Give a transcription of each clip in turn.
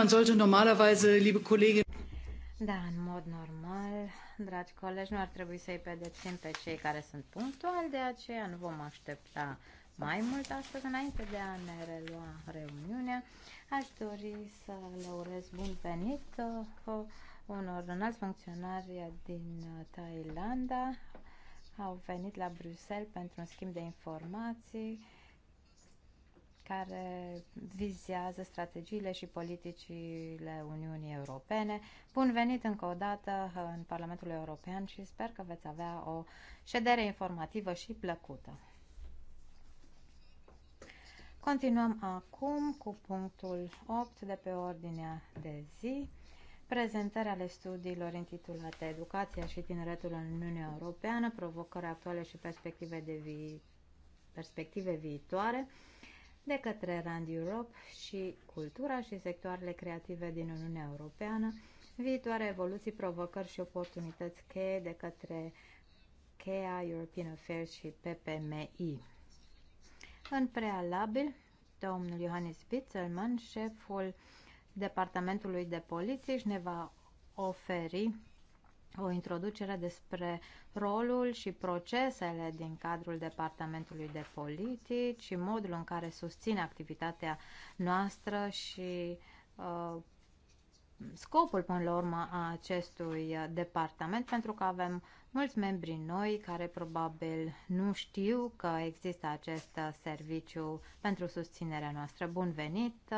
Man sollte normalerweise, liebe Kollegin, da, în mod normal, dragi colegi, nu ar trebui să-i pedepsim pe cei care sunt punctuali, de aceea nu vom aștepta mai mult astăzi. Înainte de a ne relua reuniunea, aș dori să le urez bun venit uh, unor înalți funcționari din uh, Thailanda. Au venit la Bruxelles pentru un schimb de informații care vizează strategiile și politicile Uniunii Europene. Bun venit încă o dată în Parlamentul European și sper că veți avea o ședere informativă și plăcută. Continuăm acum cu punctul 8 de pe ordinea de zi, prezentarea ale studiilor intitulate Educația și tineretul în Uniunea Europeană, provocări actuale și perspective, de vi- perspective viitoare. Uh, de către Rand Europe și cultura și sectoarele creative din Uniunea Europeană, viitoare evoluții, provocări și oportunități cheie de către CHEA, European Affairs și PPMI. În prealabil, domnul Johannes Spitzelman, șeful Departamentului de Poliție, își ne va oferi o introducere despre rolul și procesele din cadrul Departamentului de Politici și modul în care susține activitatea noastră și uh, scopul, până la urmă, a acestui departament, pentru că avem mulți membri noi care probabil nu știu că există acest serviciu pentru susținerea noastră. Bun venit!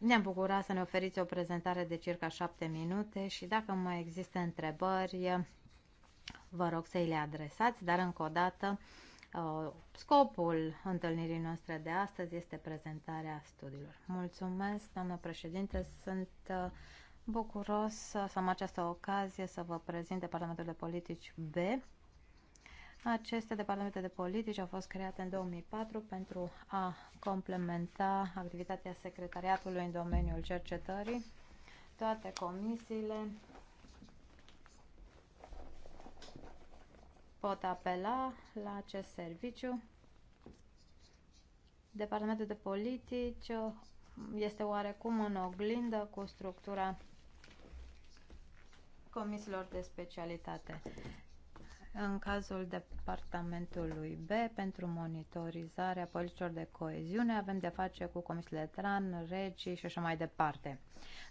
Ne-am bucurat să ne oferiți o prezentare de circa șapte minute și dacă mai există întrebări, vă rog să îi le adresați, dar încă o dată, uh, scopul întâlnirii noastre de astăzi este prezentarea studiilor. Mulțumesc, doamnă președinte, sunt uh, bucuros să am această ocazie să vă prezint Departamentul de Politici B aceste departamente de politici au fost create în 2004 pentru a complementa activitatea secretariatului în domeniul cercetării. Toate comisiile pot apela la acest serviciu. Departamentul de politici este oarecum în oglindă cu structura comisiilor de specialitate în cazul departamentului B pentru monitorizarea politicilor de coeziune avem de face cu comisiile TRAN, REGI și așa mai departe.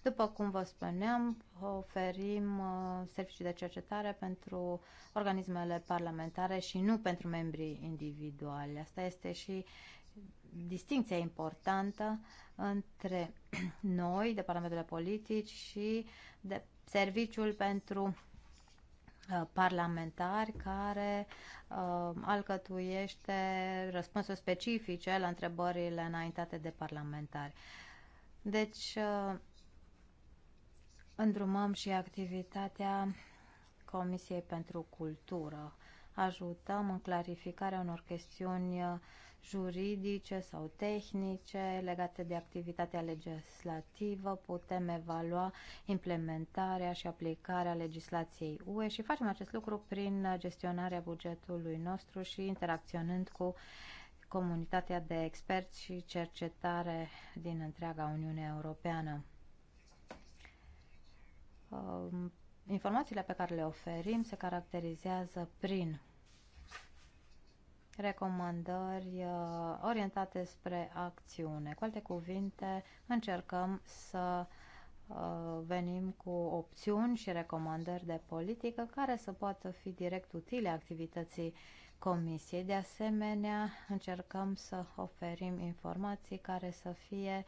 După cum vă spuneam, oferim uh, servicii de cercetare pentru organismele parlamentare și nu pentru membrii individuali. Asta este și distinția importantă între noi, departamentele Politici și de Serviciul pentru Uh, parlamentari care uh, alcătuiește răspunsuri specifice la întrebările înaintate de parlamentari. Deci, uh, îndrumăm și activitatea Comisiei pentru Cultură. Ajutăm în clarificarea unor chestiuni uh, juridice sau tehnice legate de activitatea legislativă, putem evalua implementarea și aplicarea legislației UE și facem acest lucru prin gestionarea bugetului nostru și interacționând cu comunitatea de experți și cercetare din întreaga Uniune Europeană. Ehm, informațiile pe care le oferim se caracterizează prin recomandări uh, orientate spre acțiune. Cu alte cuvinte, încercăm să uh, venim cu opțiuni și recomandări de politică care să poată fi direct utile activității comisiei. De asemenea, încercăm să oferim informații care să fie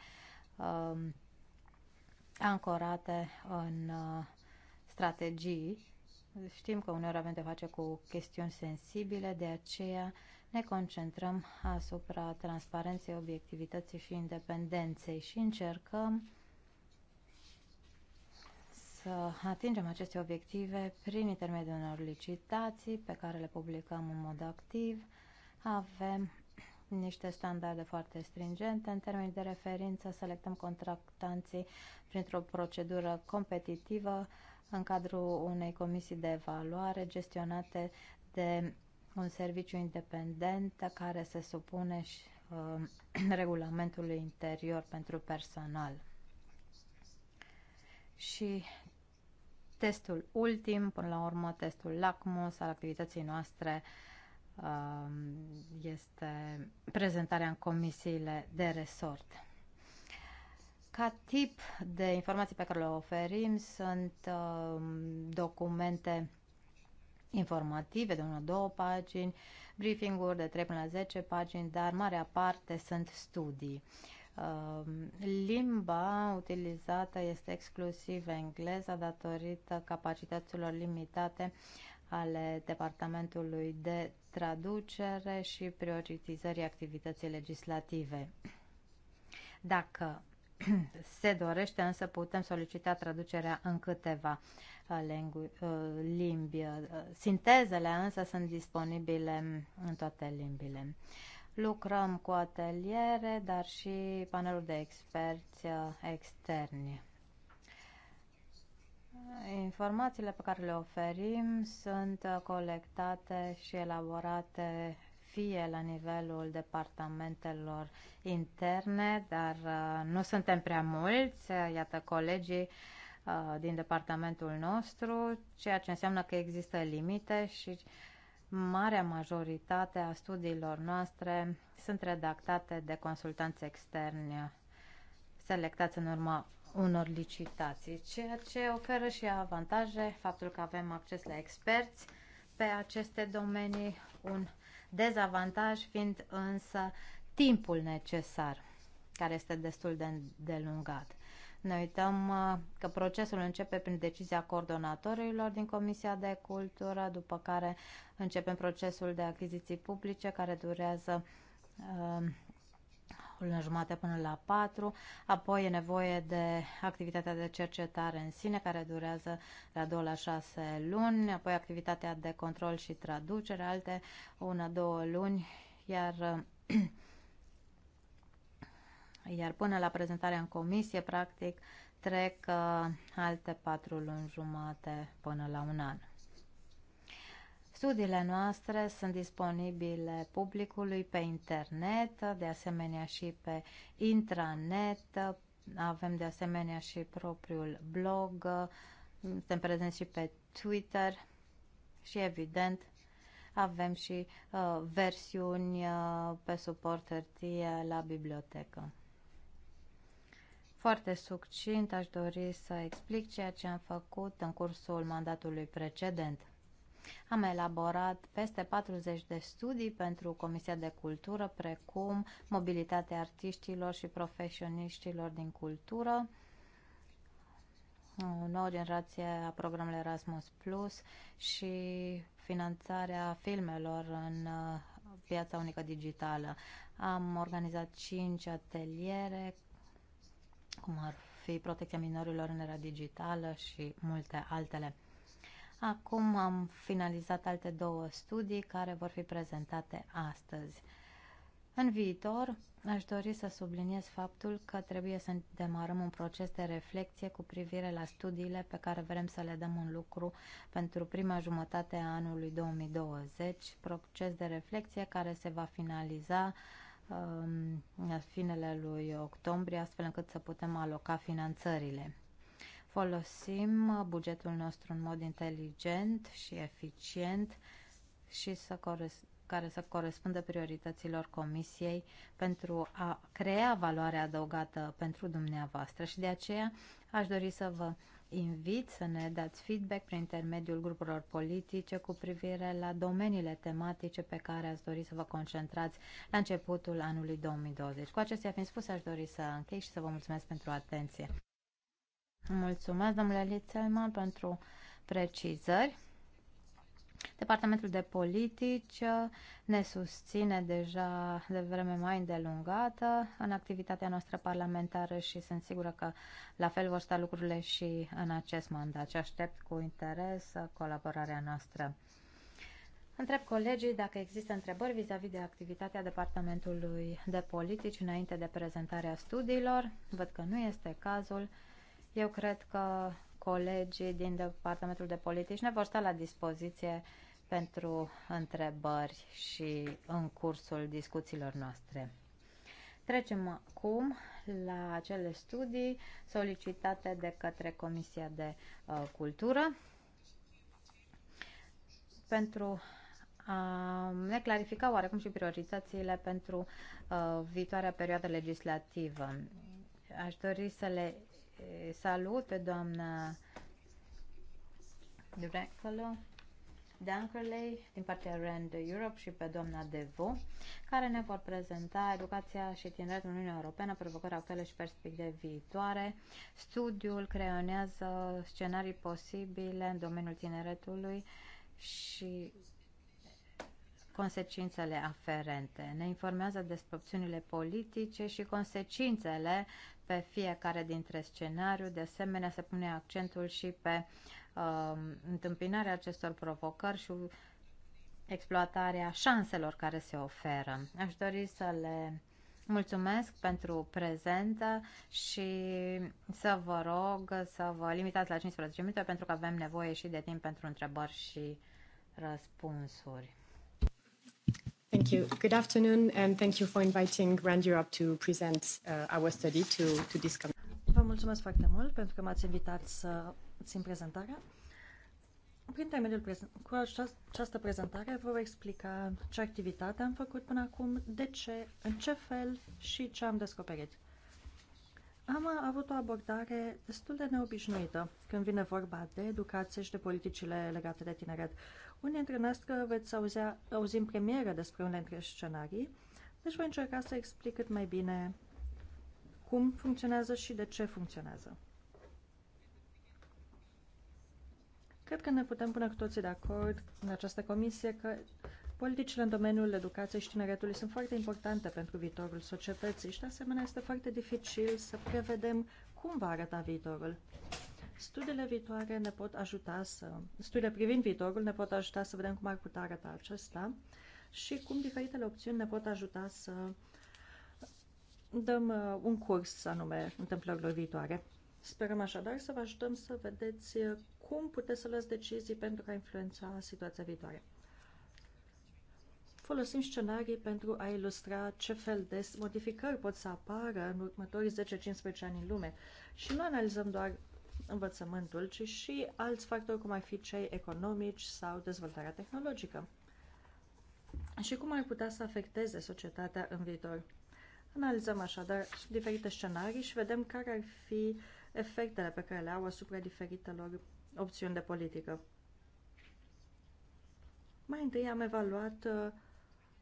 uh, ancorate în uh, strategii. Știm că uneori avem de face cu chestiuni sensibile, de aceea ne concentrăm asupra transparenței, obiectivității și independenței și încercăm să atingem aceste obiective prin intermediul unor licitații pe care le publicăm în mod activ. Avem niște standarde foarte stringente în termeni de referință, selectăm contractanții printr-o procedură competitivă în cadrul unei comisii de evaluare gestionate de un serviciu independent care se supune și uh, regulamentului interior pentru personal. Și testul ultim, până la urmă testul LACMUS al activității noastre uh, este prezentarea în comisiile de resort. Ca tip de informații pe care le oferim sunt uh, documente informative de una două pagini, briefing-uri de 3 până la 10 pagini, dar marea parte sunt studii. Uh, limba utilizată este exclusiv engleza datorită capacităților limitate ale Departamentului de Traducere și prioritizării activității legislative. Dacă se dorește, însă putem solicita traducerea în câteva uh, uh, limbi. Uh, sintezele însă sunt disponibile în toate limbile. Lucrăm cu ateliere, dar și paneluri de experți externi. Informațiile pe care le oferim sunt colectate și elaborate fie la nivelul departamentelor interne, dar uh, nu suntem prea mulți. Iată, colegii uh, din departamentul nostru, ceea ce înseamnă că există limite și marea majoritate a studiilor noastre sunt redactate de consultanți externi selectați în urma unor licitații, ceea ce oferă și avantaje, faptul că avem acces la experți pe aceste domenii, un dezavantaj fiind însă timpul necesar, care este destul de delungat. Ne uităm uh, că procesul începe prin decizia coordonatorilor din Comisia de Cultură, după care începem procesul de achiziții publice care durează uh, lună jumate până la 4, apoi e nevoie de activitatea de cercetare în sine, care durează la 2 la 6 luni, apoi activitatea de control și traducere, alte 1-2 luni, iar iar până la prezentarea în comisie, practic, trec uh, alte patru luni jumate până la un an. Studiile noastre sunt disponibile publicului pe internet, de asemenea și pe intranet. Avem de asemenea și propriul blog, suntem prezenți și pe Twitter și evident avem și uh, versiuni uh, pe suport hârtie la bibliotecă. Foarte succint aș dori să explic ceea ce am făcut în cursul mandatului precedent. Am elaborat peste 40 de studii pentru Comisia de Cultură, precum mobilitatea artiștilor și profesioniștilor din cultură, o nouă generație a programului Erasmus Plus și finanțarea filmelor în uh, piața unică digitală. Am organizat 5 ateliere, cum ar fi protecția minorilor în era digitală și multe altele. Acum am finalizat alte două studii care vor fi prezentate astăzi. În viitor, aș dori să subliniez faptul că trebuie să demarăm un proces de reflexie cu privire la studiile pe care vrem să le dăm un lucru pentru prima jumătate a anului 2020, proces de reflexie care se va finaliza um, la finele lui octombrie, astfel încât să putem aloca finanțările folosim uh, bugetul nostru în mod inteligent și eficient și să care să corespundă priorităților Comisiei pentru a crea valoare adăugată pentru dumneavoastră și de aceea aș dori să vă invit să ne dați feedback prin intermediul grupurilor politice cu privire la domeniile tematice pe care ați dori să vă concentrați la începutul anului 2020. Cu acestea fiind spuse, aș dori să închei și să vă mulțumesc pentru atenție. Mulțumesc, domnule Lițelman, pentru precizări. Departamentul de politici ne susține deja de vreme mai îndelungată în activitatea noastră parlamentară și sunt sigură că la fel vor sta lucrurile și în acest mandat și aștept cu interes colaborarea noastră. Întreb colegii dacă există întrebări vis-a-vis -vis de activitatea Departamentului de Politici înainte de prezentarea studiilor. Văd că nu este cazul. Eu cred că colegii din Departamentul de Politici ne vor sta la dispoziție pentru întrebări și în cursul discuțiilor noastre. Trecem acum la acele studii solicitate de către Comisia de uh, Cultură pentru a ne clarifica oarecum și prioritățile pentru uh, viitoarea perioadă legislativă. Aș dori să le salut pe doamna Dracolo, Dunkerley din partea Rand Europe și pe doamna Devo, care ne vor prezenta educația și tineretul în Uniunea Europeană, provocări actuale și perspective viitoare. Studiul creionează scenarii posibile în domeniul tineretului și consecințele aferente. Ne informează despre opțiunile politice și consecințele pe fiecare dintre scenariu. De asemenea, se pune accentul și pe uh, întâmpinarea acestor provocări și exploatarea șanselor care se oferă. Aș dori să le mulțumesc pentru prezentă și să vă rog să vă limitați la 15 minute pentru că avem nevoie și de timp pentru întrebări și răspunsuri. Thank you. Good afternoon, and thank you for inviting Grand Europe to present uh, our study to, this committee. Vă mulțumesc foarte mult pentru că m-ați invitat să țin prezentarea. Prin intermediul prezentării, cu această prezentare vă voi explica ce activitate am făcut până acum, de ce, în ce fel și ce am descoperit. Am avut o abordare destul de neobișnuită când vine vorba de educație și de politicile legate de tineret. Unii dintre noastre veți auzea, auzi în premieră despre unele dintre scenarii, deci voi încerca să explic cât mai bine cum funcționează și de ce funcționează. Cred că ne putem pune cu toții de acord în această comisie că politicile în domeniul educației și tineretului sunt foarte importante pentru viitorul societății și, de asemenea, este foarte dificil să prevedem cum va arăta viitorul. Studiile viitoare ne pot ajuta să, studiile privind viitorul ne pot ajuta să vedem cum ar putea arăta acesta și cum diferitele opțiuni ne pot ajuta să dăm uh, un curs anume întâmplărilor viitoare. Sperăm așadar să vă ajutăm să vedeți uh, cum puteți să luați decizii pentru a influența situația viitoare. Folosim scenarii pentru a ilustra ce fel de modificări pot să apară în următorii 10-15 ani în lume și nu analizăm doar învățământul, ci și alți factori, cum ar fi cei economici sau dezvoltarea tehnologică. Și cum ar putea să afecteze societatea în viitor. Analizăm așadar diferite scenarii și vedem care ar fi efectele pe care le au asupra diferitelor opțiuni de politică. Mai întâi am evaluat uh,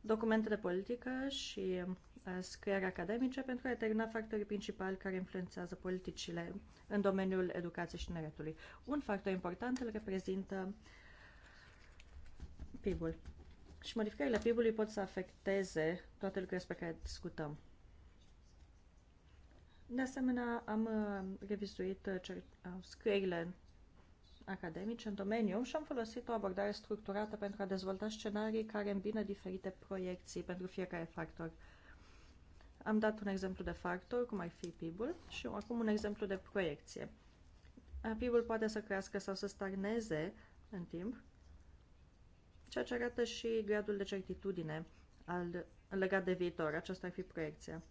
documente de politică și um, scriere academice pentru a determina factorii principali care influențează politicile în domeniul educației și tineretului. Un factor important îl reprezintă PIB-ul. Și modificările PIB-ului pot să afecteze toate lucrurile despre care discutăm. De asemenea, am uh, revizuit uh, uh, scrierile academice în domeniu și am folosit o abordare structurată pentru a dezvolta scenarii care îmbină diferite proiecții pentru fiecare factor. Am dat un exemplu de factor, cum ar fi PIB-ul, și acum un exemplu de proiecție. PIB-ul poate să crească sau să stagneze în timp, ceea ce arată și gradul de certitudine al, legat de viitor. Aceasta ar fi proiecția.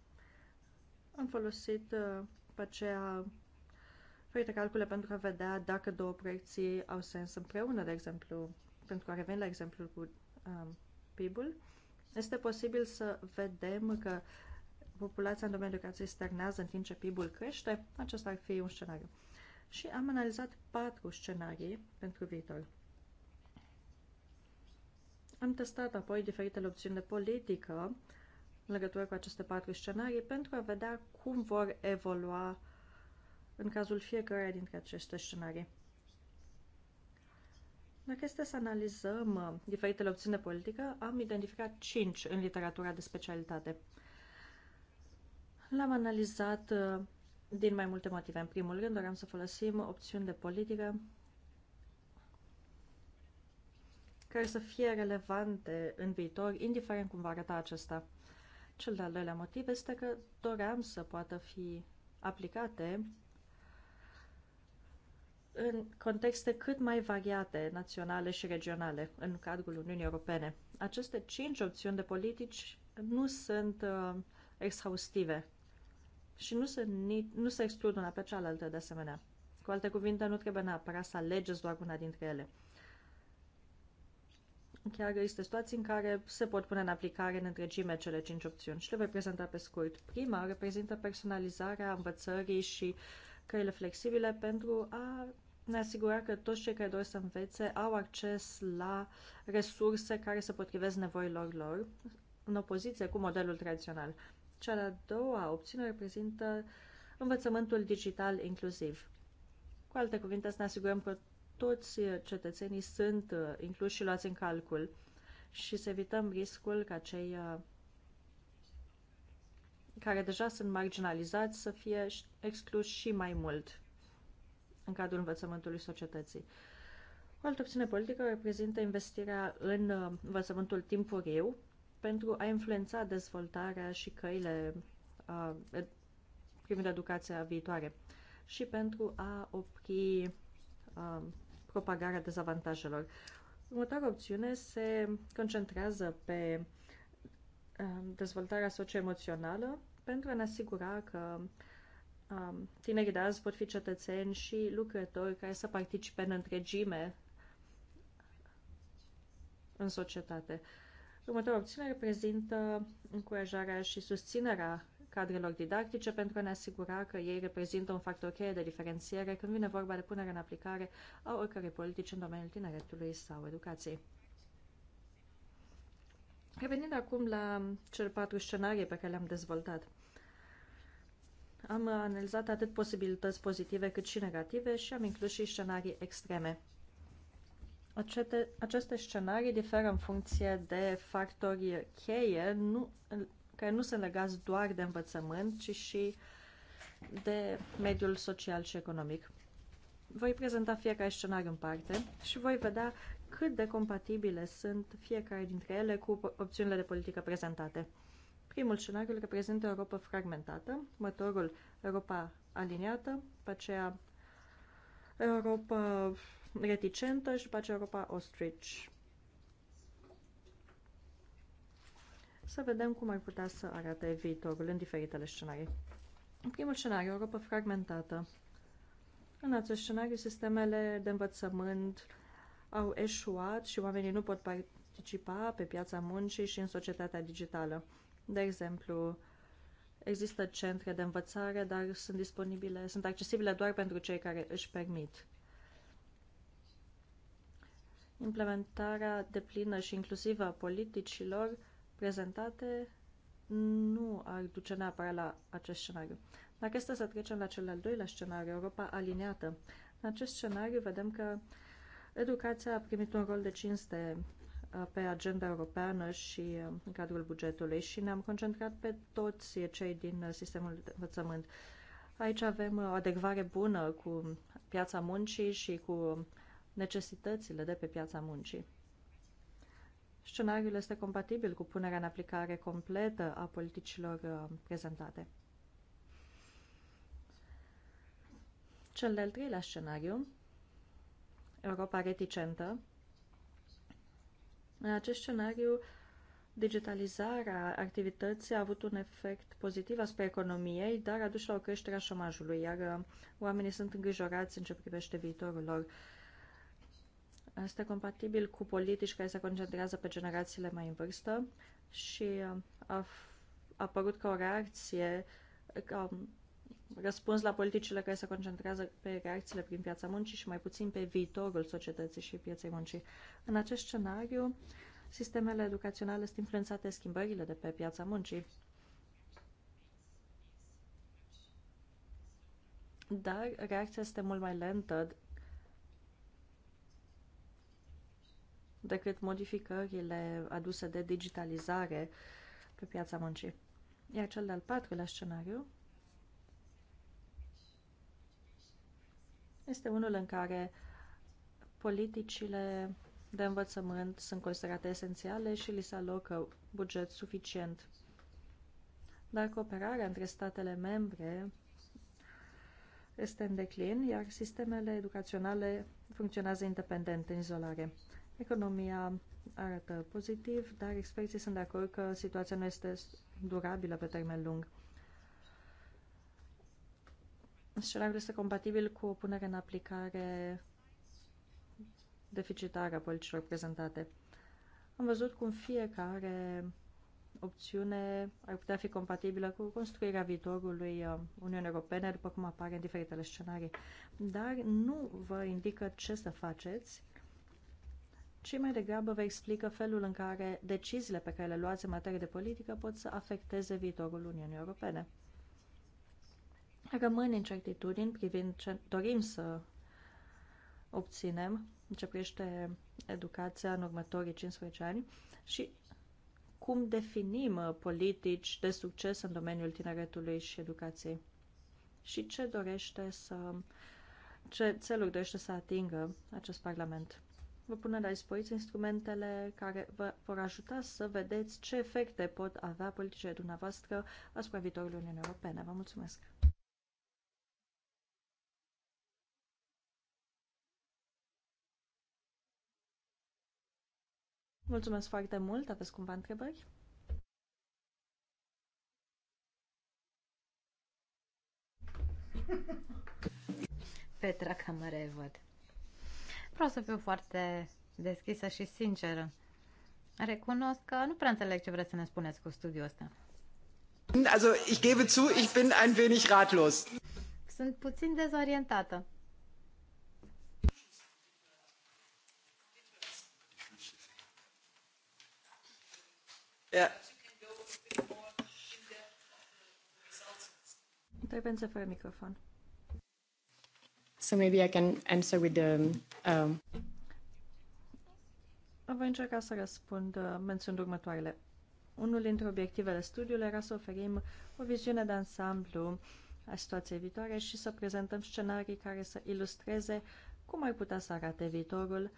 Am folosit uh, pe aceea diferite calcule pentru a vedea dacă două proiecții au sens împreună, de exemplu, pentru a reveni la exemplul cu um, PIB-ul. Este posibil să vedem că populația în domeniul educației stagnează în timp ce PIB-ul crește, acesta ar fi un scenariu. Și am analizat patru scenarii pentru viitor. Am testat apoi diferitele opțiuni de politică în legătură cu aceste patru scenarii pentru a vedea cum vor evolua în cazul fiecăruia dintre aceste scenarii. Dacă este să analizăm diferitele opțiuni de politică, am identificat 5 în literatura de specialitate. L-am analizat uh, din mai multe motive. În primul rând, doream să folosim opțiuni de politică care să fie relevante în viitor, indiferent cum va arăta acesta. Cel de-al doilea motiv este că doream să poată fi aplicate în contexte cât mai variate, naționale și regionale, în cadrul Uniunii Europene. Aceste cinci opțiuni de politici nu sunt uh, exhaustive și nu se, nu se exclud una pe cealaltă de asemenea. Cu alte cuvinte, nu trebuie neapărat să alegeți doar una dintre ele. Chiar există situații în care se pot pune în aplicare în întregime cele cinci opțiuni și le voi prezenta pe scurt. Prima reprezintă personalizarea învățării și căile flexibile pentru a ne asigura că toți cei care doresc să învețe au acces la resurse care se potrivesc nevoilor lor, în opoziție cu modelul tradițional. Cea de-a doua opțiune reprezintă învățământul digital inclusiv. Cu alte cuvinte, să ne asigurăm că toți cetățenii sunt uh, incluși și luați în calcul și să evităm riscul ca cei uh, care deja sunt marginalizați să fie excluși și mai mult în cadrul învățământului societății. O altă opțiune politică reprezintă investirea în uh, învățământul timpuriu, pentru a influența dezvoltarea și căile a, privind educația viitoare și pentru a opri a, propagarea dezavantajelor. Următoarea opțiune se concentrează pe a, dezvoltarea socioemoțională pentru a ne asigura că a, tinerii de azi pot fi cetățeni și lucrători care să participe în întregime în societate. Următoarea opțiune reprezintă încurajarea și susținerea cadrelor didactice pentru a ne asigura că ei reprezintă un factor cheie de diferențiere când vine vorba de punerea în aplicare a oricărei politici în domeniul tineretului sau educației. Revenind acum la cele patru scenarii pe care le-am dezvoltat. Am analizat atât posibilități pozitive cât și negative și am inclus și scenarii extreme. Aceste, aceste scenarii diferă în funcție de factori cheie, nu, care nu sunt legați doar de învățământ, ci și de mediul social și economic. Voi prezenta fiecare scenariu în parte și voi vedea cât de compatibile sunt fiecare dintre ele cu opțiunile de politică prezentate. Primul scenariu reprezintă Europa fragmentată, următorul Europa aliniată, pe aceea Europa reticentă și după aceea Europa Ostrich. Să vedem cum ar putea să arate viitorul în diferitele scenarii. În primul scenariu, Europa fragmentată. În acest scenariu, sistemele de învățământ au eșuat și oamenii nu pot participa pe piața muncii și în societatea digitală. De exemplu, există centre de învățare, dar sunt disponibile, sunt accesibile doar pentru cei care își permit implementarea deplină și inclusivă a politicilor prezentate nu ar duce neapărat la acest scenariu. Dacă este să trecem la cel al doilea scenariu, Europa aliniată, în acest scenariu vedem că educația a primit un rol de cinste uh, pe agenda europeană și uh, în cadrul bugetului și ne-am concentrat pe toți cei din uh, sistemul de învățământ. Aici avem o adecvare bună cu piața muncii și cu necesitățile de pe piața muncii. Scenariul este compatibil cu punerea în aplicare completă a politicilor uh, prezentate. Cel de-al treilea scenariu, Europa reticentă. În acest scenariu, digitalizarea activității a avut un efect pozitiv asupra economiei, dar a dus la o creștere a șomajului, iar uh, oamenii sunt îngrijorați în ce privește viitorul lor. Este compatibil cu politici care se concentrează pe generațiile mai în vârstă și uh, a apărut ca o reacție, ca răspuns la politicile care se concentrează pe reacțiile prin piața muncii și mai puțin pe viitorul societății și pieței muncii. În acest scenariu, sistemele educaționale sunt influențate schimbările de pe piața muncii. Dar reacția este mult mai lentă decât modificările aduse de digitalizare pe piața muncii. Iar cel de-al patrulea scenariu este unul în care politicile de învățământ sunt considerate esențiale și li se alocă buget suficient. Dar cooperarea între statele membre este în declin, iar sistemele educaționale funcționează independent în izolare. Economia arată pozitiv, dar experții sunt de acord că situația nu este durabilă pe termen lung. Scenariul este compatibil cu o punere în aplicare deficitară a politicilor prezentate. Am văzut cum fiecare opțiune ar putea fi compatibilă cu construirea viitorului uh, Uniunii Europene, după cum apare în diferitele scenarii. Dar nu vă indică ce să faceți ci mai degrabă vă explică felul în care deciziile pe care le luați în materie de politică pot să afecteze viitorul Uniunii Europene. Rămân incertitudini privind ce dorim să obținem în ce privește educația în următorii 15 ani și cum definim politici de succes în domeniul tineretului și educației și ce dorește să ce țeluri dorește să atingă acest Parlament vă pune la dispoziție instrumentele care vă vor ajuta să vedeți ce efecte pot avea politicile dumneavoastră asupra viitorului Uniunii Europene. Vă mulțumesc! Mulțumesc foarte mult! Aveți cumva întrebări? Petra Camare, văd vreau să fiu foarte deschisă și sinceră. Recunosc că nu prea înțeleg ce vreți să ne spuneți cu studiul ăsta. Also, ich gebe zu, ich bin ein wenig ratlos. Sunt puțin dezorientată. Yeah. Trebuie să fără microfon so maybe I can answer with the... Um... Voi încerca să răspund uh, menționând următoarele. Unul dintre obiectivele studiului era să oferim o viziune de ansamblu a situației viitoare și să prezentăm scenarii care să ilustreze cum ar putea să arate viitorul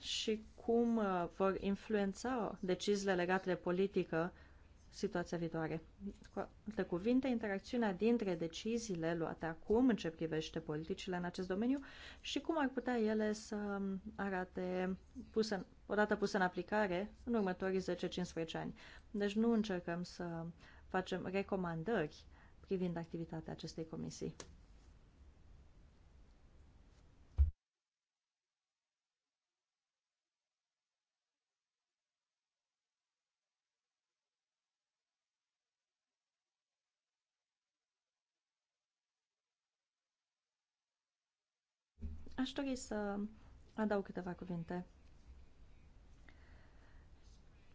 și cum uh, vor influența deciziile legate de politică situația viitoare. Cu alte cuvinte, interacțiunea dintre deciziile luate acum în ce privește politicile în acest domeniu și cum ar putea ele să arate puse odată puse în aplicare în următorii 10-15 ani. Deci nu încercăm să facem recomandări privind activitatea acestei comisii. Aș dori să adaug câteva cuvinte.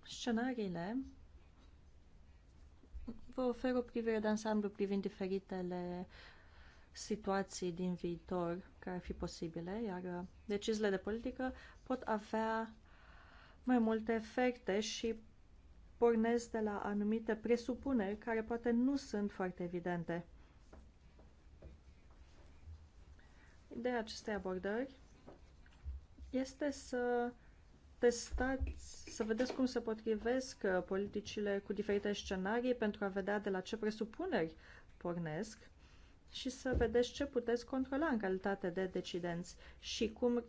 Scenariile vă ofer o privire de ansamblu privind diferitele situații din viitor care ar fi posibile, iar deciziile de politică pot avea mai multe efecte și pornesc de la anumite presupuneri care poate nu sunt foarte evidente. Ideea acestei abordări este să testați, să vedeți cum se potrivesc uh, politicile cu diferite scenarii pentru a vedea de la ce presupuneri pornesc și să vedeți ce puteți controla în calitate de decidenți și cum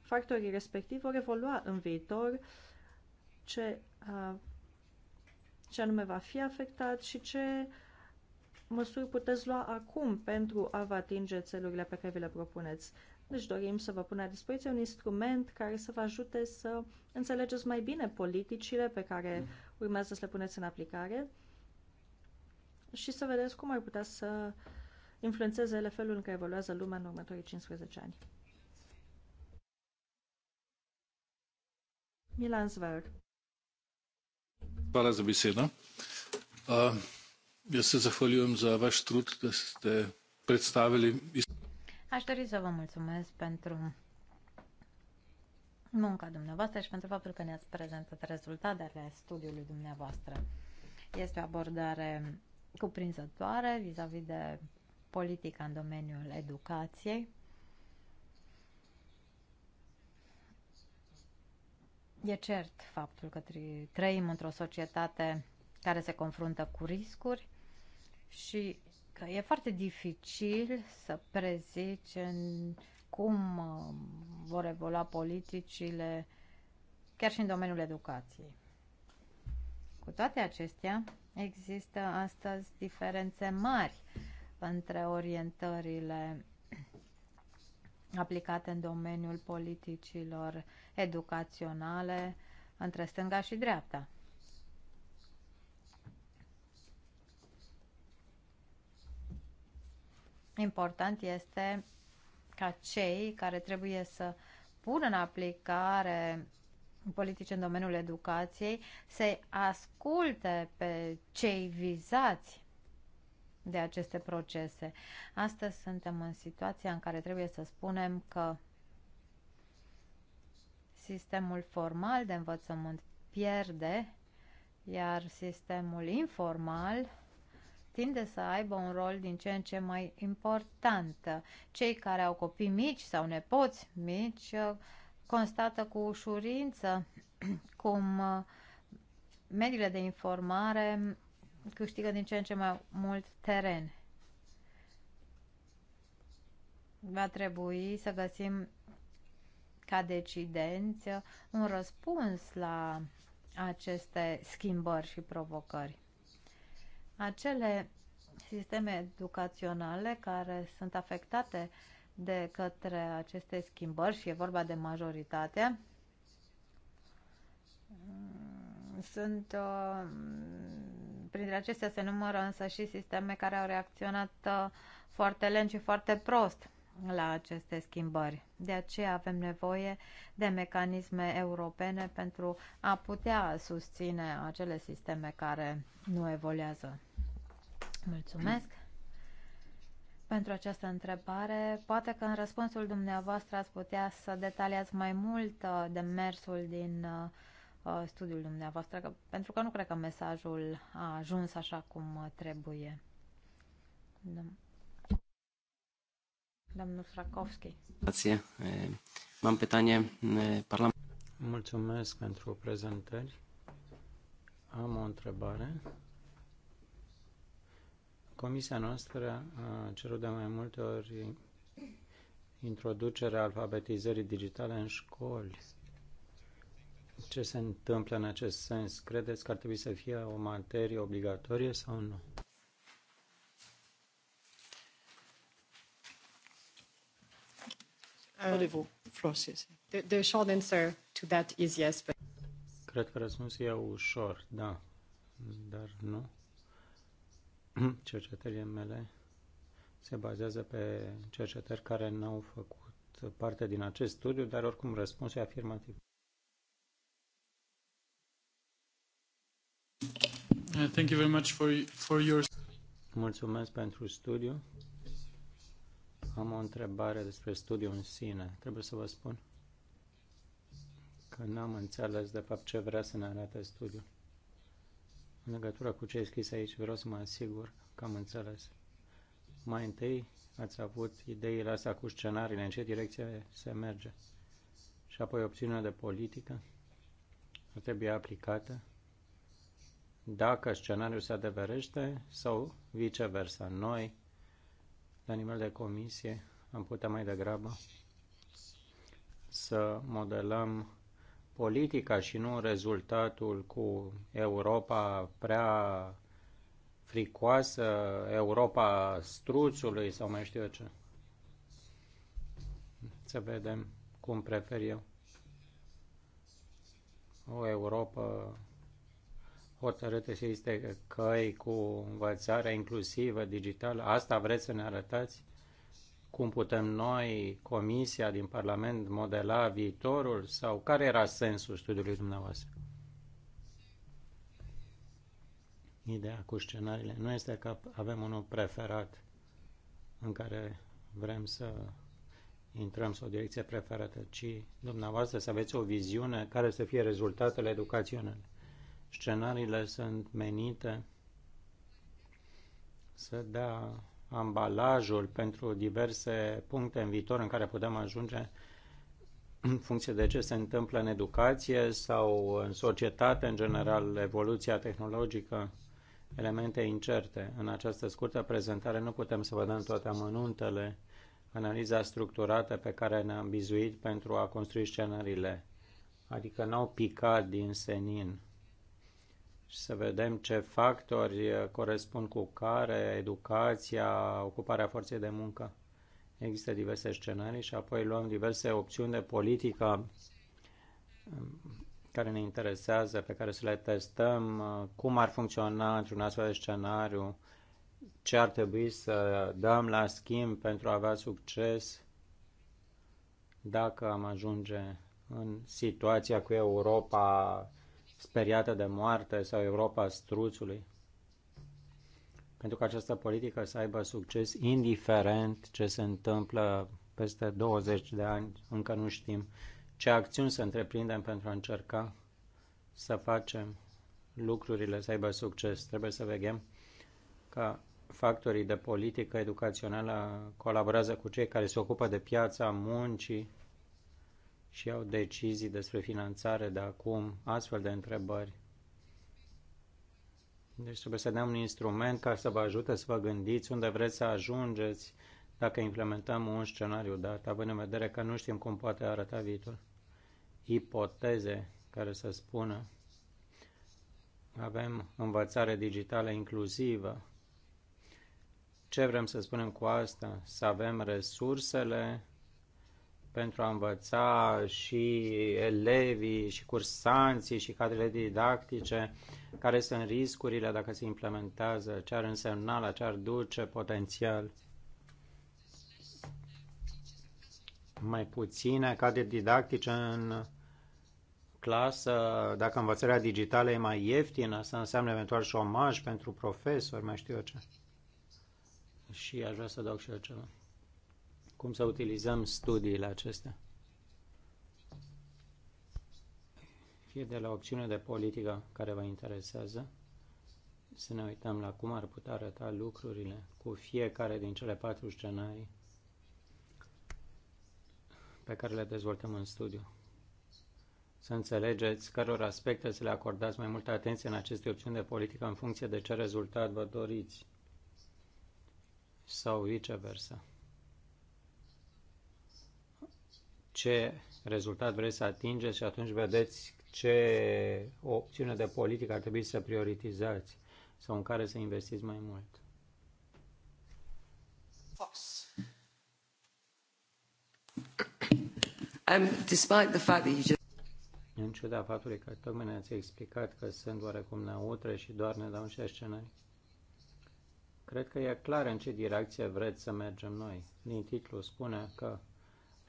factorii respectivi vor evolua în viitor, ce, uh, ce anume va fi afectat și ce măsuri puteți lua acum pentru a vă atinge țelurile pe care vi le propuneți? Deci dorim să vă pun la dispoziție un instrument care să vă ajute să înțelegeți mai bine politicile pe care mm. urmează să le puneți în aplicare și să vedeți cum ar putea să influențeze ele felul în care evoluează lumea în următorii 15 ani. Milan Zver. Vă mulțumesc. besedo. Uh, Ja se zahvaljujem za vaš trud, da ste predstavili... Aș dori să vă mulțumesc pentru munca dumneavoastră și pentru faptul că ne-ați prezentat rezultatele studiului dumneavoastră. Este o abordare cuprinzătoare vis-a-vis -vis de politica în domeniul educației. E cert faptul că trăim într-o societate care se confruntă cu riscuri, și că e foarte dificil să prezici în cum um, vor evolua politicile chiar și în domeniul educației. Cu toate acestea, există astăzi diferențe mari între orientările aplicate în domeniul politicilor educaționale între stânga și dreapta. Important este ca cei care trebuie să pună în aplicare politici în domeniul educației să asculte pe cei vizați de aceste procese. Astăzi suntem în situația în care trebuie să spunem că sistemul formal de învățământ pierde, iar sistemul informal tinde să aibă un rol din ce în ce mai important. Cei care au copii mici sau nepoți mici uh, constată cu ușurință cum uh, mediile de informare câștigă din ce în ce mai mult teren. Va trebui să găsim ca decidenți uh, un răspuns la aceste schimbări și provocări acele sisteme educaționale care sunt afectate de către aceste schimbări și e vorba de majoritate, mm, sunt uh, printre acestea se numără însă și sisteme care au reacționat uh, foarte lent și foarte prost la aceste schimbări. De aceea avem nevoie de mecanisme europene pentru a putea susține acele sisteme care nu evoluează. Mulțumesc pentru această întrebare. Poate că în răspunsul dumneavoastră ați putea să detaliați mai mult uh, demersul din uh, uh, studiul dumneavoastră, că, pentru că nu cred că mesajul a ajuns așa cum trebuie. Domnul Frakowski. pytanie. Mulțumesc pentru prezentări. Am o întrebare. Comisia noastră a cerut de mai multe ori introducerea alfabetizării digitale în școli. Ce se întâmplă în acest sens? Credeți că ar trebui să fie o materie obligatorie sau nu? Uh, the short answer to that is yes, but... Cred că răspunsul e ușor, da, dar nu Mhm. cercetările mele se bazează pe cercetări care nu au făcut parte din acest studiu, dar oricum răspunsul e afirmativ. Uh, thank you very much for, for your... Mulțumesc pentru studiu. Am o întrebare despre studiu în sine. Trebuie să vă spun că n-am înțeles de fapt ce vrea să ne arate studiul. În legătură cu ce ai scris aici, vreau să mă asigur că am înțeles. Mai întâi ați avut ideile astea cu scenariile, în ce direcție se merge. Și apoi opțiunea de politică ar trebui aplicată dacă scenariul se adeverește sau viceversa. Noi, la nivel de comisie, am putea mai degrabă să modelăm politica și nu rezultatul cu Europa prea fricoasă, Europa struțului sau mai știu eu ce. Să vedem cum prefer eu. O Europa hotărâtă și este căi cu învățarea inclusivă, digitală. Asta vreți să ne arătați? cum putem noi, Comisia din Parlament, modela viitorul sau care era sensul studiului dumneavoastră? Ideea cu scenariile nu este că avem unul preferat în care vrem să intrăm sau o direcție preferată, ci dumneavoastră să aveți o viziune care să fie rezultatele educaționale. Scenariile sunt menite să dea ambalajul pentru diverse puncte în viitor în care putem ajunge în funcție de ce se întâmplă în educație sau în societate, în general, evoluția tehnologică, elemente incerte. În această scurtă prezentare nu putem să vă dăm toate amănuntele, analiza structurată pe care ne-am bizuit pentru a construi scenariile, adică n-au picat din senin și să vedem ce factori corespund cu care, educația, ocuparea forței de muncă. Există diverse scenarii și apoi luăm diverse opțiuni de politică um, care ne interesează, pe care să le testăm, uh, cum ar funcționa într-un astfel de scenariu, ce ar trebui să dăm la schimb pentru a avea succes dacă am ajunge în situația cu Europa speriată de moarte sau Europa struțului. Pentru că această politică să aibă succes, indiferent ce se întâmplă peste 20 de ani, încă nu știm ce acțiuni să întreprindem pentru a încerca să facem lucrurile să aibă succes. Trebuie să vedem că factorii de politică educațională colaborează cu cei care se ocupă de piața muncii, și au decizii despre finanțare de acum, astfel de întrebări. Deci trebuie să dăm un instrument care să vă ajute să vă gândiți unde vreți să ajungeți dacă implementăm un scenariu dat, având în vedere că nu știm cum poate arăta viitor. Ipoteze care să spună avem învățare digitală inclusivă. Ce vrem să spunem cu asta? Să avem resursele pentru a învăța și elevii și cursanții și cadrele didactice care sunt riscurile dacă se implementează, ce ar însemna, la ce ar duce potențial. Mai puține cadre didactice în clasă, dacă învățarea digitală e mai ieftină, să înseamnă eventual șomaj pentru profesori, mai știu eu ce. Și aș vrea să dau și eu ceva cum să utilizăm studiile acestea. Fie de la opțiune de politică care vă interesează, să ne uităm la cum ar putea arăta lucrurile cu fiecare din cele patru scenarii pe care le dezvoltăm în studiu. Să înțelegeți căror aspecte să le acordați mai multă atenție în aceste opțiuni de politică în funcție de ce rezultat vă doriți sau viceversa. ce rezultat vreți să atingeți și atunci vedeți ce opțiune de politică ar trebui să prioritizați sau în care să investiți mai mult. Fox. Um, despite the fact that you just... În ciuda faptului că tocmai ne-ați explicat că sunt oarecum neutre și doar ne dau niște scenarii, cred că e clar în ce direcție vreți să mergem noi. Din titlu spune că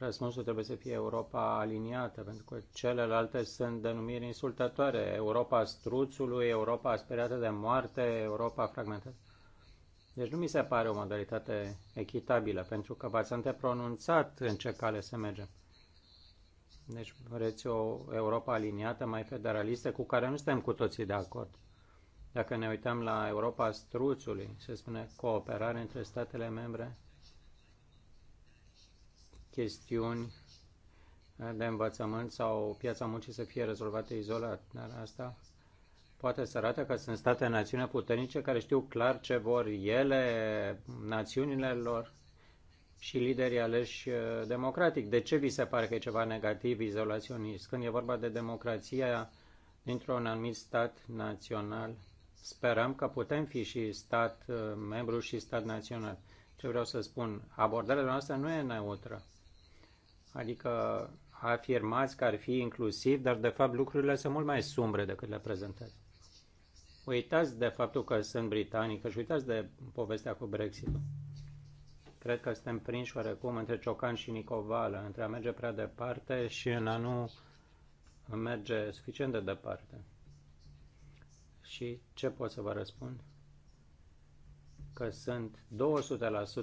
Răspunsul trebuie să fie Europa aliniată, pentru că celelalte sunt denumiri insultătoare. Europa struțului, Europa speriată de moarte, Europa fragmentată. Deci nu mi se pare o modalitate echitabilă, pentru că v-ați pronunțat în ce cale să mergem. Deci vreți o Europa aliniată, mai federalistă, cu care nu suntem cu toții de acord. Dacă ne uităm la Europa struțului, se spune cooperare între statele membre chestiuni de învățământ sau piața muncii să fie rezolvate izolat. Dar asta poate să arată că sunt state națiune puternice care știu clar ce vor ele, națiunile lor și liderii aleși uh, democratic. De ce vi se pare că e ceva negativ izolaționist? Când e vorba de democrația dintr-un anumit stat național, sperăm că putem fi și stat uh, membru și stat național. Ce vreau să spun, abordarea noastră nu e neutră. Adică afirmați că ar fi inclusiv, dar de fapt lucrurile sunt mult mai sumbre decât le prezentați. Uitați de faptul că sunt britanică și uitați de povestea cu Brexit. -ul. Cred că suntem prinși oarecum între Ciocan și Nicovală, între a merge prea departe și în a nu merge suficient de departe. Și ce pot să vă răspund? Că sunt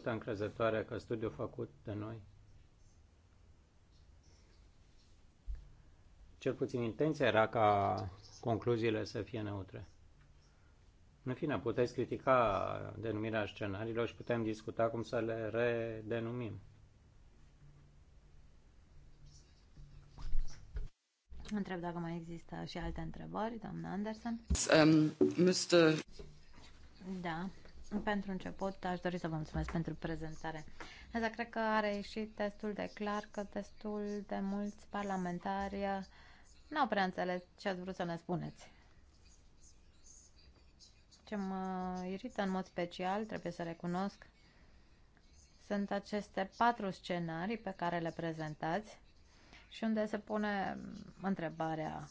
200% încrezătoare că studiul făcut de noi Cel puțin intenția era ca concluziile să fie neutre. În fine, puteți critica denumirea scenariilor și putem discuta cum să le redenumim. Întreb dacă mai există și alte întrebări, doamna Anderson. Um, Da, pentru început aș dori să vă mulțumesc pentru prezentare. Asta cred că are ieșit destul de clar că destul de mulți parlamentari N-au prea înțeles ce ați vrut să ne spuneți. Ce mă irită în mod special, trebuie să recunosc, sunt aceste patru scenarii pe care le prezentați și unde se pune întrebarea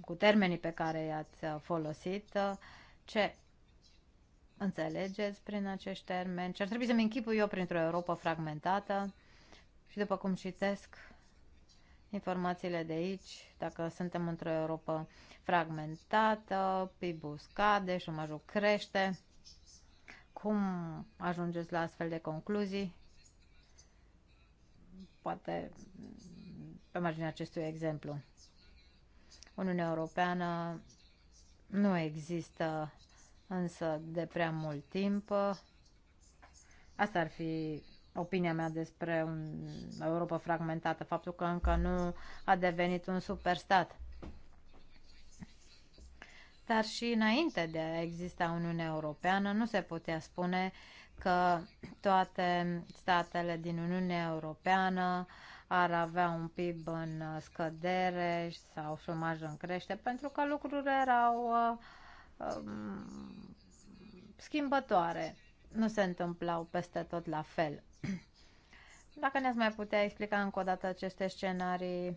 cu termenii pe care i-ați folosit, ce înțelegeți prin acești termeni, ce ar trebui să-mi închipu eu printr-o Europa fragmentată și după cum citesc informațiile de aici, dacă suntem într-o Europa fragmentată, PIB-ul scade, șomajul crește, cum ajungeți la astfel de concluzii? Poate pe marginea acestui exemplu. Uniunea Europeană nu există însă de prea mult timp. Asta ar fi opinia mea despre un Europa fragmentată, faptul că încă nu a devenit un superstat. Dar și înainte de a exista Uniunea Europeană, nu se putea spune că toate statele din Uniunea Europeană ar avea un PIB în scădere sau șomaj în crește, pentru că lucrurile erau uh, um, schimbătoare. Nu se întâmplau peste tot la fel. Dacă ne-ați mai putea explica încă o dată aceste scenarii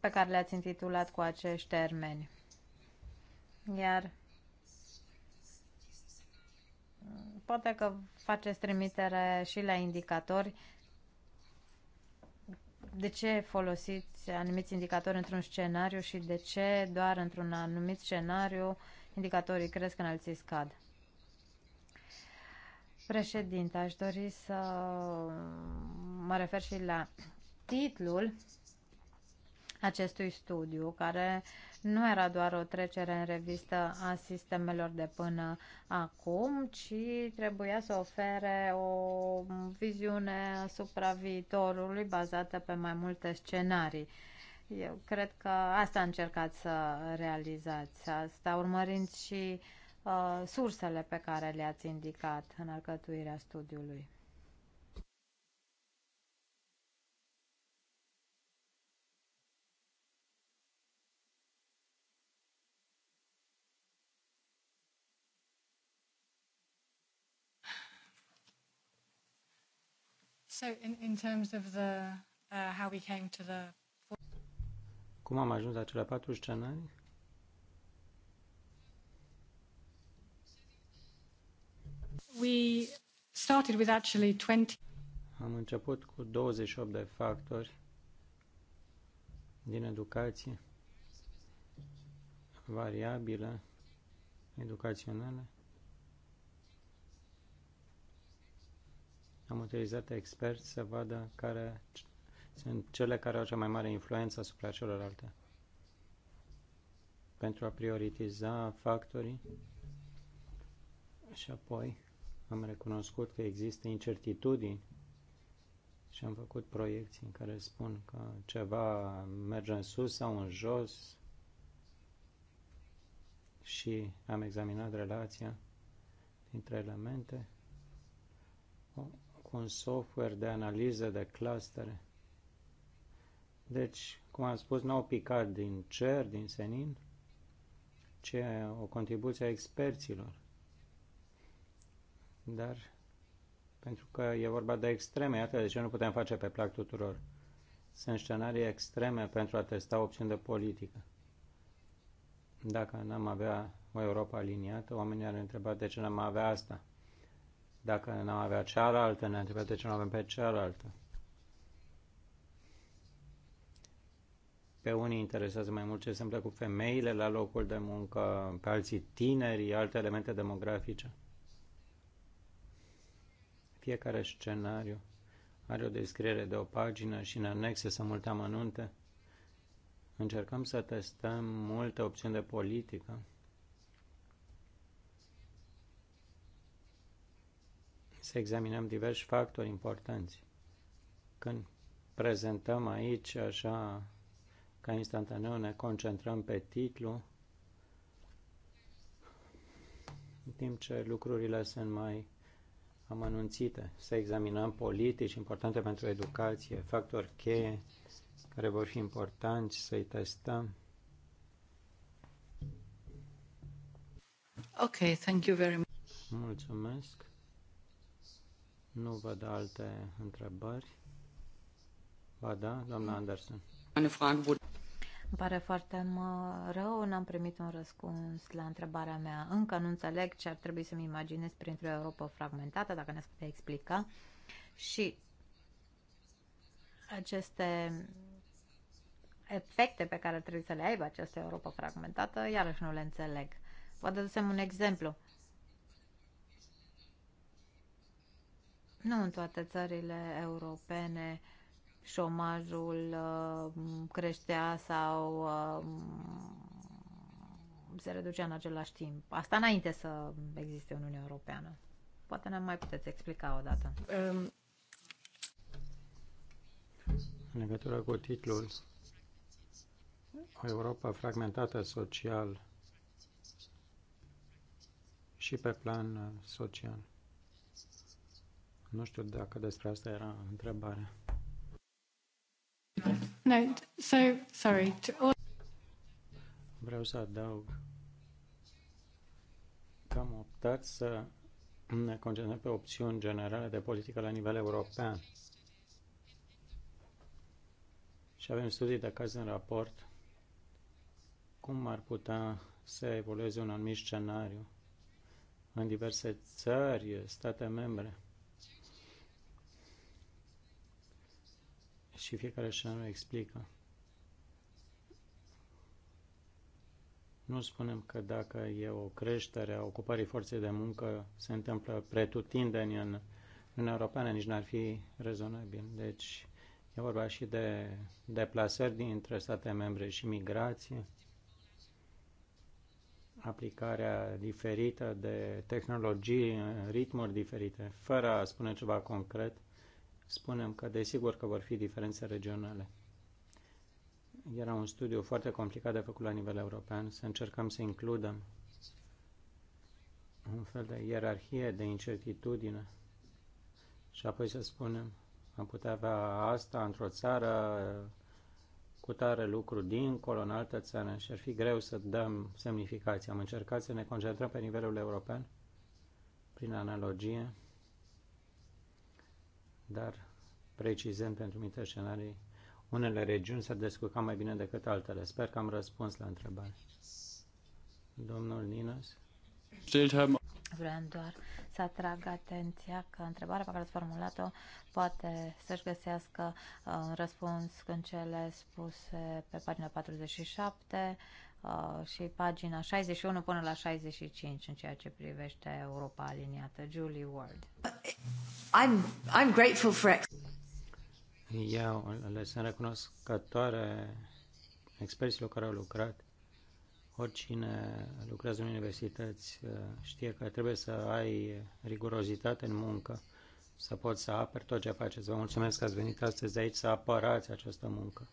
pe care le-ați intitulat cu acești termeni. Iar poate că faceți trimitere și la indicatori. De ce folosiți anumiți indicatori într-un scenariu și de ce doar într-un anumit scenariu indicatorii cresc în alții scad? președinte, aș dori să mă refer și la titlul acestui studiu, care nu era doar o trecere în revistă a sistemelor de până acum, ci trebuia să ofere o viziune asupra viitorului bazată pe mai multe scenarii. Eu cred că asta încercați să realizați, asta urmărind și uh, Uh, sursele pe care le-ați indicat în alcătuirea studiului. So in, in terms of the, uh, how we came to the... Cum am ajuns la cele patru scenarii? Am început cu 28 de factori din educație variabile educaționale. Am utilizat experți să vadă care sunt cele care au cea mai mare influență asupra celorlalte. Pentru a prioritiza factorii și apoi am recunoscut că există incertitudini și am făcut proiecții în care spun că ceva merge în sus sau în jos și am examinat relația dintre elemente cu un software de analiză de clustere. Deci, cum am spus, n-au picat din cer, din senin, ci o contribuție a experților dar pentru că e vorba de extreme, iată de ce nu putem face pe plac tuturor. Sunt scenarii extreme pentru a testa opțiuni de politică. Dacă n-am avea o Europa aliniată, oamenii ar întreba de ce n-am avea asta. Dacă n-am avea cealaltă, ne întreba de ce nu avem pe cealaltă. Pe unii interesează mai mult ce se întâmplă cu femeile la locul de muncă, pe alții tineri, alte elemente demografice. Fiecare scenariu are o descriere de o pagină și în anexe sunt multe amănunte. Încercăm să testăm multe opțiuni de politică. Să examinăm diversi factori importanți. Când prezentăm aici, așa, ca instantaneu, ne concentrăm pe titlu, în timp ce lucrurile sunt mai amănunțite, să examinăm politici importante pentru educație, factori cheie care vor fi importanți, să-i testăm. Ok, thank you very much. Mulțumesc. Nu văd alte întrebări. Ba da, doamna Anderson. Îmi pare foarte rău, n-am primit un răspuns la întrebarea mea. Încă nu înțeleg ce ar trebui să-mi imaginez printr-o Europa fragmentată, dacă ne-ați putea explica. Și aceste efecte pe care trebuie să le aibă această Europa fragmentată, iarăși nu le înțeleg. Vă dădusem un exemplu. Nu în toate țările europene uh, șomajul uh, creștea sau uh, se reducea în același timp. Asta înainte să existe Uniunea Europeană. Poate ne mai puteți explica o dată. Um, în legătură cu titlul O Europa fragmentată social și pe plan uh, social. Nu știu dacă despre asta era întrebarea. No, so, sorry. To... Vreau să adaug că am optat să ne concentrăm pe opțiuni generale de politică la nivel european. Și avem studii de caz în raport cum ar putea să evolueze un anumit scenariu în diverse țări, state membre. și fiecare scenariu explică. Nu spunem că dacă e o creștere a ocupării forței de muncă, se întâmplă pretutindeni în Uniunea Europeană, nici n-ar fi rezonabil. Deci e vorba și de deplasări dintre state membre și migrație, aplicarea diferită de tehnologii, ritmuri diferite, fără a spune ceva concret spunem că desigur că vor fi diferențe regionale. Era un studiu foarte complicat de făcut la nivel european, să încercăm să includem un fel de ierarhie, de incertitudine și apoi să spunem am putea avea asta într-o țară cu tare lucru dincolo, în altă țară și ar fi greu să dăm semnificații. Am încercat să ne concentrăm pe nivelul european prin analogie dar precizând pentru minte scenarii, unele regiuni s-ar descurca mai bine decât altele. Sper că am răspuns la întrebare. Domnul Ninas? Vreau doar să atrag atenția că întrebarea pe care ați formulat-o poate să-și găsească uh, răspuns în cele spuse pe pagina 47 Uh, și pagina 61 până la 65 în ceea ce privește Europa aliniată. Julie Ward. I'm, I'm grateful for Eu le sunt recunoscătoare experților care au lucrat. Oricine lucrează în universități uh, știe că trebuie să ai rigurozitate în muncă să poți să aperi tot ce faceți. Vă mulțumesc că ați venit astăzi aici să apărați această muncă.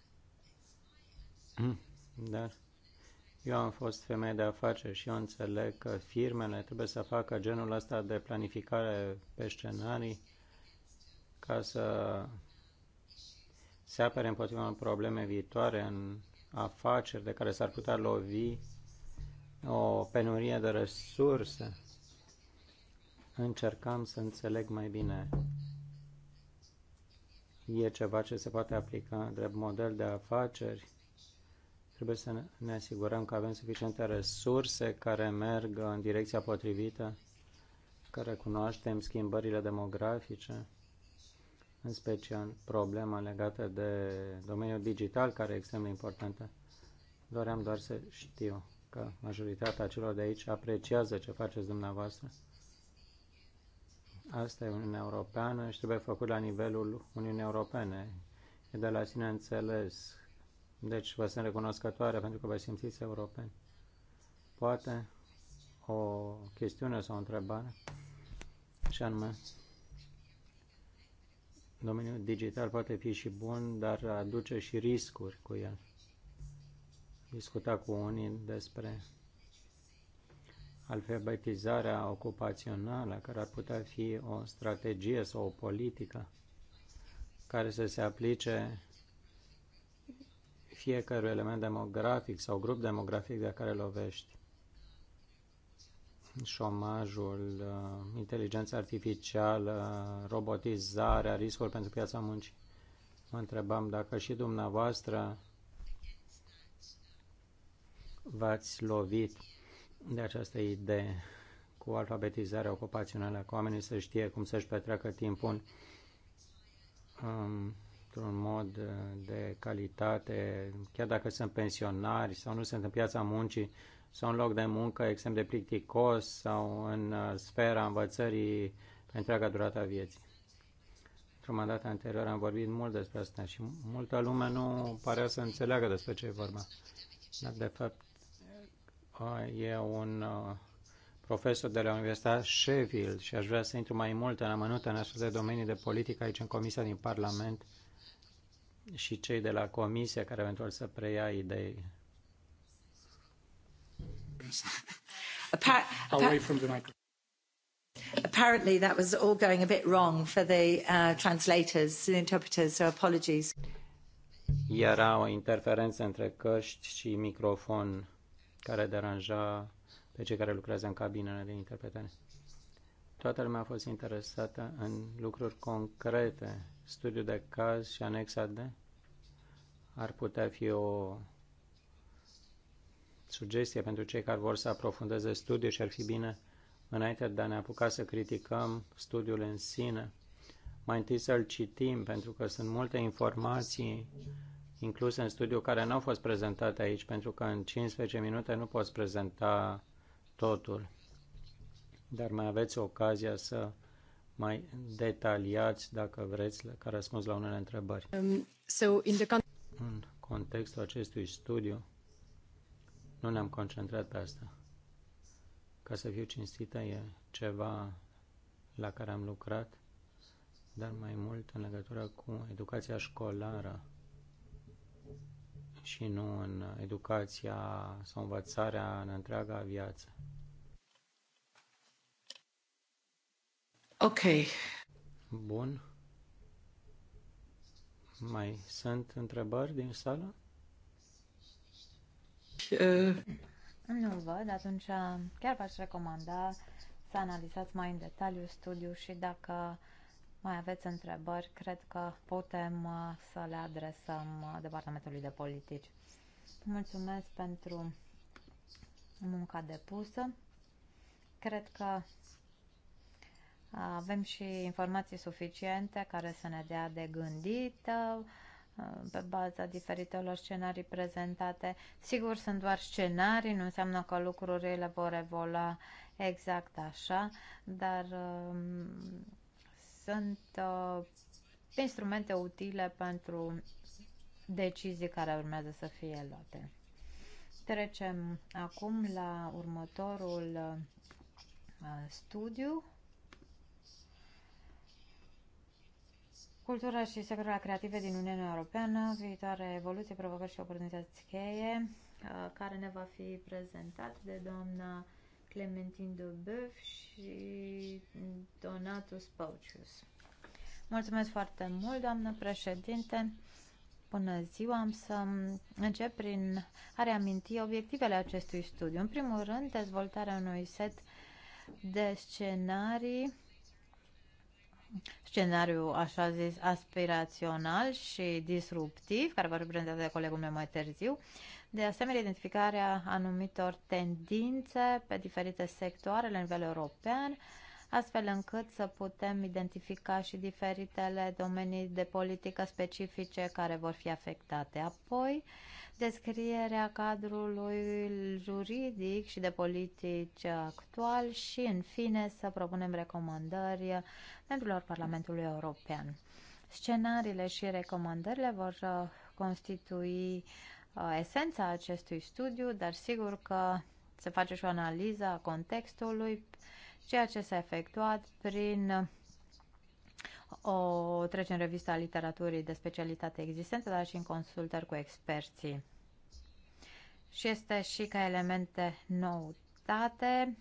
Dar eu am fost femeie de afaceri și eu înțeleg că firmele trebuie să facă genul ăsta de planificare pe scenarii ca să se apere împotriva unor probleme viitoare în afaceri de care s-ar putea lovi o penurie de resurse. Încercam să înțeleg mai bine. E ceva ce se poate aplica drept model de afaceri Trebuie să ne asigurăm că avem suficiente resurse care merg în direcția potrivită, că recunoaștem schimbările demografice, în special problema legată de domeniul digital, care e extrem de importantă. Doream doar să știu că majoritatea celor de aici apreciază ce faceți dumneavoastră. Asta e Uniunea Europeană și trebuie făcut la nivelul Uniunii Europene. E de la sine înțeles deci vă sunt recunoscătoare pentru că vă simțiți europeni. Poate o chestiune sau o întrebare și anume domeniul digital poate fi și bun, dar aduce și riscuri cu el. Discuta cu unii despre alfabetizarea ocupațională, care ar putea fi o strategie sau o politică care să se aplice fiecărui element demografic sau grup demografic de care lovești. Șomajul, uh, inteligența artificială, robotizarea, riscul pentru piața muncii. Mă întrebam dacă și dumneavoastră v-ați lovit de această idee cu alfabetizarea ocupațională, cu oamenii să știe cum să-și petreacă timpul um, într-un mod uh, de calitate, chiar dacă sunt pensionari sau nu sunt în piața muncii sau în loc de muncă extrem de plicticos sau în uh, sfera învățării pe întreaga durata vieții. Într-o mandată anterior am vorbit mult despre asta și multă lume nu pare să înțeleagă despre ce e vorba. Dar, de fapt, uh, e un profesor de la Universitatea Sheffield și aș vrea să intru mai mult în amănunte în astfel de domenii de politică aici în Comisia din Parlament și cei de la comisie care eventual să preia idei. Away from the Apparently that was all going a bit wrong for the uh, translators, the interpreters, so apologies. Era o interferență între căști și microfon care deranja pe cei care lucrează în cabinele de interpretare. Toată lumea a fost interesată în lucruri concrete Studiu de caz și anexa de ar putea fi o sugestie pentru cei care vor să aprofundeze studiul și ar fi bine, înainte de a ne apuca să criticăm studiul în sine, mai întâi să-l citim, pentru că sunt multe informații incluse în studiu care nu au fost prezentate aici, pentru că în 15 minute nu poți prezenta totul. Dar mai aveți ocazia să mai detaliați, dacă vreți, ca răspuns la unele întrebări. Um, so in the În contextul acestui studiu, nu ne-am concentrat pe asta. Ca să fiu cinstită, e ceva la care am lucrat, dar mai mult în legătură cu educația școlară și nu în educația sau învățarea în întreaga viață. Ok. Bun. Mai sunt întrebări din sală? Uh. Nu văd, atunci chiar v-aș recomanda să analizați mai în detaliu studiul și dacă mai aveți întrebări, cred că putem uh, să le adresăm uh, Departamentului de Politici. Mulțumesc pentru munca depusă. Cred că avem și informații suficiente care să ne dea de gândit uh, pe baza diferitelor scenarii prezentate. Sigur, sunt doar scenarii, nu înseamnă că lucrurile vor evolua exact așa, dar um, sunt uh, instrumente utile pentru decizii care urmează să fie luate. Trecem acum la următorul uh, studiu Cultura și sectorul creative din Uniunea Europeană, viitoare evoluție, provocări și oportunități cheie, uh, care ne va fi prezentat de doamna Clementine Dobeuf și Donatus Paucius. Mulțumesc foarte mult, doamnă președinte. Bună ziua, am să încep prin a reaminti obiectivele acestui studiu. În primul rând, dezvoltarea unui set de scenarii scenariu așa zis aspirațional și disruptiv, care va fi prezentat de colegul meu mai târziu, de asemenea identificarea anumitor tendințe pe diferite sectoare la nivel european, astfel încât să putem identifica și diferitele domenii de politică specifice care vor fi afectate. Apoi, descrierea cadrului juridic și de politici actual și, în fine, să propunem recomandări membrilor Parlamentului European. Scenariile și recomandările vor uh, constitui uh, esența acestui studiu, dar sigur că se face și o analiză a contextului ceea ce s-a efectuat prin uh, o trece în revista literaturii de specialitate existentă, dar și în consultări cu experții. Și este și ca elemente noutate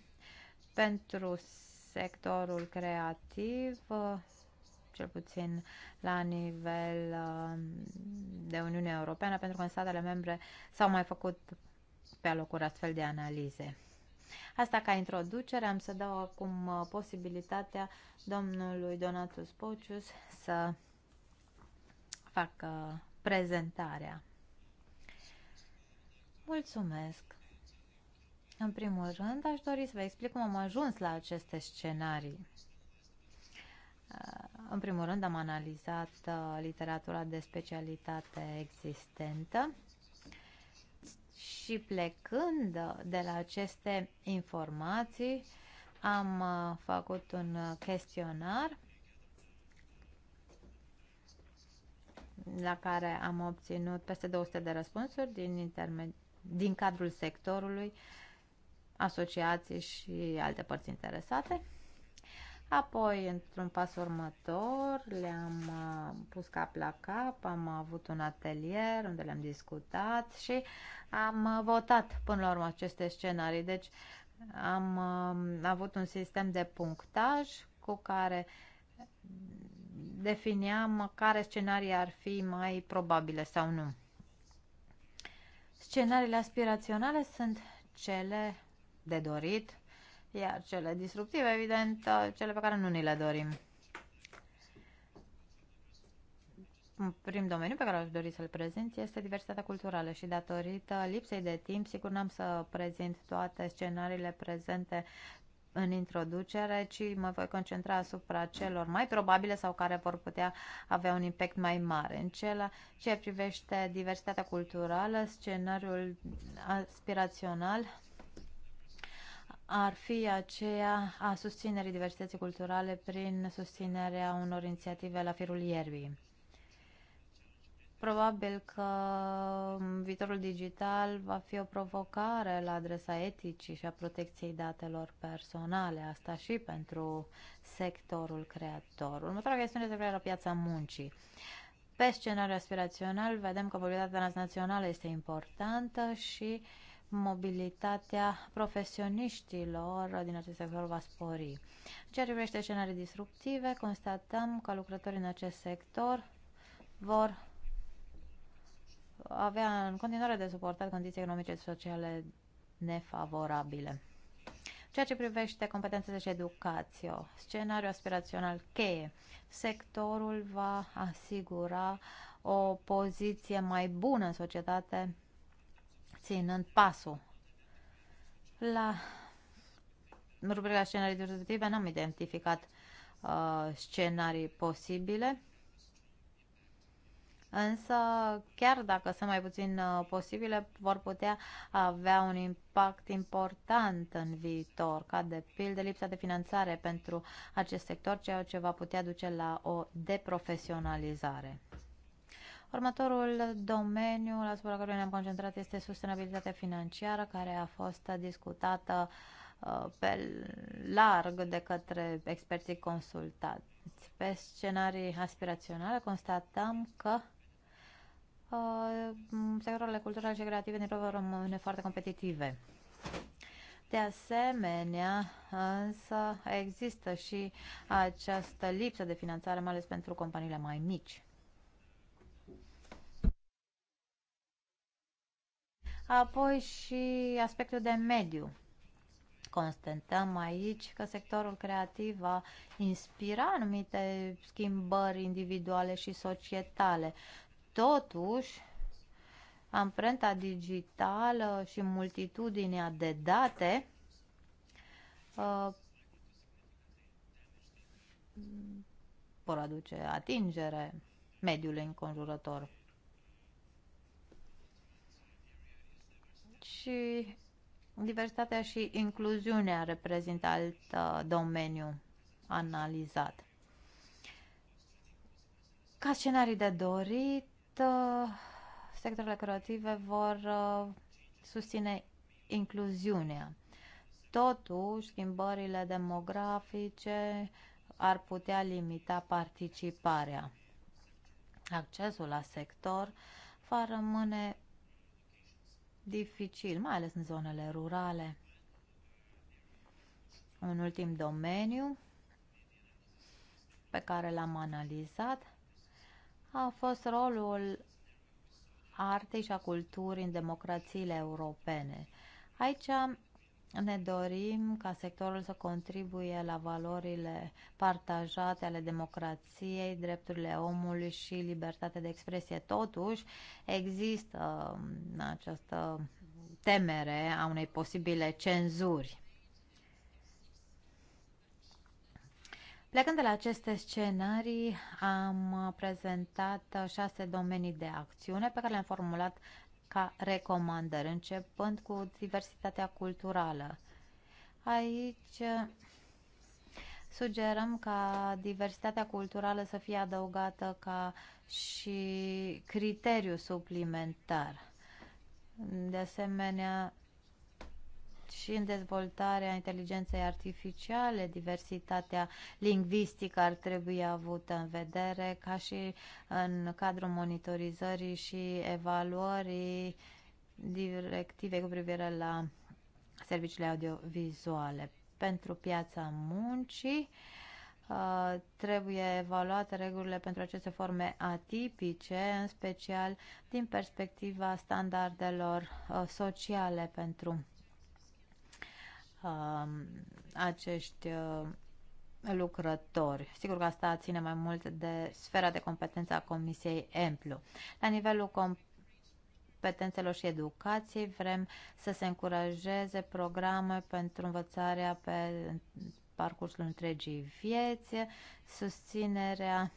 pentru sectorul creativ, uh, cel puțin la nivel uh, de Uniunea Europeană, pentru că în statele membre s-au mai făcut pe alocuri astfel de analize. Asta ca introducere, am să dau acum uh, posibilitatea domnului Donatus Pocius să facă prezentarea. Mulțumesc! În primul rând, aș dori să vă explic cum am ajuns la aceste scenarii. Uh, în primul rând, am analizat uh, literatura de specialitate existentă și plecând de la aceste informații, am uh, făcut un uh, chestionar la care am obținut peste 200 de răspunsuri din, din cadrul sectorului, asociații și alte părți interesate. Apoi, într-un pas următor, le-am uh, pus cap la cap, am avut un atelier unde le-am discutat și am uh, votat până la urmă aceste scenarii. Deci am uh, avut un sistem de punctaj cu care defineam care scenarii ar fi mai probabile sau nu. Scenariile aspiraționale sunt cele de dorit, iar cele disruptive, evident, cele pe care nu ni le dorim. Un prim domeniu pe care aș dori să-l prezint este diversitatea culturală și datorită lipsei de timp, sigur n-am să prezint toate scenariile prezente în introducere, ci mă voi concentra asupra celor mai probabile sau care vor putea avea un impact mai mare. În cela ce privește diversitatea culturală, scenariul aspirațional ar fi aceea a susținerii diversității culturale prin susținerea unor inițiative la firul ierbii. Probabil că viitorul digital va fi o provocare la adresa eticii și a protecției datelor personale, asta și pentru sectorul creator. Următoarea chestiune este la piața muncii. Pe scenariu aspirațional, vedem că mobilitatea națională este importantă și uh, mobilitatea profesioniștilor din acest sector va spori. În ceea ce privește scenarii disruptive, constatăm că lucrătorii în acest sector vor avea în continuare de suportat condiții economice și sociale nefavorabile. Ceea ce privește competențele și educație, scenariul aspirațional cheie, sectorul va asigura o poziție mai bună în societate ținând pasul. La rubrica scenarii disruptive n-am identificat uh, scenarii posibile, însă chiar dacă sunt mai puțin uh, posibile, vor putea avea un impact important în viitor, ca de pildă lipsa de finanțare pentru acest sector, ceea ce va putea duce la o deprofesionalizare. Următorul domeniu asupra care ne-am concentrat este sustenabilitatea financiară, care a fost discutată uh, pe larg de către experții consultați. Pe scenarii aspiraționale constatăm că uh, sectoarele culturale și creative din Europa rămâne foarte competitive. De asemenea, însă, există și această lipsă de finanțare, mai ales pentru companiile mai mici. Apoi și aspectul de mediu. Constatăm aici că sectorul creativ va inspira anumite schimbări individuale și societale. Totuși, amprenta digitală și multitudinea de date uh, vor aduce atingere mediului înconjurător. Și diversitatea și incluziunea reprezintă alt uh, domeniu analizat. Ca scenarii de dorit, uh, sectoarele creative vor uh, susține incluziunea. Totuși, schimbările demografice ar putea limita participarea. Accesul la sector va rămâne dificil, mai ales în zonele rurale. Un ultim domeniu pe care l-am analizat a fost rolul artei și a culturii în democrațiile europene. Aici ne dorim ca sectorul să contribuie la valorile partajate ale democrației, drepturile omului și libertatea de expresie. Totuși, există um, această temere a unei posibile cenzuri. Plecând de la aceste scenarii, am prezentat șase domenii de acțiune pe care le-am formulat ca recomandări, începând cu diversitatea culturală. Aici eh, sugerăm ca diversitatea culturală să fie adăugată ca și criteriu suplimentar. De asemenea, și în dezvoltarea inteligenței artificiale, diversitatea lingvistică ar trebui avută în vedere, ca și în cadrul monitorizării și evaluării directive cu privire la serviciile audiovizuale. Pentru piața muncii, uh, trebuie evaluate regulile pentru aceste forme atipice, în special din perspectiva standardelor uh, sociale pentru uh, acești uh, lucrători. Sigur că asta ține mai mult de sfera de competență a Comisiei Emplu. La nivelul competențelor și educației vrem să se încurajeze programe pentru învățarea pe parcursul întregii vieți, susținerea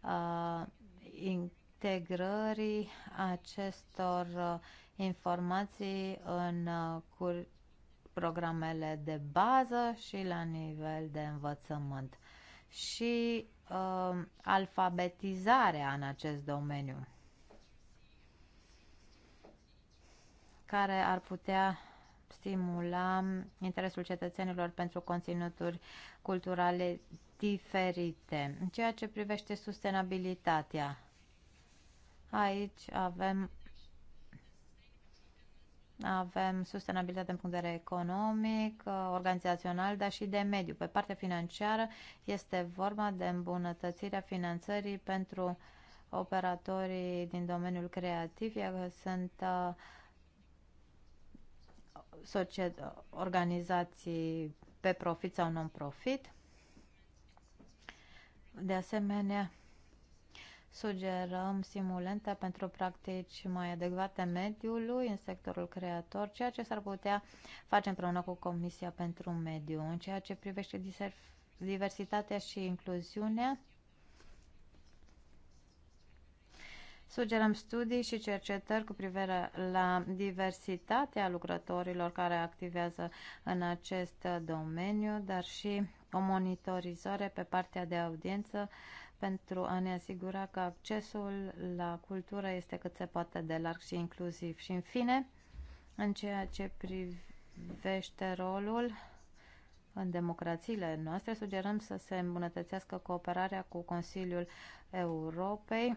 uh, integrării acestor uh, informații în uh, cur- programele de bază și la nivel de învățământ și uh, alfabetizarea în acest domeniu care ar putea stimula interesul cetățenilor pentru conținuturi culturale diferite. În ceea ce privește sustenabilitatea, aici avem avem sustenabilitate în punct de vedere economic, uh, organizațional, dar și de mediu. Pe partea financiară este vorba de îmbunătățirea finanțării pentru operatorii din domeniul creativ, iar sunt uh, societ- organizații pe profit sau non-profit. De asemenea, sugerăm simulente pentru practici mai adecvate mediului în sectorul creator, ceea ce s-ar putea face împreună cu Comisia pentru Mediu. În ceea ce privește diversitatea și incluziunea, Sugerăm studii și cercetări cu privire la diversitatea lucrătorilor care activează în acest domeniu, dar și o monitorizare pe partea de audiență pentru a ne asigura că accesul la cultură este cât se poate de larg și inclusiv. Și în fine, în ceea ce privește rolul în democrațiile noastre, sugerăm să se îmbunătățească cooperarea cu Consiliul Europei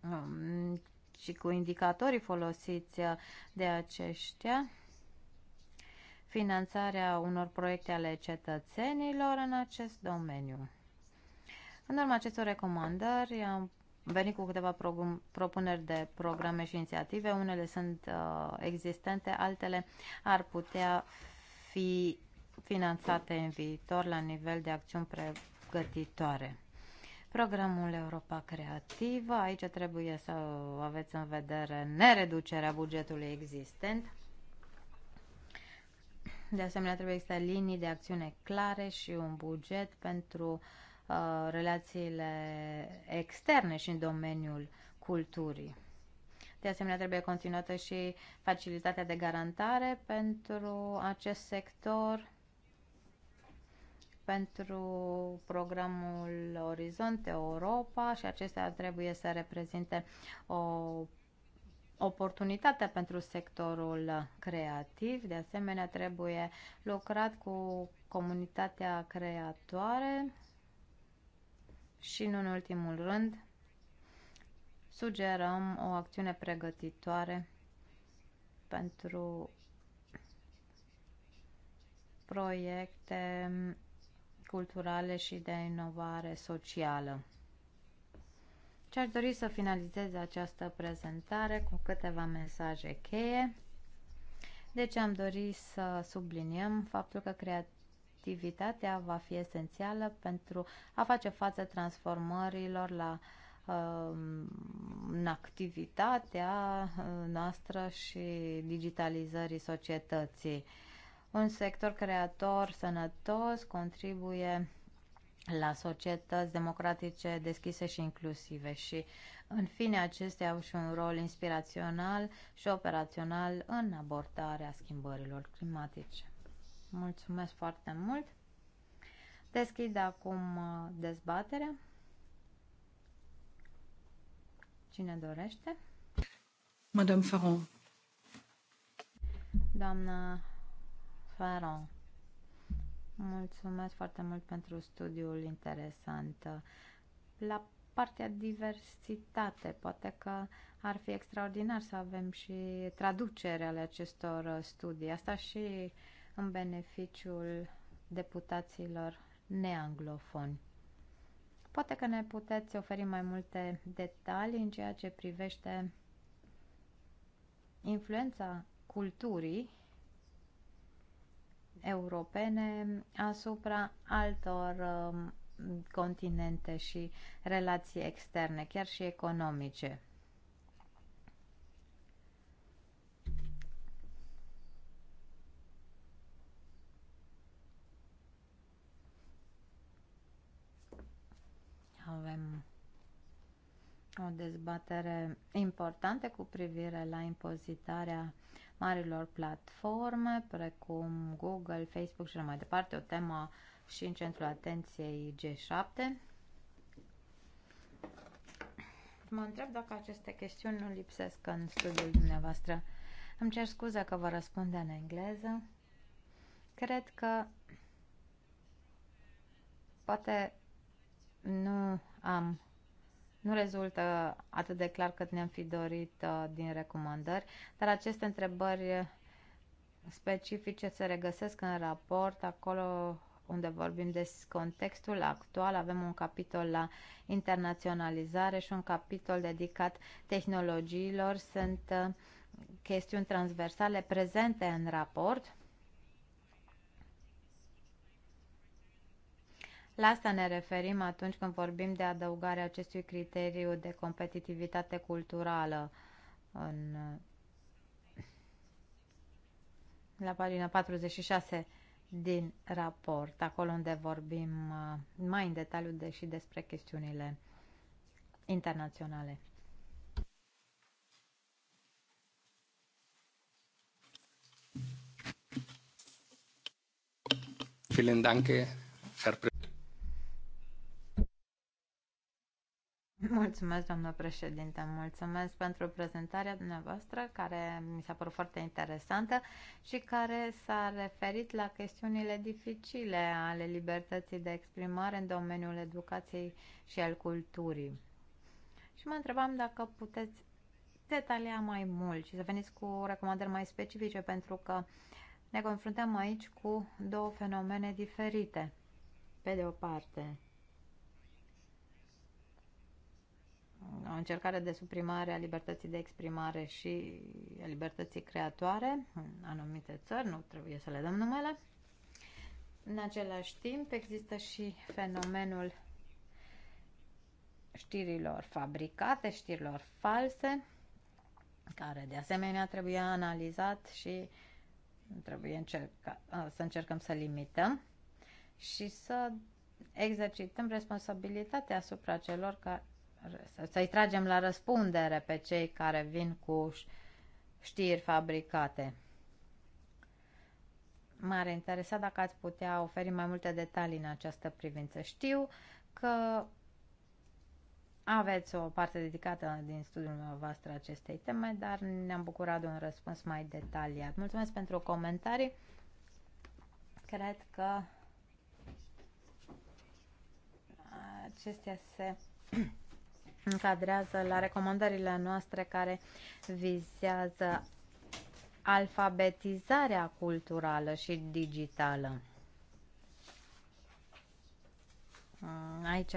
um, și cu indicatorii folosiți de aceștia, finanțarea unor proiecte ale cetățenilor în acest domeniu. În urma acestor recomandări am venit cu câteva propuneri de programe și inițiative. Unele sunt uh, existente, altele ar putea fi finanțate în viitor la nivel de acțiuni pregătitoare. Programul Europa Creativă, aici trebuie să aveți în vedere nereducerea bugetului existent. De asemenea, trebuie să linii de acțiune clare și un buget pentru uh, Uh, relațiile externe și în domeniul culturii. De asemenea, trebuie continuată și facilitatea de garantare pentru acest sector, pentru programul Orizont Europa și acestea trebuie să reprezinte o oportunitate pentru sectorul creativ. De asemenea, trebuie lucrat cu comunitatea creatoare și, în ultimul rând, sugerăm o acțiune pregătitoare pentru proiecte culturale și de inovare socială. Ce aș dori să finalizez această prezentare cu câteva mesaje cheie. Deci am dorit să subliniem faptul că creat competitivitatea va fi esențială pentru a face față transformărilor la um, în activitatea uh, noastră și digitalizării societății. Un sector creator sănătos contribuie la societăți democratice deschise și inclusive și, în fine, acestea au și un rol inspirațional și operațional în abordarea schimbărilor climatice. Mulțumesc foarte mult. Deschid acum uh, dezbaterea. Cine dorește? Madame Faron. Doamna Faron. Mulțumesc foarte mult pentru studiul interesant. La partea diversitate, poate că ar fi extraordinar să avem și traducerea ale acestor uh, studii. Asta și în beneficiul deputaților neanglofoni. Poate că ne puteți oferi mai multe detalii în ceea ce privește influența culturii europene asupra altor um, continente și relații externe, chiar și economice. o dezbatere importantă cu privire la impozitarea marilor platforme precum Google, Facebook și mai departe, o temă și în centrul atenției G7. Mă întreb dacă aceste chestiuni nu lipsesc în studiul dumneavoastră. Îmi cer scuze că vă răspund în engleză. Cred că poate nu am nu rezultă atât de clar cât ne-am fi dorit uh, din recomandări, dar aceste întrebări specifice se regăsesc în raport, acolo unde vorbim de contextul actual, avem un capitol la internaționalizare și un capitol dedicat tehnologiilor. Sunt uh, chestiuni transversale prezente în raport La asta ne referim atunci când vorbim de adăugarea acestui criteriu de competitivitate culturală în, la pagina 46 din raport, acolo unde vorbim uh, mai în detaliu de și despre chestiunile internaționale. Vielen Dank, Herr Mulțumesc, doamnă președinte, mulțumesc pentru prezentarea dumneavoastră, care mi s-a părut foarte interesantă și care s-a referit la chestiunile dificile ale libertății de exprimare în domeniul educației și al culturii. Și mă întrebam dacă puteți detalia mai mult și să veniți cu recomandări mai specifice, pentru că ne confruntăm aici cu două fenomene diferite. Pe de o parte, o încercare de suprimare a libertății de exprimare și a libertății creatoare în anumite țări, nu trebuie să le dăm numele. În același timp există și fenomenul știrilor fabricate, știrilor false, care de asemenea trebuie analizat și trebuie încerca, să încercăm să limităm și să exercităm responsabilitatea asupra celor care să-i tragem la răspundere pe cei care vin cu știri fabricate. M-ar interesa dacă ați putea oferi mai multe detalii în această privință. Știu că aveți o parte dedicată din studiul meu vostru acestei teme, dar ne-am bucurat de un răspuns mai detaliat. Mulțumesc pentru comentarii. Cred că acestea se încadrează la recomandările noastre care vizează alfabetizarea culturală și digitală. Aici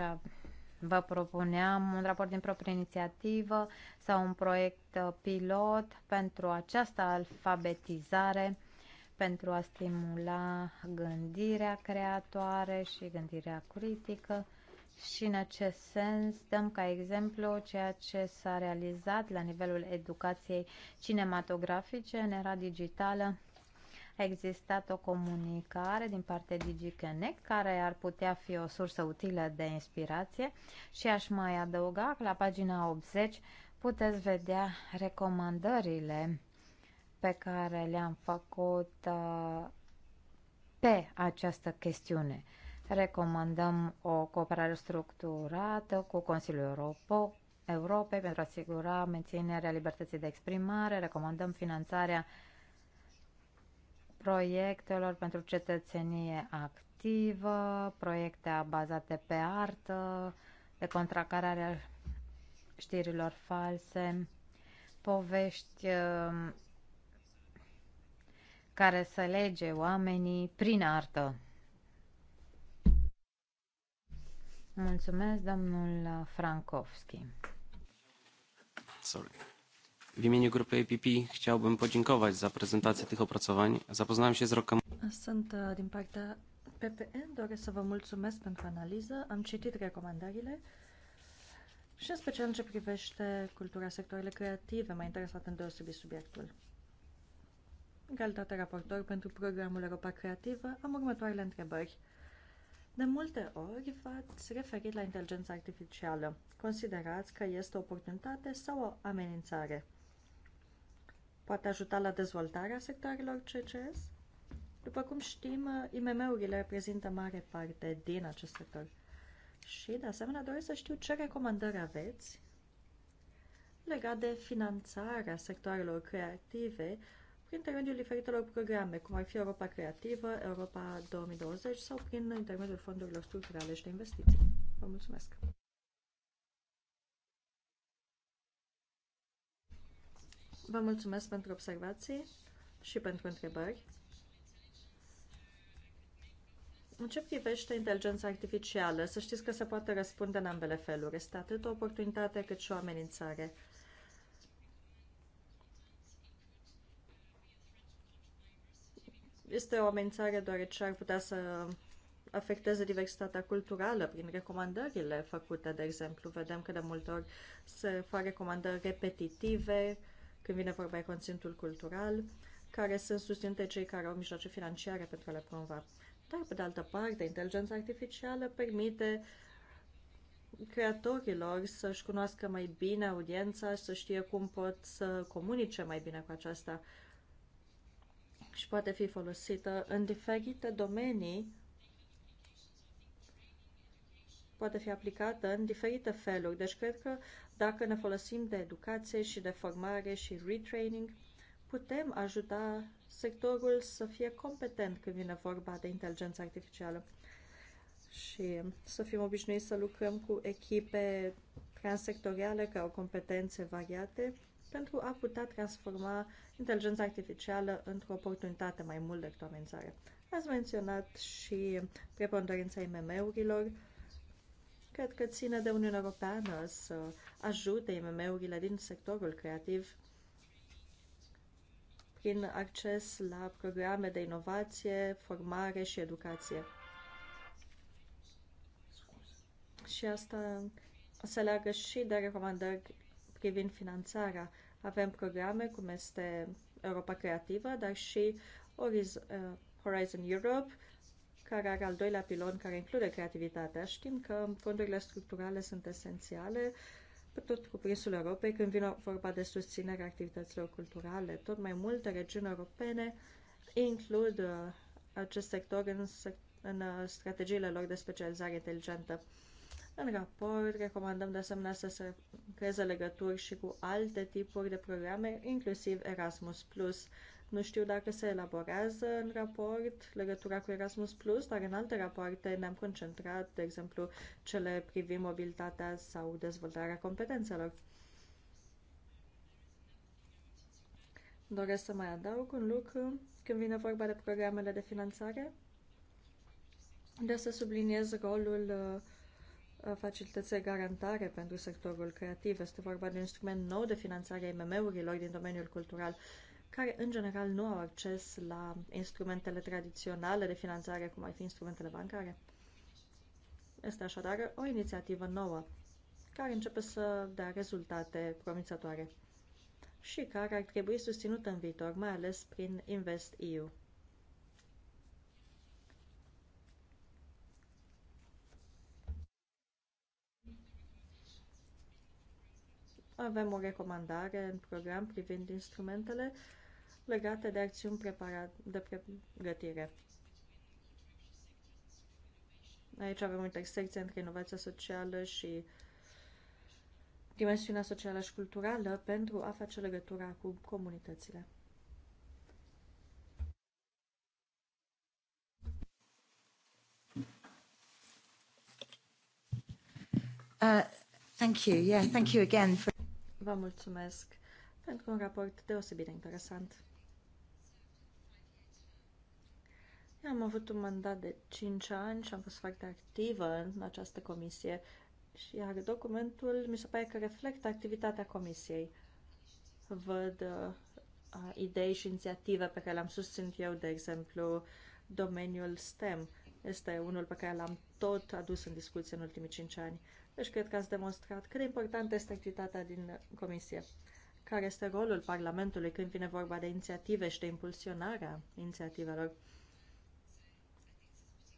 vă propuneam un raport din proprie inițiativă sau un proiect pilot pentru această alfabetizare, pentru a stimula gândirea creatoare și gândirea critică și în acest sens dăm ca exemplu ceea ce s-a realizat la nivelul educației cinematografice în era digitală. A existat o comunicare din partea DigiConnect care ar putea fi o sursă utilă de inspirație și aș mai adăuga că la pagina 80 puteți vedea recomandările pe care le-am făcut uh, pe această chestiune. Recomandăm o cooperare structurată cu Consiliul Europo, Europei pentru a asigura menținerea libertății de exprimare. Recomandăm finanțarea proiectelor pentru cetățenie activă, proiecte bazate pe artă, de contracarare a știrilor false, povești um, care să lege oamenii prin artă. Mulțumesc, domnul Frankowski. Sorry. W imieniu grupy APP chciałbym podziękować za prezentację tych opracowań. Zapoznałem się z rokiem. Sunt uh, din partea PPN, doresc să vă mulțumesc pentru analiză. Am citit recomandările și în special ce privește cultura sectoarele creative, m-a interesat în deosebit subiectul. În calitate raportor pentru programul Europa Creativă, am următoarele întrebări. De multe ori v-ați referit la inteligența artificială. Considerați că este o oportunitate sau o amenințare? Poate ajuta la dezvoltarea sectoarelor CCS? După cum știm, IMM-urile reprezintă mare parte din acest sector. Și, de asemenea, doresc să știu ce recomandări aveți legat de finanțarea sectoarelor creative prin intermediul diferitelor programe, cum ar fi Europa Creativă, Europa 2020 sau prin intermediul fondurilor structurale și de investiții. Vă mulțumesc! Vă mulțumesc pentru observații și pentru întrebări. În ce privește inteligența artificială, să știți că se poate răspunde în ambele feluri. Este atât o oportunitate cât și o amenințare. este o amenințare deoarece ar putea să afecteze diversitatea culturală prin recomandările făcute, de exemplu. Vedem că de multe ori se fac recomandări repetitive când vine vorba de conținutul cultural, care sunt susținute cei care au mijloace financiare pentru a le promova. Dar, pe de altă parte, inteligența artificială permite creatorilor să-și cunoască mai bine audiența, să știe cum pot să comunice mai bine cu aceasta și poate fi folosită în diferite domenii, poate fi aplicată în diferite feluri. Deci cred că dacă ne folosim de educație și de formare și retraining, putem ajuta sectorul să fie competent când vine vorba de inteligența artificială și să fim obișnuiți să lucrăm cu echipe transsectoriale care au competențe variate pentru a putea transforma inteligența artificială într-o oportunitate mai mult decât o amenințare. Ați menționat și preponderența IMM-urilor. Cred că ține de Uniunea Europeană să ajute IMM-urile din sectorul creativ prin acces la programe de inovație, formare și educație. Și asta se leagă și de recomandări privind finanțarea avem programe cum este Europa Creativă, dar și eh, Horizon Europe, care are al doilea pilon care include creativitatea. Știm că fondurile structurale sunt esențiale pe tot cuprinsul Europei când vine vorba de susținerea activităților culturale. Tot mai multe regiuni europene includ eh, acest sector în, în eh, strategiile lor de specializare inteligentă. În raport recomandăm de asemenea să se creeze legături și cu alte tipuri de programe, inclusiv Erasmus+. Nu știu dacă se elaborează în raport legătura cu Erasmus+, dar în alte rapoarte ne-am concentrat, de exemplu, cele privind mobilitatea sau dezvoltarea competențelor. Doresc să mai adaug un lucru când vine vorba de programele de finanțare. De să subliniez rolul uh, Uh, facilități de garantare pentru sectorul creativ. Este vorba de un instrument nou de finanțare a IMM-urilor din domeniul cultural, care în general nu au acces la instrumentele tradiționale de finanțare, cum ar fi instrumentele bancare. Este așadar o inițiativă nouă care începe să dea rezultate promițătoare și care ar trebui susținută în viitor, mai ales prin Invest EU. Avem o recomandare în program privind instrumentele legate de acțiuni de pregătire. Aici avem o intersecție între inovația socială și dimensiunea socială și culturală pentru a face legătura cu comunitățile. Uh, thank you. Yeah, thank you again for Vă mulțumesc pentru un raport deosebit de interesant. Eu am avut un mandat de 5 ani și am fost foarte activă în această comisie și iar documentul mi se pare că reflectă activitatea comisiei. Văd uh, idei și inițiative pe care le-am susținut eu, de exemplu, domeniul STEM. Este unul pe care l-am tot adus în discuție în ultimii 5 ani. Deci cred că ați demonstrat cât de importantă este activitatea din Comisie. Care este rolul Parlamentului când vine vorba de inițiative și de impulsionarea inițiativelor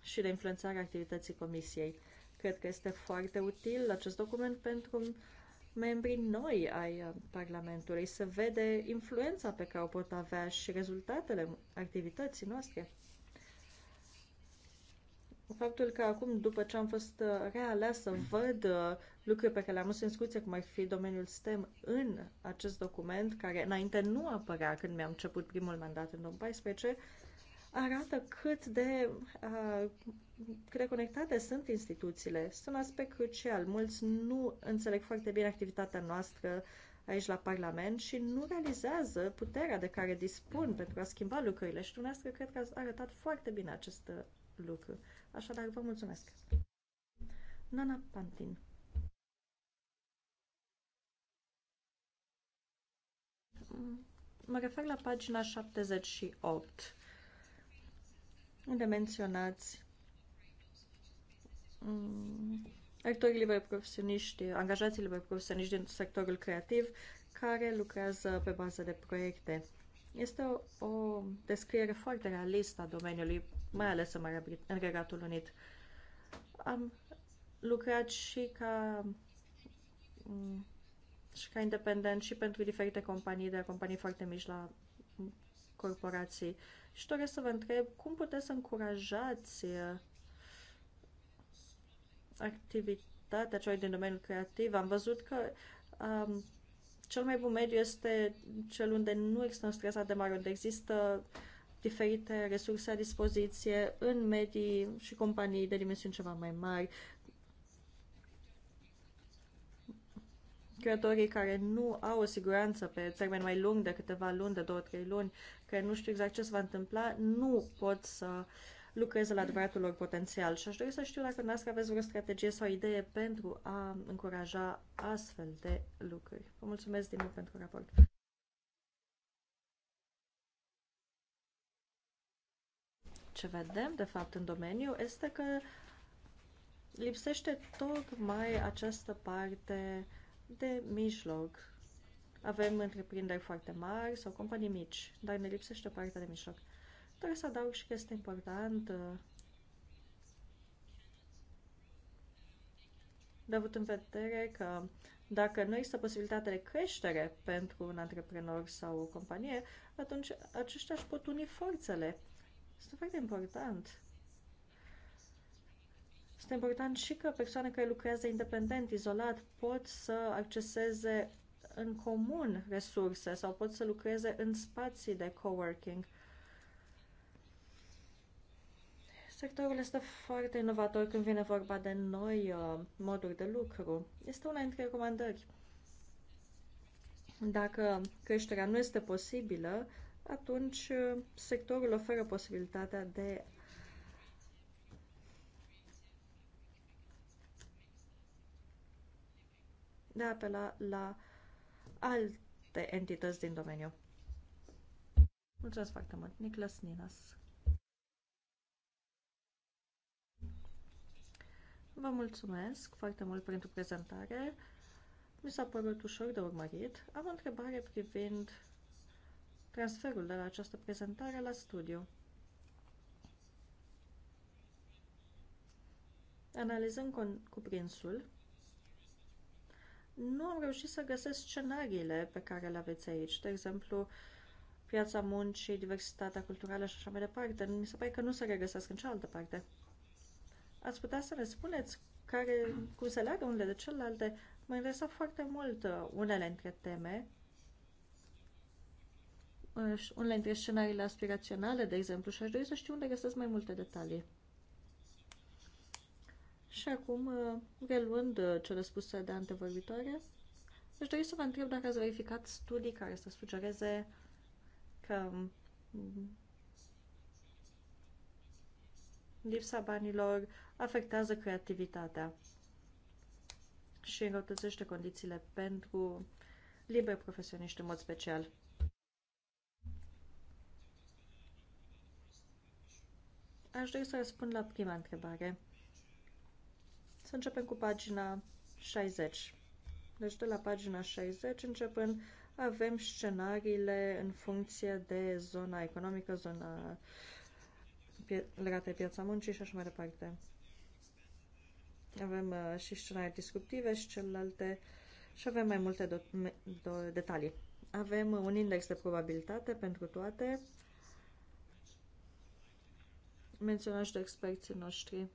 și de influențarea activității Comisiei? Cred că este foarte util acest document pentru membrii noi ai uh, Parlamentului, să vede influența pe care o pot avea și rezultatele activității noastre faptul că acum, după ce am fost uh, realeasă, văd uh, lucruri pe care le-am pus în discuție, cum ar fi domeniul STEM în acest document, care înainte nu apărea când mi-am început primul mandat în 2014, arată cât de, uh, cât de conectate sunt instituțiile. Este un aspect crucial. Mulți nu înțeleg foarte bine activitatea noastră aici la Parlament și nu realizează puterea de care dispun pentru a schimba lucrurile. Și dumneavoastră cred că ați arătat foarte bine acest uh, lucru. Așadar, vă mulțumesc. Nana Pantin. Mă refer la pagina 78, unde menționați mm, actorii liberi profesioniști, angajații liberi profesioniști din sectorul creativ care lucrează pe bază de proiecte. Este o, o descriere foarte realistă a domeniului mai ales în, Marea Brit- în Regatul Unit. Am lucrat și ca mm, și ca independent și pentru diferite companii, de companii foarte mici la corporații. Și doresc să vă întreb cum puteți să încurajați uh, activitatea celor din domeniul creativ. Am văzut că um, cel mai bun mediu este cel unde nu există un stres atât de mare, unde există uh, diferite resurse la dispoziție în medii și companii de dimensiuni ceva mai mari, creatorii care nu au o siguranță pe termen mai lung de câteva luni, de două, trei luni, care nu știu exact ce se va întâmpla, nu pot să lucreze la adevăratul lor potențial. Și aș dori să știu dacă dumneavoastră aveți vreo strategie sau idee pentru a încuraja astfel de lucruri. Vă mulțumesc din nou pentru raport. ce vedem, de fapt, în domeniu este că lipsește tocmai această parte de mijloc. Avem întreprinderi foarte mari sau companii mici, dar ne lipsește partea de mijloc. trebuie să adaug și că este important uh, de avut în vedere că dacă nu există posibilitatea de creștere pentru un antreprenor sau o companie, atunci aceștia își pot uni forțele este foarte important. Este important și că persoane care lucrează independent, izolat, pot să acceseze în comun resurse sau pot să lucreze în spații de coworking. Sectorul este foarte inovator când vine vorba de noi uh, moduri de lucru. Este una dintre recomandări. Dacă creșterea nu este posibilă, atunci uh, sectorul oferă posibilitatea de de a apela la alte entități din domeniu. Mulțumesc foarte mult, Niclas Ninas. Vă mulțumesc foarte mult pentru prezentare. Mi s-a părut ușor de urmărit. Am o întrebare privind transferul de la această prezentare la studiu. Analizând cuprinsul, nu am reușit să găsesc scenariile pe care le aveți aici. De exemplu, piața muncii, diversitatea culturală și așa mai departe. Mi se pare că nu se regăsesc în cealaltă parte. Ați putea să ne spuneți care, cum se leagă unele de celelalte? Mă interesa foarte mult uh, unele dintre teme unele dintre scenariile aspiraționale, de exemplu, și aș dori să știu unde găsesc mai multe detalii. Și acum, uh, reluând uh, cele spuse de antevorbitoare, aș dori să vă întreb dacă ați verificat studii care să sugereze că um, lipsa banilor afectează creativitatea și înrăutățește condițiile pentru liberi profesioniști în mod special. Aș dori să răspund la prima întrebare. Să începem cu pagina 60. Deci de la pagina 60 începând avem scenariile în funcție de zona economică, zona legată de piața muncii și așa mai departe. Avem uh, și scenarii disruptive și celelalte și avem mai multe do- do- detalii. Avem uh, un index de probabilitate pentru toate menționat de experții noștri.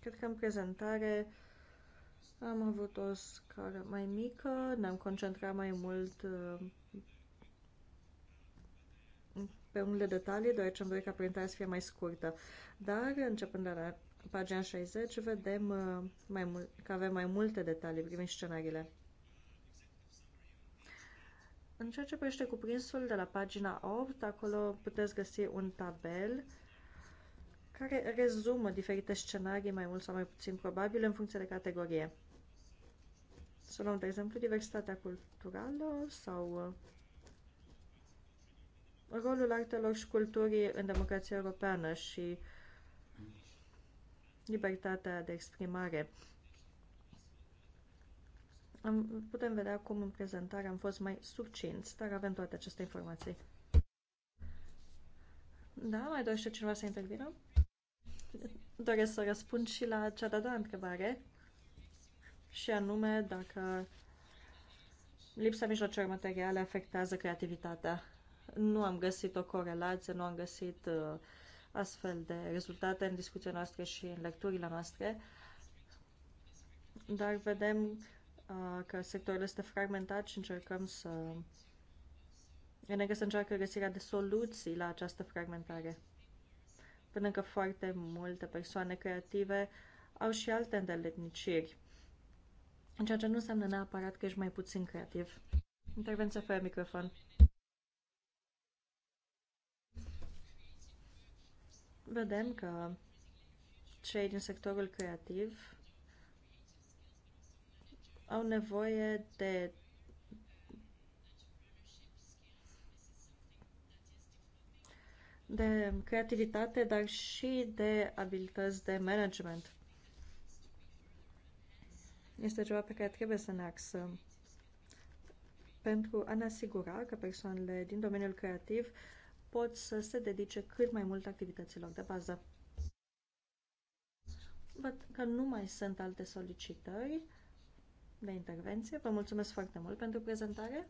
Cred că în prezentare am avut o scară mai mică, ne-am concentrat mai mult uh, pe unele detalii, deoarece am dorit ca prezentarea să fie mai scurtă. Dar, începând de la pagina 60 vedem uh, mai mult, că avem mai multe detalii privind scenariile. În ceea ce privește cuprinsul de la pagina 8, acolo puteți găsi un tabel care rezumă diferite scenarii mai mult sau mai puțin probabile în funcție de categorie. Să luăm, de exemplu, diversitatea culturală sau uh, rolul artelor și culturii în democrația europeană și uh, libertatea de exprimare. Am, putem vedea cum în prezentare am fost mai succinți, dar avem toate aceste informații. Da, mai dorește cineva să intervină? Doresc să răspund și la cea de-a doua întrebare, și anume dacă lipsa mijloacelor materiale afectează creativitatea. Nu am găsit o corelație, nu am găsit uh, astfel de rezultate în discuția noastră și în lecturile noastre, dar vedem uh, că sectorul este fragmentat și încercăm să Renegă să încearcă găsirea de soluții la această fragmentare. Până că foarte multe persoane creative au și alte îndeletniciri, ceea ce nu înseamnă neapărat că ești mai puțin creativ. Intervenția fără microfon. vedem că cei din sectorul creativ au nevoie de de creativitate, dar și de abilități de management. Este ceva pe care trebuie să ne axăm pentru a ne asigura că persoanele din domeniul creativ uh, pot să se dedice cât mai mult activităților de bază. Văd că nu mai sunt alte solicitări de intervenție. Vă mulțumesc foarte mult pentru prezentare.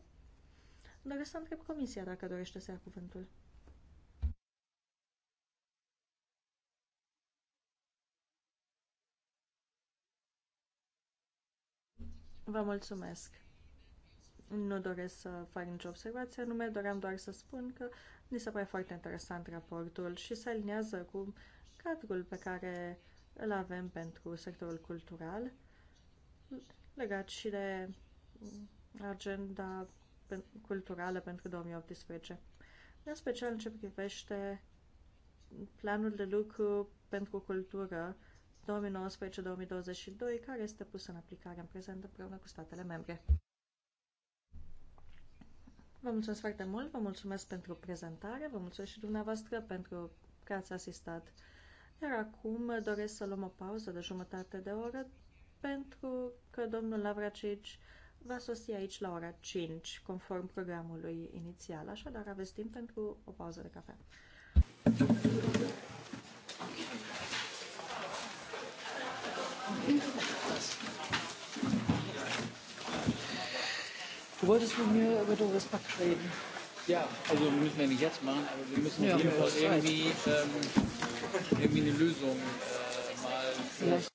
Doresc să întreb comisia dacă dorește să ia cuvântul. Vă mulțumesc. Nu doresc să fac nicio observație, anume doream doar să spun că mi se pare foarte interesant raportul și se alinează cu cadrul pe care îl avem pentru sectorul cultural, legat și de agenda culturală pentru 2018. În special în ce privește planul de lucru pentru cultură 2019-2022, care este pus în aplicare în prezent împreună cu statele membre. Vă mulțumesc foarte mult, vă mulțumesc pentru prezentare, vă mulțumesc și dumneavoastră pentru că ați asistat. Iar acum doresc să luăm o pauză de jumătate de oră pentru că domnul Lavracici va sosi aici la ora 5, conform programului inițial. Așadar, aveți timp pentru o pauză de cafea. Du wolltest mit mir über Doris Back reden. Ja, also müssen wir nicht jetzt machen, aber wir müssen ja, auf jeden Fall irgendwie, ähm, irgendwie eine Lösung äh, mal. Ja.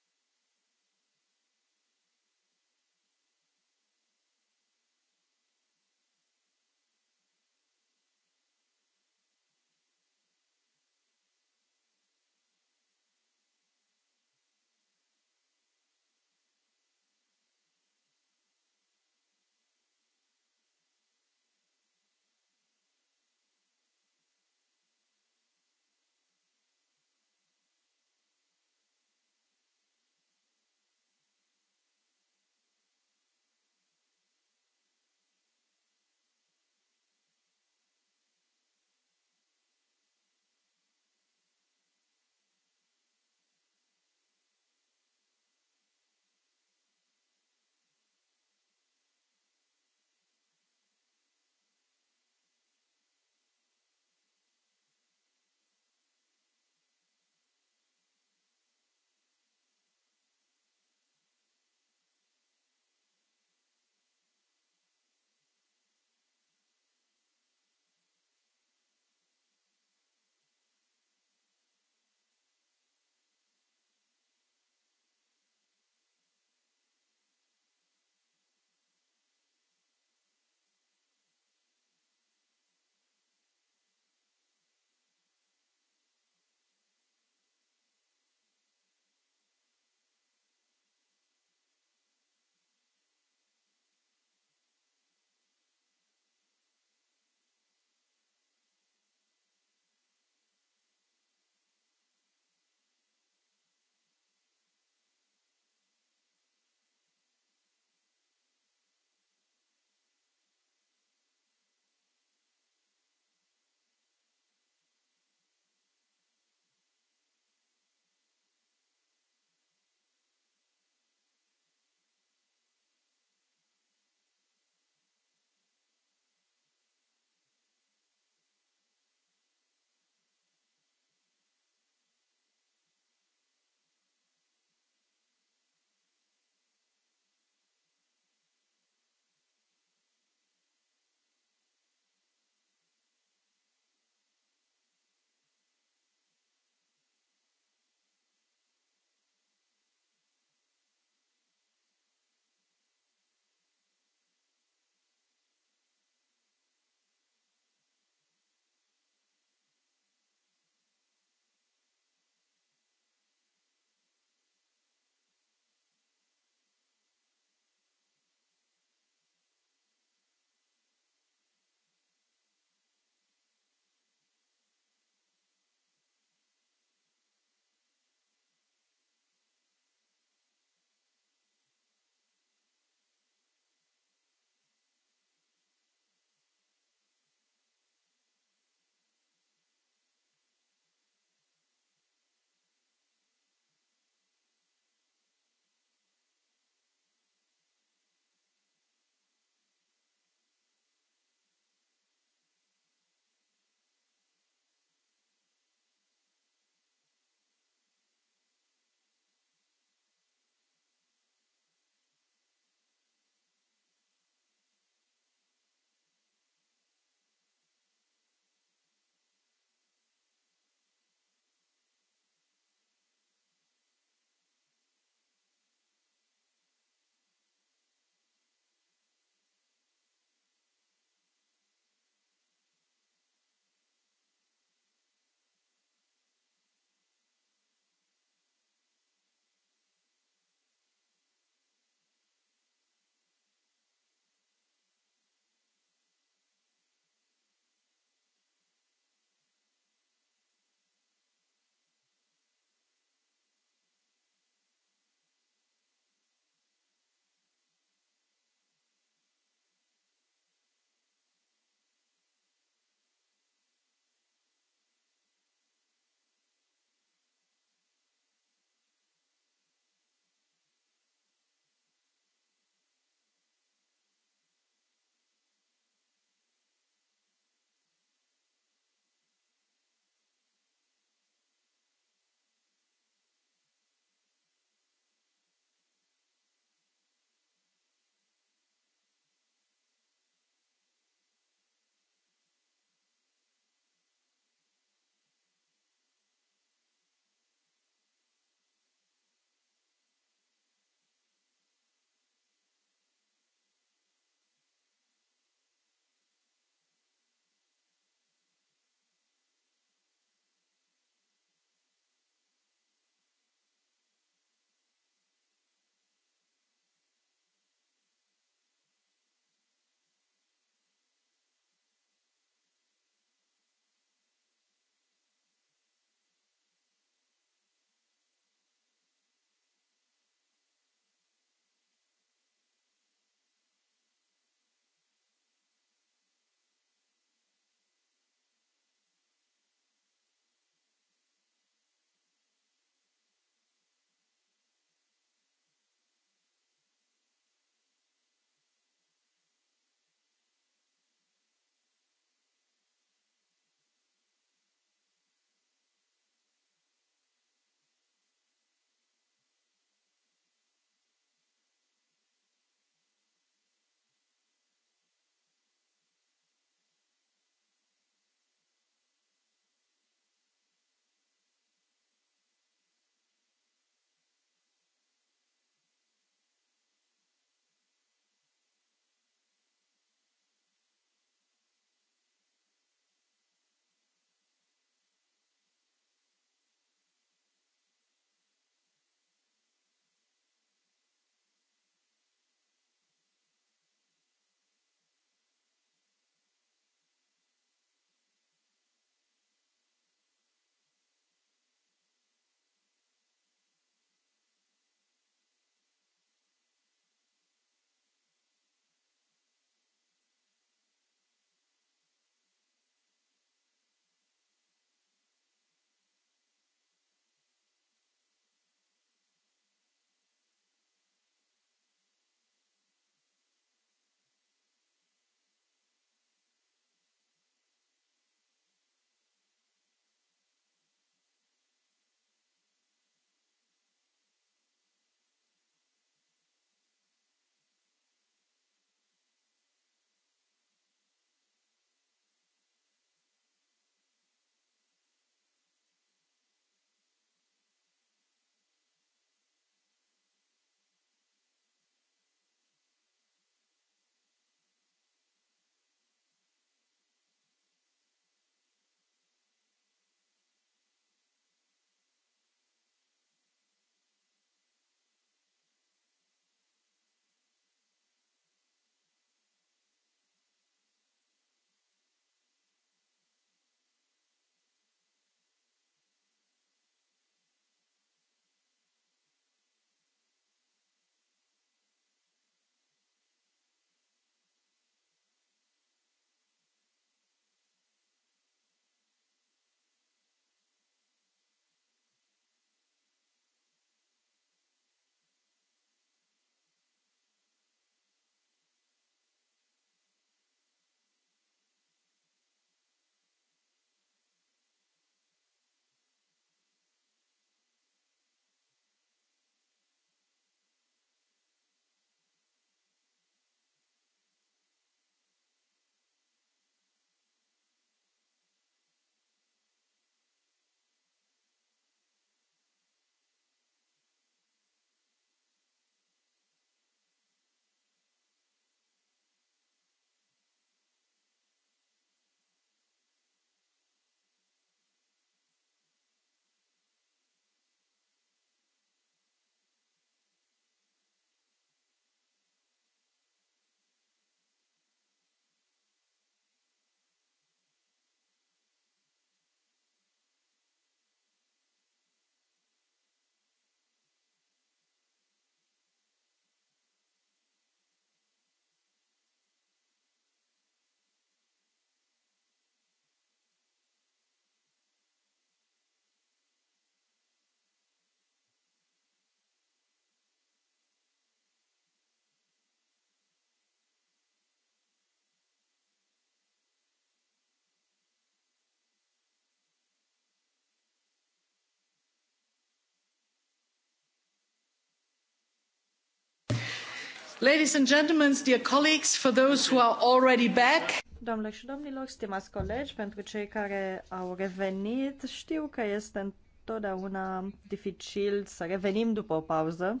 Ladies and gentlemen, dear colleagues, for those who are already back. Doamnelor și domnilor, stimați colegi, pentru cei care au revenit, știu că este întotdeauna dificil să revenim după o pauză.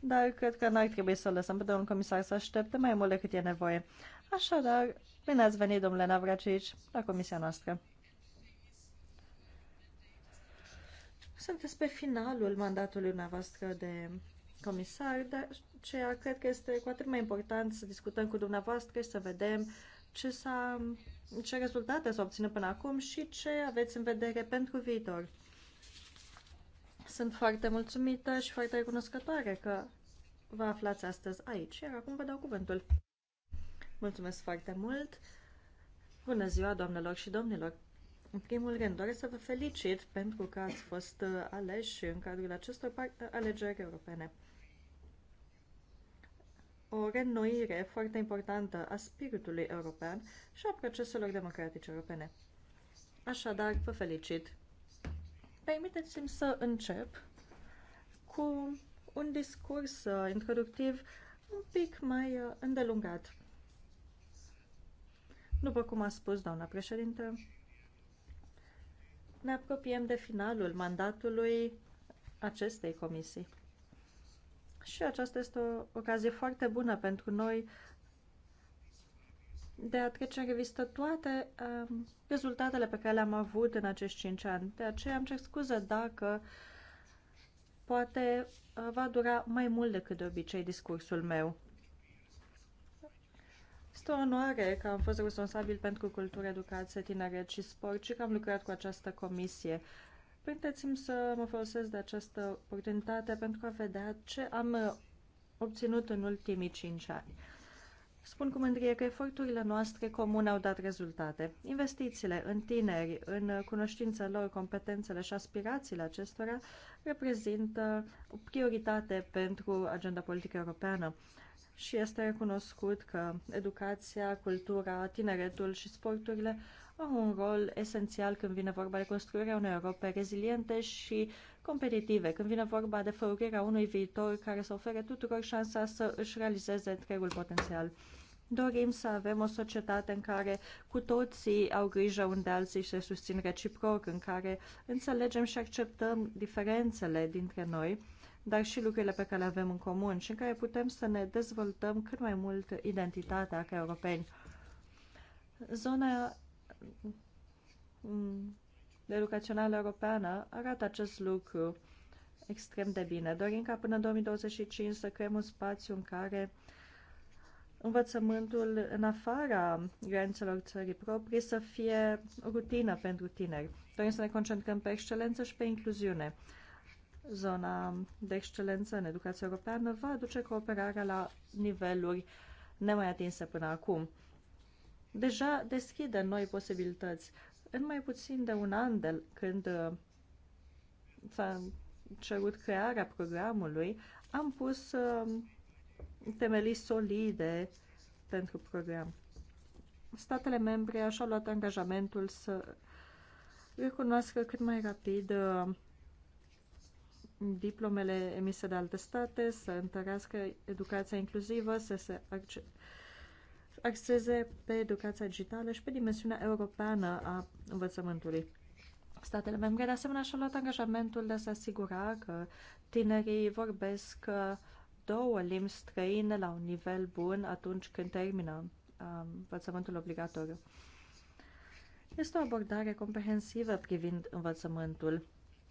Dar cred că n-ar trebui să lăsăm pe domnul comisar să aștepte mai mult decât e nevoie. Așadar, bine ați venit, domnule Navracici, la comisia noastră. Sunteți pe finalul mandatului dumneavoastră de comisar, dar ceea cred că este cu atât mai important să discutăm cu dumneavoastră și să vedem ce, s-a, ce rezultate s-au obținut până acum și ce aveți în vedere pentru viitor. Sunt foarte mulțumită și foarte recunoscătoare că vă aflați astăzi aici, iar acum vă dau cuvântul. Mulțumesc foarte mult! Bună ziua, doamnelor și domnilor! În primul rând, doresc să vă felicit pentru că ați fost uh, aleși în cadrul acestor alegeri europene. O reînnoire foarte importantă a spiritului european și a proceselor democratice europene. Așadar, vă felicit. Permiteți-mi să încep cu un discurs uh, introductiv un pic mai uh, îndelungat. După cum a spus doamna președintă ne apropiem de finalul mandatului acestei comisii. Și aceasta este o ocazie foarte bună pentru noi de a trece în revistă toate um, rezultatele pe care le-am avut în acești 5 ani. De aceea am cer scuze dacă poate uh, va dura mai mult decât de obicei discursul meu. Este o onoare că am fost responsabil pentru cultură, educație, tineret și sport și că am lucrat cu această comisie. Permiteți-mi să mă folosesc de această oportunitate pentru a vedea ce am uh, obținut în ultimii cinci ani. Spun cu mândrie că eforturile noastre comune au dat rezultate. Investițiile în tineri, în cunoștința lor, competențele și aspirațiile acestora reprezintă o prioritate pentru agenda politică europeană și este recunoscut că educația, cultura, tineretul și sporturile au un rol esențial când vine vorba de construirea unei Europe reziliente și competitive, când vine vorba de făurirea unui viitor care să ofere tuturor șansa să își realizeze întregul potențial. Dorim să avem o societate în care cu toții au grijă unde alții și se susțin reciproc, în care înțelegem și acceptăm diferențele dintre noi, dar și lucrurile pe care le avem în comun și în care putem să ne dezvoltăm cât mai mult identitatea ca europeni. Zona mm, educațională europeană arată acest lucru extrem de bine. Dorim ca până în 2025 să creăm un spațiu în care învățământul în afara granițelor țării proprii să fie rutină pentru tineri. Dorim să ne concentrăm pe excelență și pe incluziune zona de excelență în educația europeană va aduce cooperarea la niveluri nemai atinse până acum. Deja deschide noi posibilități. În mai puțin de un an de când uh, s-a cerut crearea programului, am pus uh, temelii solide pentru program. Statele membre așa au luat angajamentul să recunoască cât mai rapid uh, diplomele emise de alte state, să întărească educația inclusivă, să se axeze pe educația digitală și pe dimensiunea europeană a învățământului. Statele membre, de asemenea, și-au luat angajamentul de a se asigura că tinerii vorbesc uh, două limbi străine la un nivel bun atunci când termină uh, învățământul obligatoriu. Este o abordare comprehensivă privind învățământul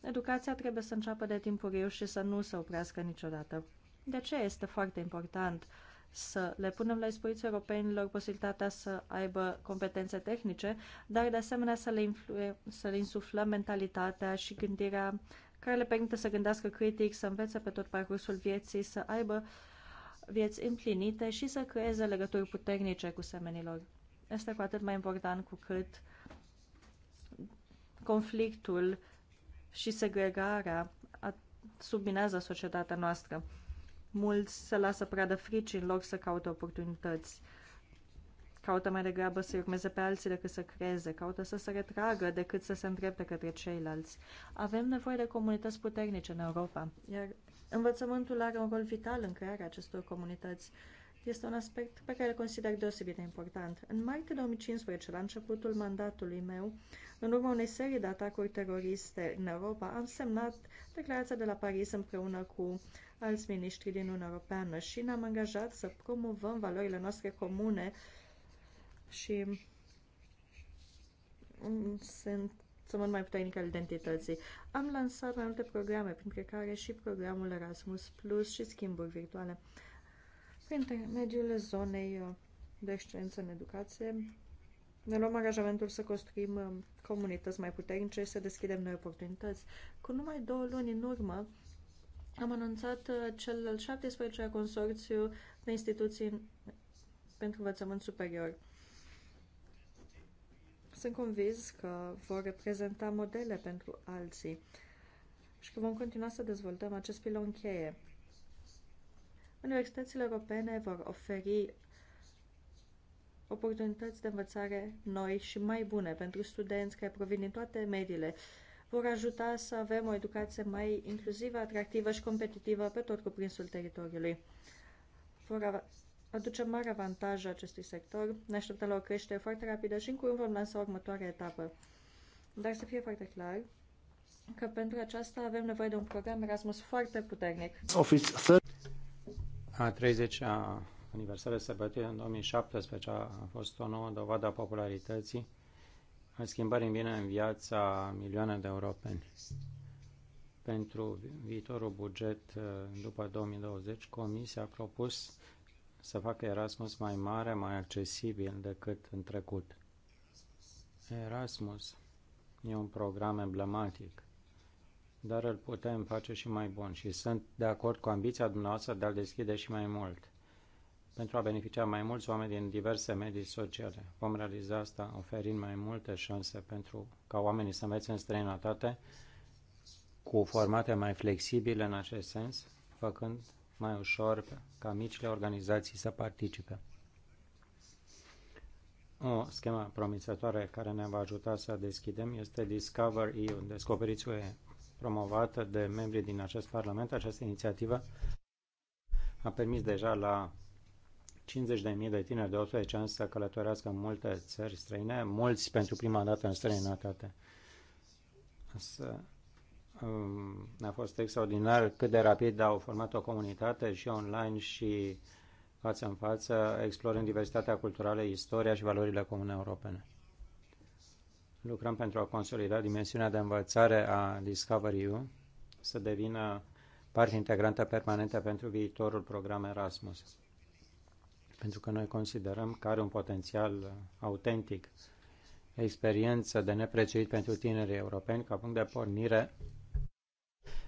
Educația trebuie să înceapă de timpuriu și să nu se oprească niciodată. De ce este foarte important să le punem la dispoziția europenilor posibilitatea să aibă competențe tehnice, dar de asemenea să le, influe, să le insuflăm mentalitatea și gândirea care le permite să gândească critic, să învețe pe tot parcursul vieții, să aibă vieți împlinite și să creeze legături puternice cu semenilor. Este cu atât mai important cu cât conflictul și segregarea subminează societatea noastră. Mulți se lasă pradă fricii în loc să caute oportunități. Caută mai degrabă să-i urmeze pe alții decât să creeze, caută să se retragă decât să se îndrepte către ceilalți. Avem nevoie de comunități puternice în Europa, iar învățământul are un rol vital în crearea acestor comunități. Este un aspect pe care îl consider deosebit de important. În martie 2015, la începutul mandatului meu, în urma unei serii de atacuri teroriste în Europa, am semnat declarația de la Paris împreună cu alți miniștri din Uniunea Europeană și ne-am angajat să promovăm valorile noastre comune și sunt sunt mai puternic al identității. Am lansat mai multe programe, printre care și programul Erasmus Plus și schimburi virtuale. Printre mediul zonei de excelență în educație, ne luăm angajamentul să construim um, comunități mai puternice și să deschidem noi oportunități. Cu numai două luni în urmă, am anunțat uh, cel al 17-lea consorțiu de instituții pentru învățământ superior. Sunt convins că vor reprezenta modele pentru alții și că vom continua să dezvoltăm acest pilon cheie. Universitățile europene vor oferi oportunități de învățare noi și mai bune pentru studenți care provin din toate mediile vor ajuta să avem o educație mai inclusivă, atractivă și competitivă pe tot cuprinsul teritoriului. Vor aduce mare avantaj acestui sector, ne așteptăm la o creștere foarte rapidă și în curând vom lansa următoarea etapă. Dar să fie foarte clar că pentru aceasta avem nevoie de un program Erasmus foarte puternic. Office 30. A 30-a aniversare sărbătorii în 2017 a fost o nouă dovadă a popularității, a schimbării în bine în viața milioane de europeni. Pentru viitorul buget uh, după 2020, Comisia a propus să facă Erasmus mai mare, mai accesibil decât în trecut. Erasmus e un program emblematic, dar îl putem face și mai bun și sunt de acord cu ambiția dumneavoastră de a-l deschide și mai mult pentru a beneficia mai mulți oameni din diverse medii sociale. Vom realiza asta oferind mai multe șanse pentru ca oamenii să învețe în străinătate cu formate mai flexibile în acest sens, făcând mai ușor ca micile organizații să participe. O schemă promițătoare care ne va ajuta să deschidem este Discover EU, Descoperiți UE, promovată de membrii din acest Parlament. Această inițiativă a permis deja la 50.000 de tineri de 18 ani să călătorească în multe țări străine, mulți pentru prima dată în străinătate. Să um, a fost extraordinar cât de rapid au format o comunitate și online și față în față, explorând diversitatea culturală, istoria și valorile comune europene. Lucrăm pentru a consolida dimensiunea de învățare a Discovery U să devină parte integrantă permanentă pentru viitorul program Erasmus pentru că noi considerăm că are un potențial autentic, experiență de neprețuit pentru tinerii europeni ca punct de pornire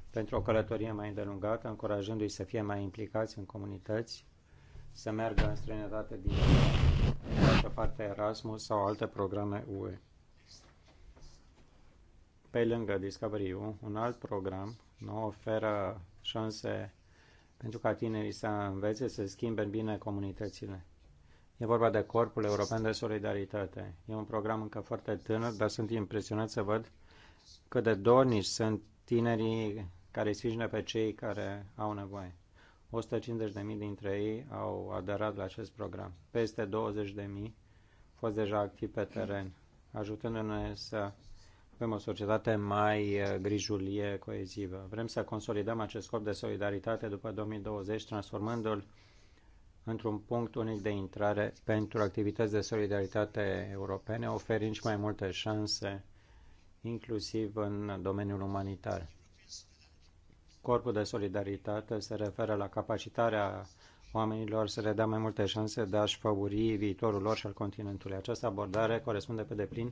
pentru o călătorie mai îndelungată, încurajându-i să fie mai implicați în comunități, să meargă în străinătate din altă parte Erasmus sau alte programe UE. Pe lângă Discovery U, un alt program nu oferă șanse pentru ca tinerii să învețe să schimbe în bine comunitățile. E vorba de Corpul European de Solidaritate. E un program încă foarte tânăr, dar sunt impresionat să văd cât de dornici sunt tinerii care sprijină pe cei care au nevoie. 150.000 dintre ei au aderat la acest program. Peste 20.000 au fost deja activi pe teren, ajutându-ne să avem o societate mai eh, grijulie, coezivă. Vrem să consolidăm acest scop de solidaritate după 2020, transformându-l într-un punct unic de intrare pentru activități de solidaritate europene, oferind și mai multe șanse, inclusiv în domeniul umanitar. Corpul de solidaritate se referă la capacitarea oamenilor să le dea mai multe șanse de a-și favori viitorul lor și al continentului. Această abordare corespunde pe deplin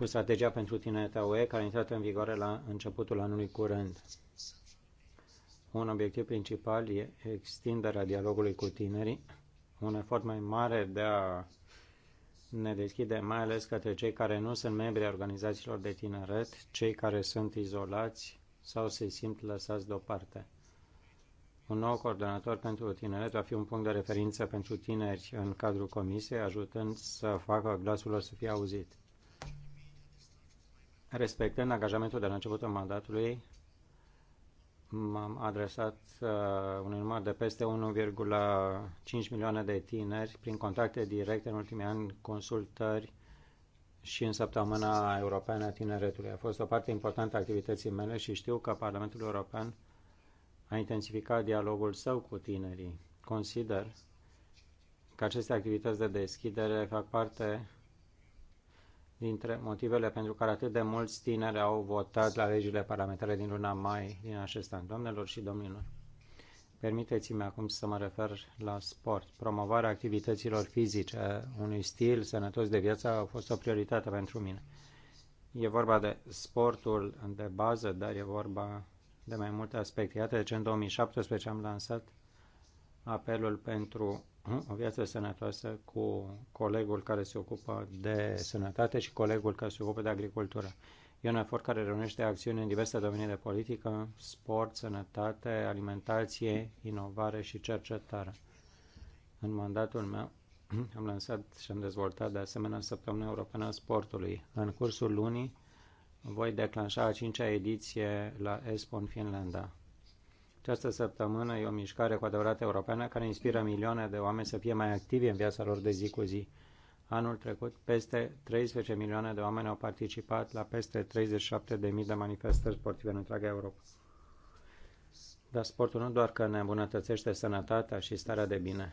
cu strategia pentru tineretea UE, care a intrat în vigoare la începutul anului curent. Un obiectiv principal e extinderea dialogului cu tinerii, un efort mai mare de a ne deschide mai ales către cei care nu sunt membri ai organizațiilor de tineret, cei care sunt izolați sau se simt lăsați deoparte. Un nou coordonator pentru tineret va fi un punct de referință pentru tineri în cadrul comisiei, ajutând să facă glasul lor să fie auzit. Respectând angajamentul de la începutul mandatului, m-am adresat uh, unui număr de peste 1,5 milioane de tineri prin contacte directe în ultimii ani, consultări și în săptămâna europeană a tineretului. A fost o parte importantă a activității mele și știu că Parlamentul European a intensificat dialogul său cu tinerii. Consider că aceste activități de deschidere fac parte dintre motivele pentru care atât de mulți tineri au votat la legile parlamentare din luna mai din acest an. Doamnelor și domnilor, permiteți-mi acum să mă refer la sport. Promovarea activităților fizice, unui stil sănătos de viață a fost o prioritate pentru mine. E vorba de sportul de bază, dar e vorba de mai multe aspecte. Iată de ce în 2017 am lansat apelul pentru o viață sănătoasă cu colegul care se ocupă de sănătate și colegul care se ocupă de agricultură. E un efort care reunește acțiuni în diverse domenii de politică, sport, sănătate, alimentație, inovare și cercetare. În mandatul meu am lansat și am dezvoltat de asemenea Săptămâna Europeană a Sportului. În cursul lunii voi declanșa a cincea ediție la Espon Finlanda. Această săptămână e o mișcare cu adevărat europeană care inspiră milioane de oameni să fie mai activi în viața lor de zi cu zi. Anul trecut, peste 13 milioane de oameni au participat la peste 37.000 de manifestări sportive în întreaga Europa. Dar sportul nu doar că ne îmbunătățește sănătatea și starea de bine,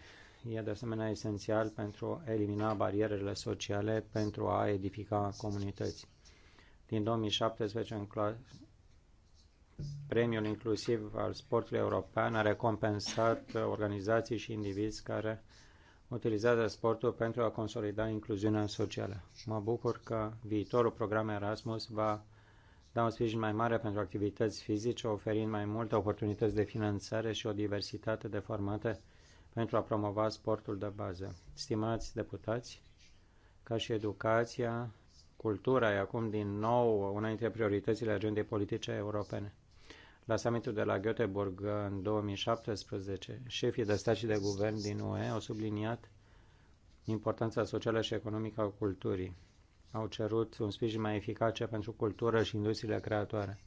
e de asemenea esențial pentru a elimina barierele sociale pentru a edifica comunități. Din 2017 încoace, Premiul inclusiv al sportului european a recompensat organizații și indivizi care utilizează sportul pentru a consolida incluziunea socială. Mă bucur că viitorul program Erasmus va da un sprijin mai mare pentru activități fizice, oferind mai multe oportunități de finanțare și o diversitate de formate pentru a promova sportul de bază. Stimați deputați, ca și educația, cultura e acum din nou una dintre prioritățile agendei politice europene. La summitul de la Göteborg în 2017, șefii de stat și de guvern din UE au subliniat importanța socială și economică a culturii. Au cerut un sprijin mai eficace pentru cultură și industriile creatoare.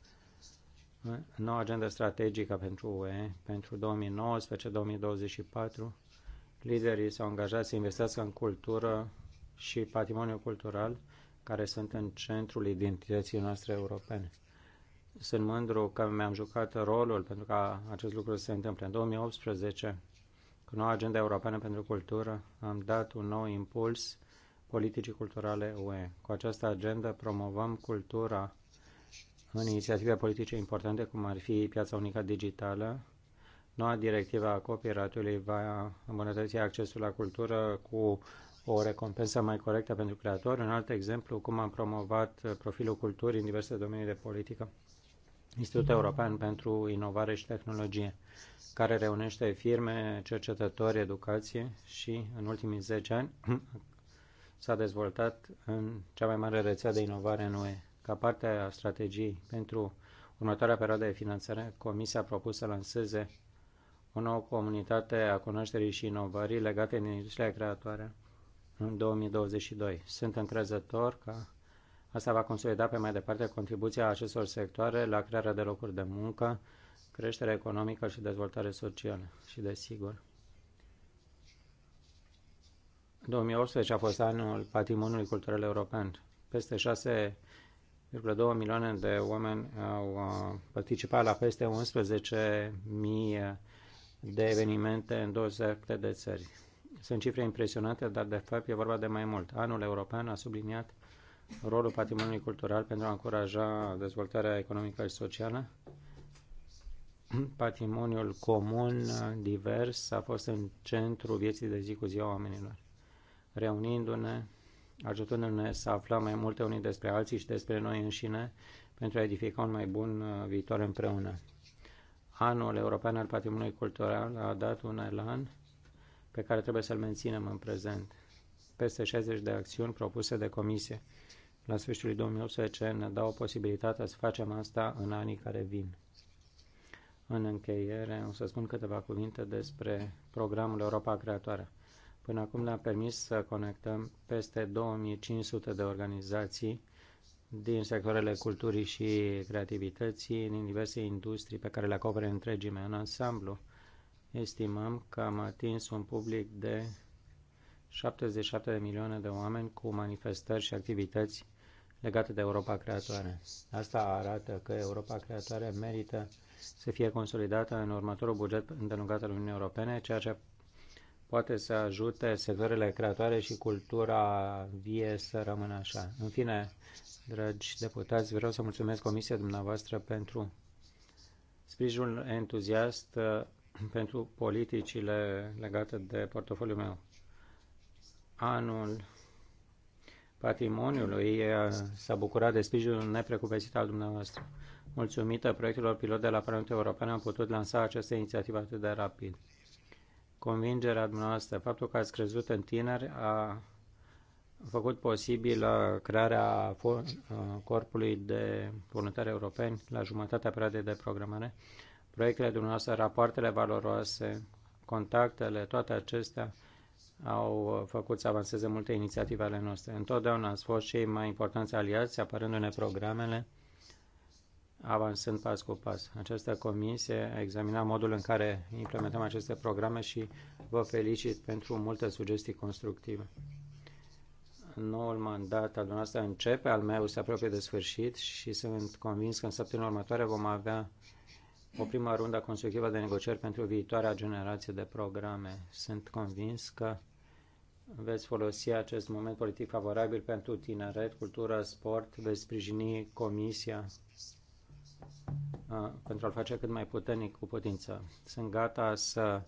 Noua agenda strategică pentru UE pentru 2019-2024, liderii s-au angajat să investească în cultură și patrimoniu cultural, care sunt în centrul identității noastre europene. Sunt mândru că mi-am jucat rolul pentru ca acest lucru să se întâmple. În 2018, cu noua agenda europeană pentru cultură, am dat un nou impuls politicii culturale UE. Cu această agendă promovăm cultura în inițiative politice importante, cum ar fi piața unică digitală. Noua directivă a copyright va îmbunătăți accesul la cultură cu o recompensă mai corectă pentru creatori. Un alt exemplu, cum am promovat profilul culturii în diverse domenii de politică Institutul European pentru Inovare și Tehnologie, care reunește firme, cercetători, educație și în ultimii 10 ani s-a dezvoltat în cea mai mare rețea de inovare în UE. Ca parte a strategiei pentru următoarea perioadă de finanțare, Comisia a propus să lanseze o nouă comunitate a cunoașterii și inovării legate în industria creatoare în 2022. Sunt încrezător că Asta va consolida pe mai departe contribuția acestor sectoare la crearea de locuri de muncă, creștere economică și dezvoltare socială. Și desigur, 2018 a fost anul patrimoniului cultural european. Peste 6,2 milioane de oameni au uh, participat la peste 11.000 de evenimente în 27 de țări. Sunt cifre impresionante, dar de fapt e vorba de mai mult. Anul european a subliniat rolul patrimoniului cultural pentru a încuraja dezvoltarea economică și socială. Patrimoniul comun, divers, a fost în centru vieții de zi cu zi a oamenilor. Reunindu-ne, ajutându-ne să aflăm mai multe unii despre alții și despre noi înșine, pentru a edifica un mai bun uh, viitor împreună. Anul European al Patrimoniului Cultural a dat un elan pe care trebuie să-l menținem în prezent. Peste 60 de acțiuni propuse de comisie la sfârșitul 2018 ne dau posibilitatea să facem asta în anii care vin. În încheiere, o să spun câteva cuvinte despre programul Europa Creatoare. Până acum ne-a permis să conectăm peste 2500 de organizații din sectoarele culturii și creativității, din diverse industrii pe care le acopere întregime. În ansamblu, estimăm că am atins un public de 77 de milioane de oameni cu manifestări și activități legate de Europa Creatoare. Asta arată că Europa Creatoare merită să fie consolidată în următorul buget îndelungat al Uniunii Europene, ceea ce poate să ajute sectoarele creatoare și cultura vie să rămână așa. În fine, dragi deputați, vreau să mulțumesc Comisia dumneavoastră pentru sprijinul entuziast pentru politicile legate de portofoliul meu. Anul patrimoniului s-a bucurat de sprijinul neprecupețit al dumneavoastră. Mulțumită proiectelor pilot de la Parlamentul European am putut lansa această inițiativă atât de rapid. Convingerea dumneavoastră, faptul că ați crezut în tineri, a făcut posibilă crearea uh, Corpului de Voluntari Europeni la jumătatea perioadei de programare. Proiectele dumneavoastră, rapoartele valoroase, contactele, toate acestea au uh, făcut să avanseze multe inițiative ale noastre. Întotdeauna ați fost cei mai importanți aliați, apărându-ne programele, avansând pas cu pas. Această comisie a examinat modul în care implementăm aceste programe și vă felicit pentru multe sugestii constructive. Noul mandat al dumneavoastră începe, al meu se apropie de sfârșit și sunt convins că în săptămâna următoare vom avea o primă rundă constructivă de negocieri pentru viitoarea generație de programe. Sunt convins că veți folosi acest moment politic favorabil pentru tineret, cultură, sport, veți sprijini comisia pentru a-l face cât mai puternic cu putință. Sunt gata să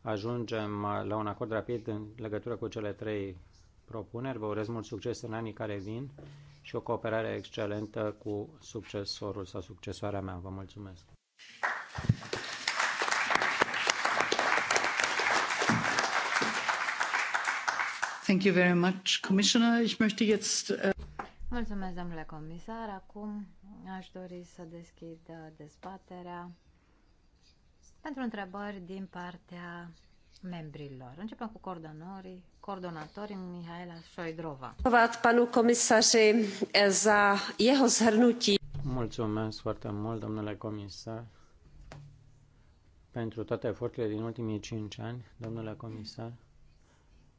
ajungem la un acord rapid în legătură cu cele trei propuneri. Vă urez mult succes în anii care vin și o cooperare excelentă cu succesorul sau succesoarea mea. Vă mulțumesc! Äh, Mulțumesc, domnule comisar. Acum aș dori să deschid uh, dezbaterea pentru întrebări din partea membrilor. Începem cu coordonatorii, coordonatorii Mihaela Șoidrova. Eh, Mulțumesc foarte mult, domnule comisar, pentru toate eforturile din ultimii cinci ani, domnule comisar.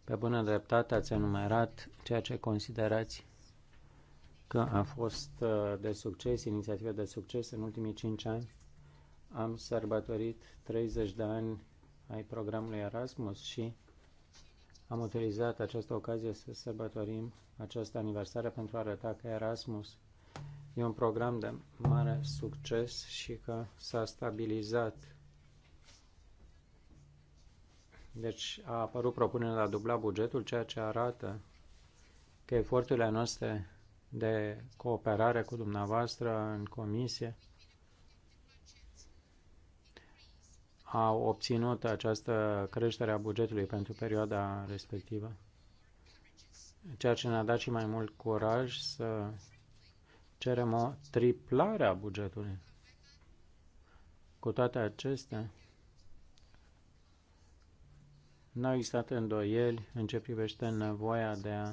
Pe bună dreptate ați enumerat ceea ce considerați că a fost uh, de succes, inițiativa de succes în ultimii 5 ani. Am sărbătorit 30 de ani ai programului Erasmus și am utilizat această ocazie să sărbătorim această aniversare pentru a arăta că Erasmus e un program de mare succes și că s-a stabilizat deci a apărut propunerea de a dubla bugetul, ceea ce arată că eforturile noastre de cooperare cu dumneavoastră în comisie au obținut această creștere a bugetului pentru perioada respectivă, ceea ce ne-a dat și mai mult curaj să cerem o triplare a bugetului. Cu toate acestea, N-au existat îndoieli în ce privește nevoia de a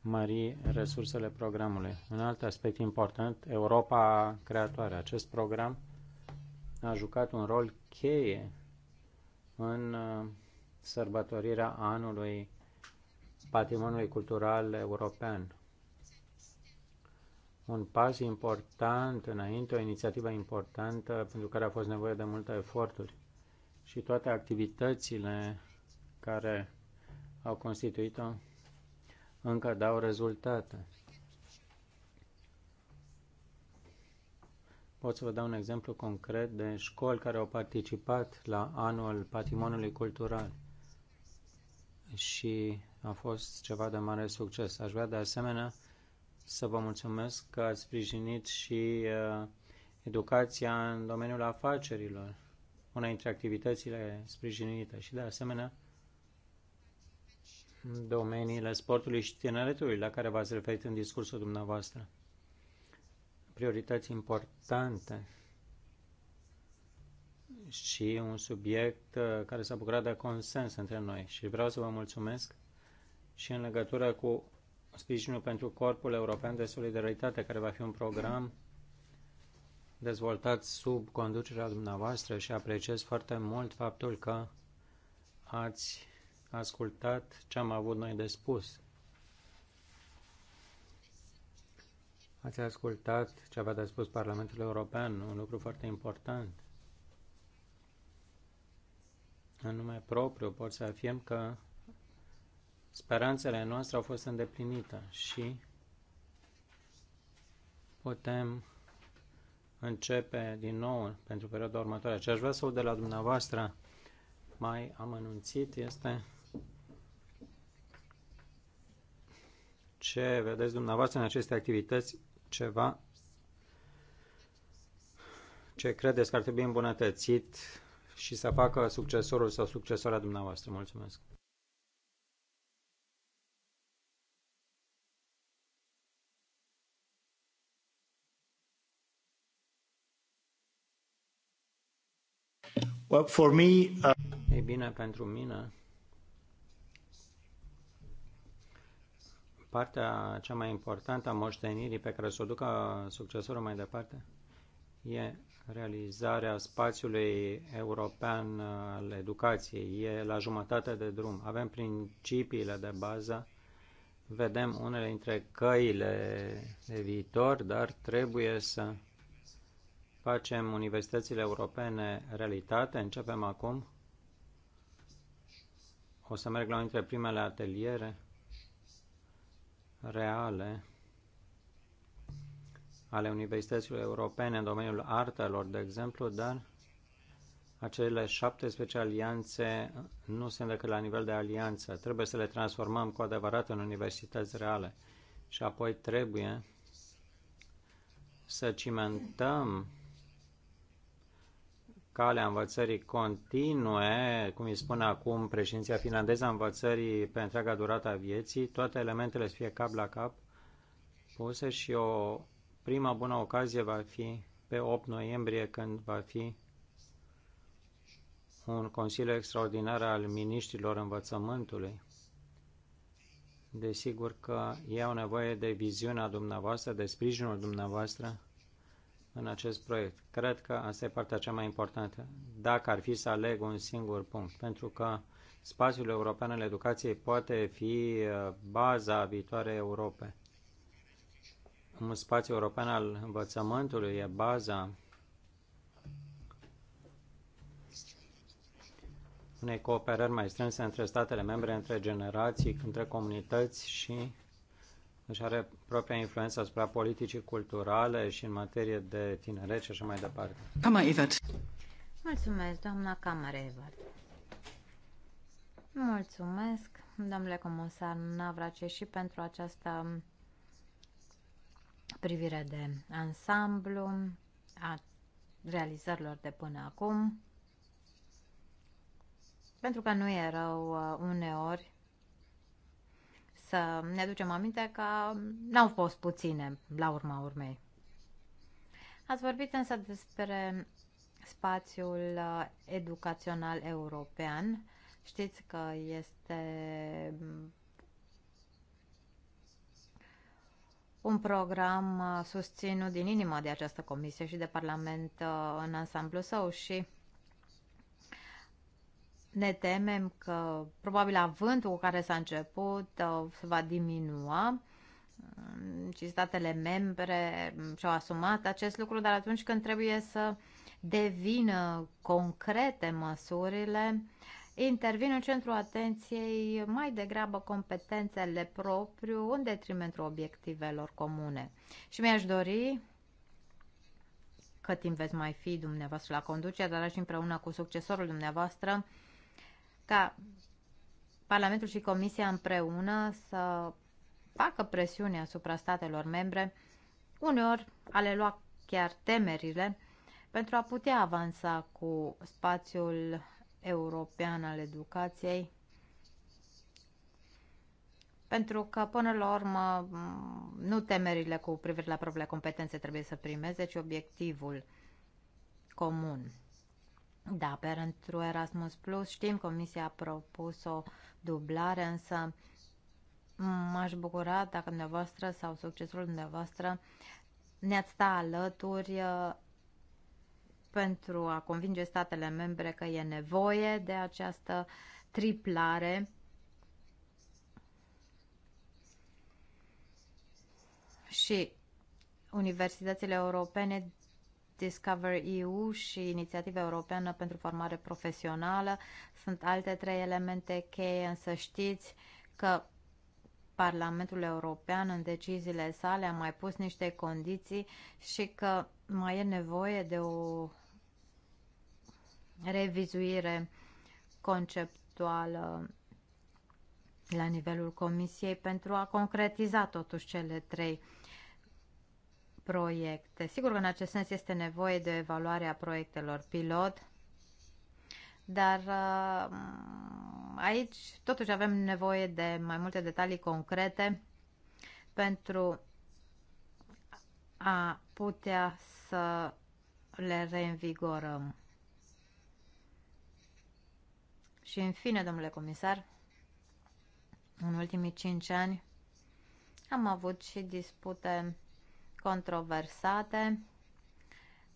mări resursele programului. Un alt aspect important, Europa Creatoare. Acest program a jucat un rol cheie în uh, sărbătorirea anului patrimoniului cultural european. Un pas important înainte, o inițiativă importantă pentru care a fost nevoie de multe eforturi și toate activitățile care au constituit-o încă dau rezultate. Pot să vă dau un exemplu concret de școli care au participat la anul patrimoniului cultural și a fost ceva de mare succes. Aș vrea de asemenea să vă mulțumesc că ați sprijinit și uh, educația în domeniul afacerilor, una dintre activitățile sprijinite și de asemenea domeniile sportului și tineretului la care v-ați referit în discursul dumneavoastră. Priorități importante și un subiect uh, care s-a bucurat de consens între noi. Și vreau să vă mulțumesc și în legătură cu sprijinul pentru Corpul European de Solidaritate, care va fi un program dezvoltat sub conducerea dumneavoastră și apreciez foarte mult faptul că ați ascultat ce am avut noi de spus. Ați ascultat ce avea de spus Parlamentul European, un lucru foarte important. În nume propriu pot să afirm că speranțele noastre au fost îndeplinite și putem începe din nou pentru perioada următoare. Ce aș vrea să aud de la dumneavoastră mai am anunțit este ce vedeți dumneavoastră în aceste activități ceva ce credeți că ar trebui îmbunătățit și să facă succesorul sau succesoarea dumneavoastră. Mulțumesc! Well, for me, uh... Ei bine, pentru mine, partea cea mai importantă a moștenirii pe care să o ducă succesorul mai departe e realizarea spațiului european al educației. E la jumătate de drum. Avem principiile de bază, vedem unele dintre căile de viitor, dar trebuie să facem universitățile europene realitate. Începem acum. O să merg la unul dintre primele ateliere reale ale universităților europene în domeniul artelor, de exemplu, dar acele 17 alianțe nu sunt decât la nivel de alianță. Trebuie să le transformăm cu adevărat în universități reale. Și apoi trebuie să cimentăm calea învățării continue, cum îi spune acum președinția finlandeză, a învățării pe întreaga durată a vieții, toate elementele să fie cap la cap puse și o prima bună ocazie va fi pe 8 noiembrie când va fi un Consiliu Extraordinar al Ministrilor Învățământului. Desigur că ei au nevoie de viziunea dumneavoastră, de sprijinul dumneavoastră în acest proiect. Cred că asta e partea cea mai importantă, dacă ar fi să aleg un singur punct, pentru că spațiul european al educației poate fi uh, baza viitoarei Europe. Un spațiu european al învățământului e baza unei cooperări mai strânse între statele membre, între generații, între comunități și deci are propria influență asupra politicii culturale și în materie de tineret și așa mai departe. Cam Evert. Mulțumesc, doamna Camara Evert. Mulțumesc, domnule comisar Navrace, și pentru această privire de ansamblu a realizărilor de până acum. Pentru că nu e rău uh, uneori să ne aducem aminte că n-au fost puține la urma urmei. Ați vorbit însă despre spațiul uh, educațional european. Știți că este un program uh, susținut din inimă de această comisie și de Parlament uh, în ansamblu său și ne temem că probabil avântul cu care s-a început uh, se va diminua mm, și statele membre și-au asumat acest lucru, dar atunci când trebuie să devină concrete măsurile, intervin în centrul atenției mai degrabă competențele propriu în detrimentul obiectivelor comune. Și mi-aș dori cât timp veți mai fi dumneavoastră la conducere, dar și împreună cu succesorul dumneavoastră, ca Parlamentul și Comisia împreună să facă presiune asupra statelor membre, uneori a le lua chiar temerile, pentru a putea avansa cu spațiul european al educației, pentru că, până la urmă, nu temerile cu privire la propriile competențe trebuie să primeze, ci obiectivul comun. Da, pentru Erasmus Plus știm, Comisia a propus o dublare, însă m-aș bucura dacă dumneavoastră sau succesul dumneavoastră ne-ați sta alături uh, pentru a convinge statele membre că e nevoie de această triplare și universitățile europene Discover EU și Inițiativa Europeană pentru Formare Profesională sunt alte trei elemente cheie, însă știți că Parlamentul European în deciziile sale a mai pus niște condiții și că mai e nevoie de o revizuire conceptuală la nivelul Comisiei pentru a concretiza totuși cele trei proiecte. Sigur că în acest sens este nevoie de o evaluare a proiectelor pilot, dar uh, aici totuși avem nevoie de mai multe detalii concrete pentru a putea să le reinvigorăm. Și în fine, domnule comisar, în ultimii cinci ani am avut și dispute controversate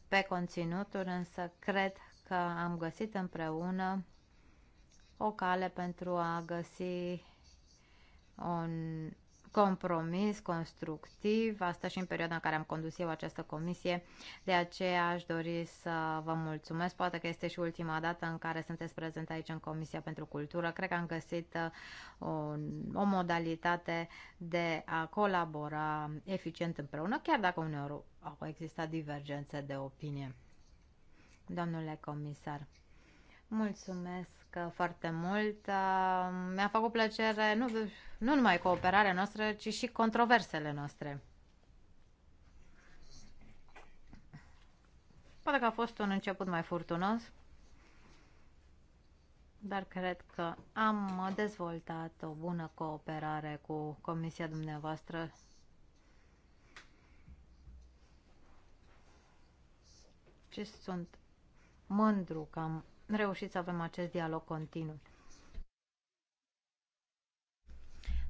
pe conținutul însă cred că am găsit împreună o cale pentru a găsi un compromis constructiv, asta și în perioada în care am condus eu această comisie. De aceea aș dori să vă mulțumesc. Poate că este și ultima dată în care sunteți prezent aici în Comisia pentru Cultură. Cred că am găsit uh, o, o modalitate de a colabora eficient împreună, chiar dacă uneori au existat divergențe de opinie. Domnule comisar, mulțumesc foarte mult. Uh, mi-a făcut plăcere nu, nu numai cooperarea noastră, ci și controversele noastre. Poate că a fost un început mai furtunos, dar cred că am dezvoltat o bună cooperare cu comisia dumneavoastră Ce sunt mândru că am reușit să avem acest dialog continuu.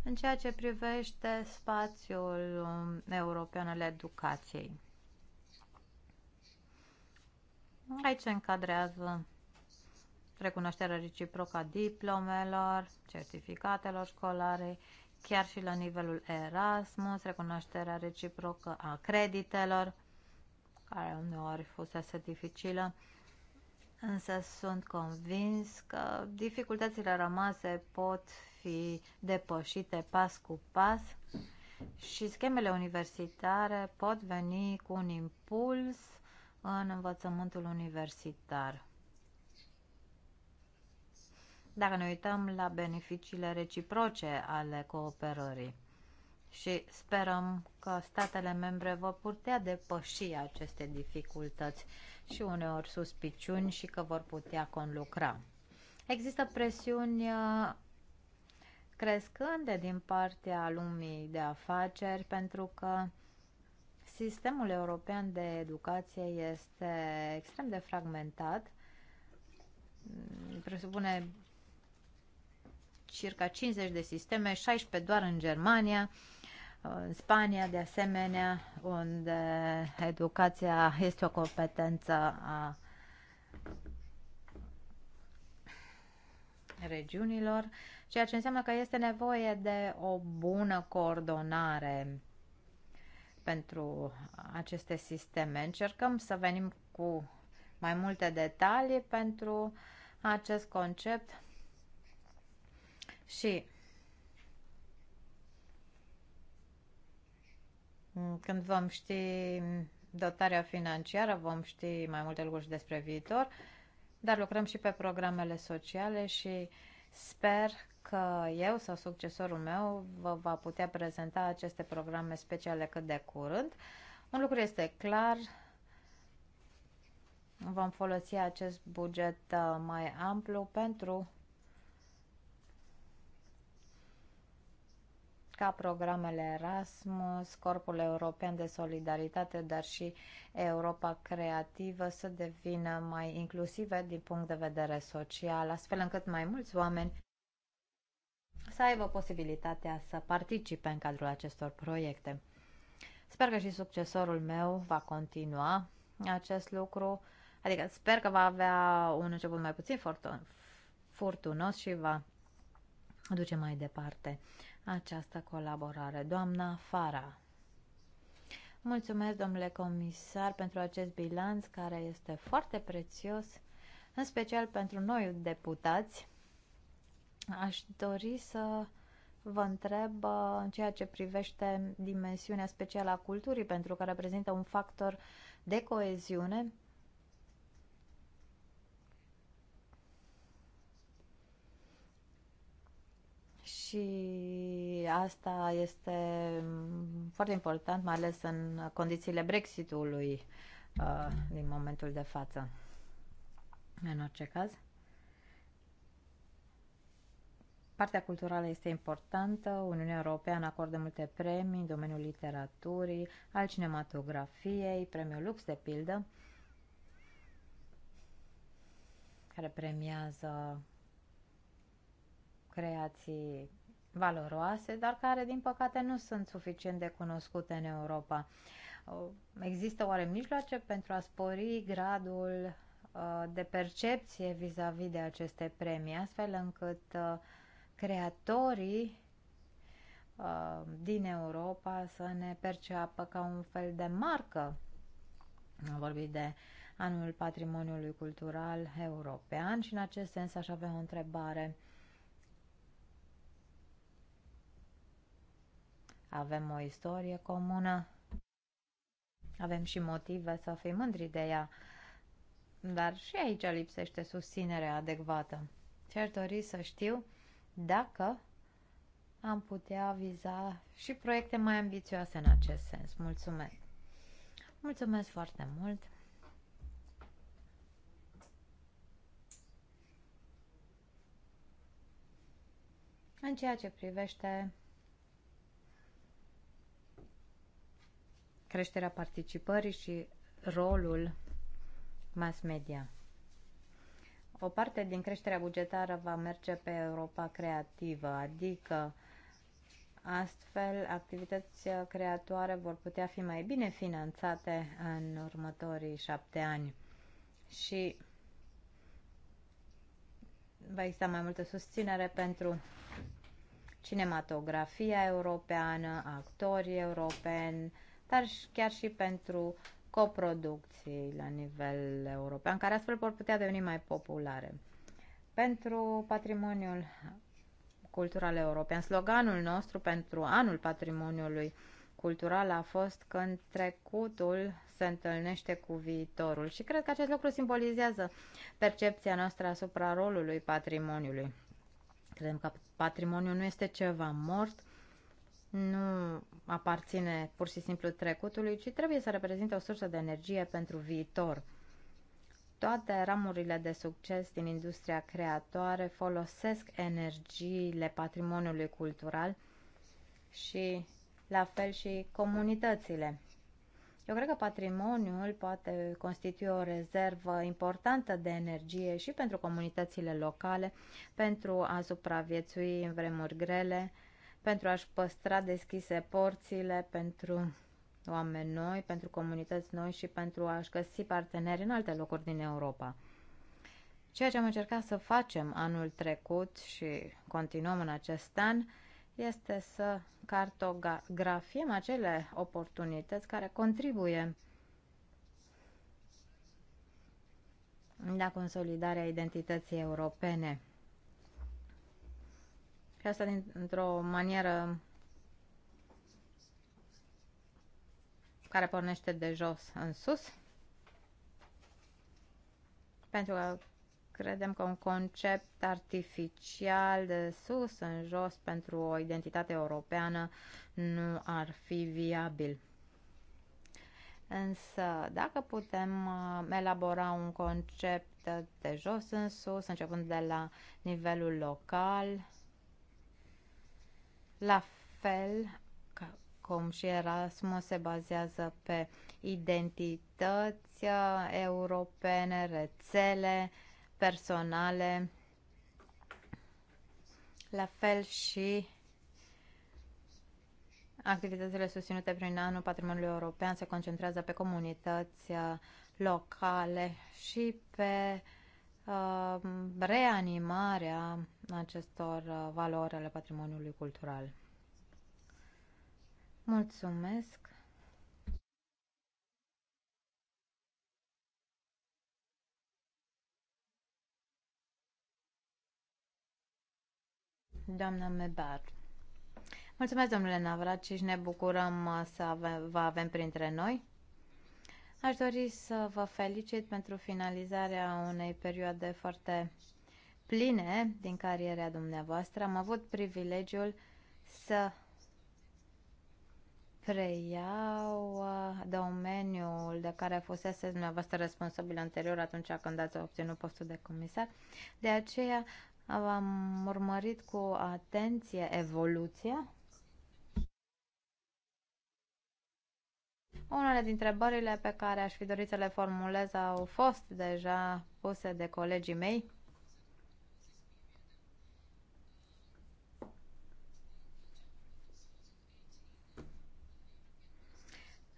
În ceea ce privește spațiul um, european al educației, aici se încadrează recunoașterea reciprocă a diplomelor, certificatelor școlare, chiar și la nivelul Erasmus, recunoașterea reciprocă a creditelor, care uneori fusese dificilă, însă sunt convins că dificultățile rămase pot fi depășite pas cu pas și schemele universitare pot veni cu un impuls în învățământul universitar. Dacă ne uităm la beneficiile reciproce ale cooperării, și sperăm că statele membre vor putea depăși aceste dificultăți și uneori suspiciuni și că vor putea conlucra. Există presiuni uh, crescânde din partea lumii de afaceri pentru că sistemul european de educație este extrem de fragmentat. Presupune circa 50 de sisteme, 16 doar în Germania în Spania, de asemenea, unde educația este o competență a regiunilor, ceea ce înseamnă că este nevoie de o bună coordonare pentru aceste sisteme. Încercăm să venim cu mai multe detalii pentru acest concept și Mm, când vom ști dotarea financiară, vom ști mai multe lucruri despre viitor, dar lucrăm și pe programele sociale și sper că eu sau succesorul meu vă va putea prezenta aceste programe speciale cât de curând. Un lucru este clar, vom folosi acest buget uh, mai amplu pentru ca programele Erasmus, Corpul European de Solidaritate, dar și Europa Creativă să devină mai inclusive din punct de vedere social, astfel încât mai mulți oameni să aibă posibilitatea să participe în cadrul acestor proiecte. Sper că și succesorul meu va continua acest lucru, adică sper că va avea un început mai puțin furtunos și va duce mai departe această colaborare. Doamna Fara. Mulțumesc, domnule comisar, pentru acest bilanț care este foarte prețios, în special pentru noi deputați. Aș dori să vă întreb uh, în ceea ce privește dimensiunea specială a culturii, pentru că reprezintă un factor de coeziune și asta este foarte important, mai ales în condițiile Brexitului uh, din momentul de față. În orice caz, partea culturală este importantă. Uniunea Europeană acordă multe premii în domeniul literaturii, al cinematografiei, premiul Lux de pildă, care premiază creații valoroase, dar care, din păcate, nu sunt suficient de cunoscute în Europa. Există oare mijloace pentru a spori gradul uh, de percepție vis-a-vis -vis de aceste premii, astfel încât uh, creatorii uh, din Europa să ne perceapă ca un fel de marcă. Am vorbit de anul patrimoniului cultural european și în acest sens aș avea o întrebare. avem o istorie comună, avem și motive să fim mândri de ea, dar și aici lipsește susținerea adecvată. ce aș dori să știu dacă am putea viza și proiecte mai ambițioase în acest sens. Mulțumesc! Mulțumesc foarte mult! În ceea ce privește creșterea participării și rolul mass media. O parte din creșterea bugetară va merge pe Europa creativă, adică astfel activități creatoare vor putea fi mai bine finanțate în următorii șapte ani și va exista mai multă susținere pentru cinematografia europeană, actorii europeni, dar chiar și pentru coproducții la nivel european, care astfel vor putea deveni mai populare. Pentru patrimoniul cultural european, sloganul nostru pentru anul patrimoniului cultural a fost când trecutul se întâlnește cu viitorul și cred că acest lucru simbolizează percepția noastră asupra rolului patrimoniului. Credem că patrimoniul nu este ceva mort, nu aparține pur și simplu trecutului, ci trebuie să reprezinte o sursă de energie pentru viitor. Toate ramurile de succes din industria creatoare folosesc energiile patrimoniului cultural și la fel și comunitățile. Eu cred că patrimoniul poate constitui o rezervă importantă de energie și pentru comunitățile locale pentru a supraviețui în vremuri grele, pentru a-și păstra deschise porțile pentru oameni noi, pentru comunități noi și pentru a-și găsi parteneri în alte locuri din Europa. Ceea ce am încercat să facem anul trecut și continuăm în acest an este să cartografiem acele oportunități care contribuie la consolidarea identității europene. Și asta dintr-o manieră care pornește de jos în sus. Pentru că credem că un concept artificial de sus în jos pentru o identitate europeană nu ar fi viabil. Însă, dacă putem uh, elabora un concept de jos în sus, începând de la nivelul local, la fel cum și Erasmus se bazează pe identități uh, europene, rețele personale, la fel și activitățile susținute prin anul patrimoniului european se concentrează pe comunități uh, locale și pe uh, reanimarea acestor uh, valori ale patrimoniului cultural. Mulțumesc! Doamna Mebar. Mulțumesc, domnule Navrat, și ne bucurăm uh, să vă avem printre noi. Aș dori să vă felicit pentru finalizarea unei perioade foarte pline din cariera dumneavoastră, am avut privilegiul să preiau uh, domeniul de care fusese dumneavoastră responsabil anterior atunci când ați obținut postul de comisar. De aceea am urmărit cu atenție evoluția. Unele dintre întrebările pe care aș fi dorit să le formulez au fost deja puse de colegii mei.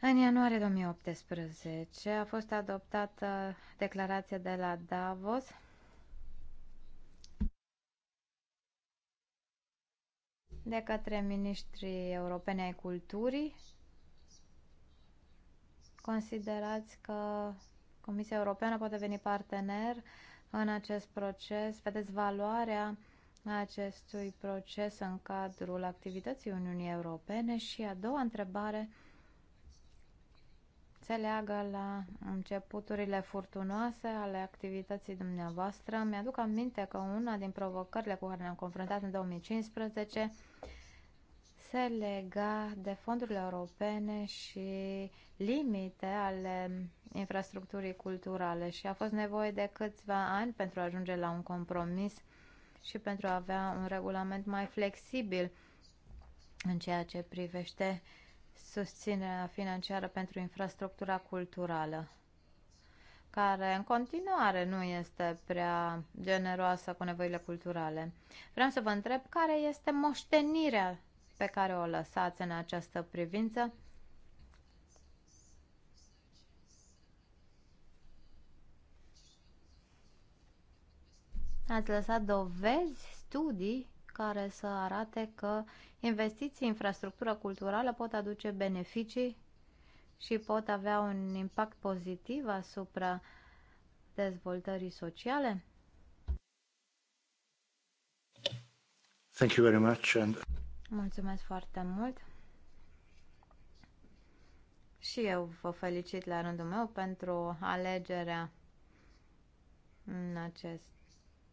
În ianuarie 2018 a fost adoptată declarația de la Davos de către ministrii europene ai culturii. Considerați că Comisia Europeană poate veni partener în acest proces? Vedeți valoarea acestui proces în cadrul activității Uniunii Europene? Și a doua întrebare – se leagă la începuturile furtunoase ale activității dumneavoastră. Mi-aduc aminte că una din provocările cu care ne-am confruntat în 2015 se lega de fondurile europene și limite ale infrastructurii culturale și a fost nevoie de câțiva ani pentru a ajunge la un compromis și pentru a avea un regulament mai flexibil în ceea ce privește uh, susținerea financiară pentru infrastructura culturală, care în continuare nu este prea generoasă cu nevoile culturale. Vreau să vă întreb care este moștenirea pe care o lăsați în această privință Ați lăsat dovezi, studii care să arate că investiții în infrastructură culturală pot aduce beneficii și pot avea un impact pozitiv asupra dezvoltării sociale? Thank you very much and... Mulțumesc foarte mult. Și eu vă felicit la rândul meu pentru alegerea în acest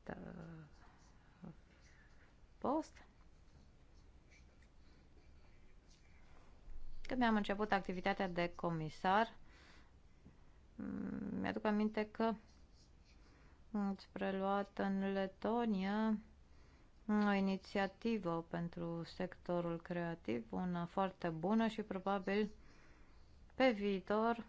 uh, post. Când mi-am început activitatea de comisar, mm, mi-aduc aminte că îți preluat în Letonia o inițiativă pentru sectorul creativ, una foarte bună și probabil pe viitor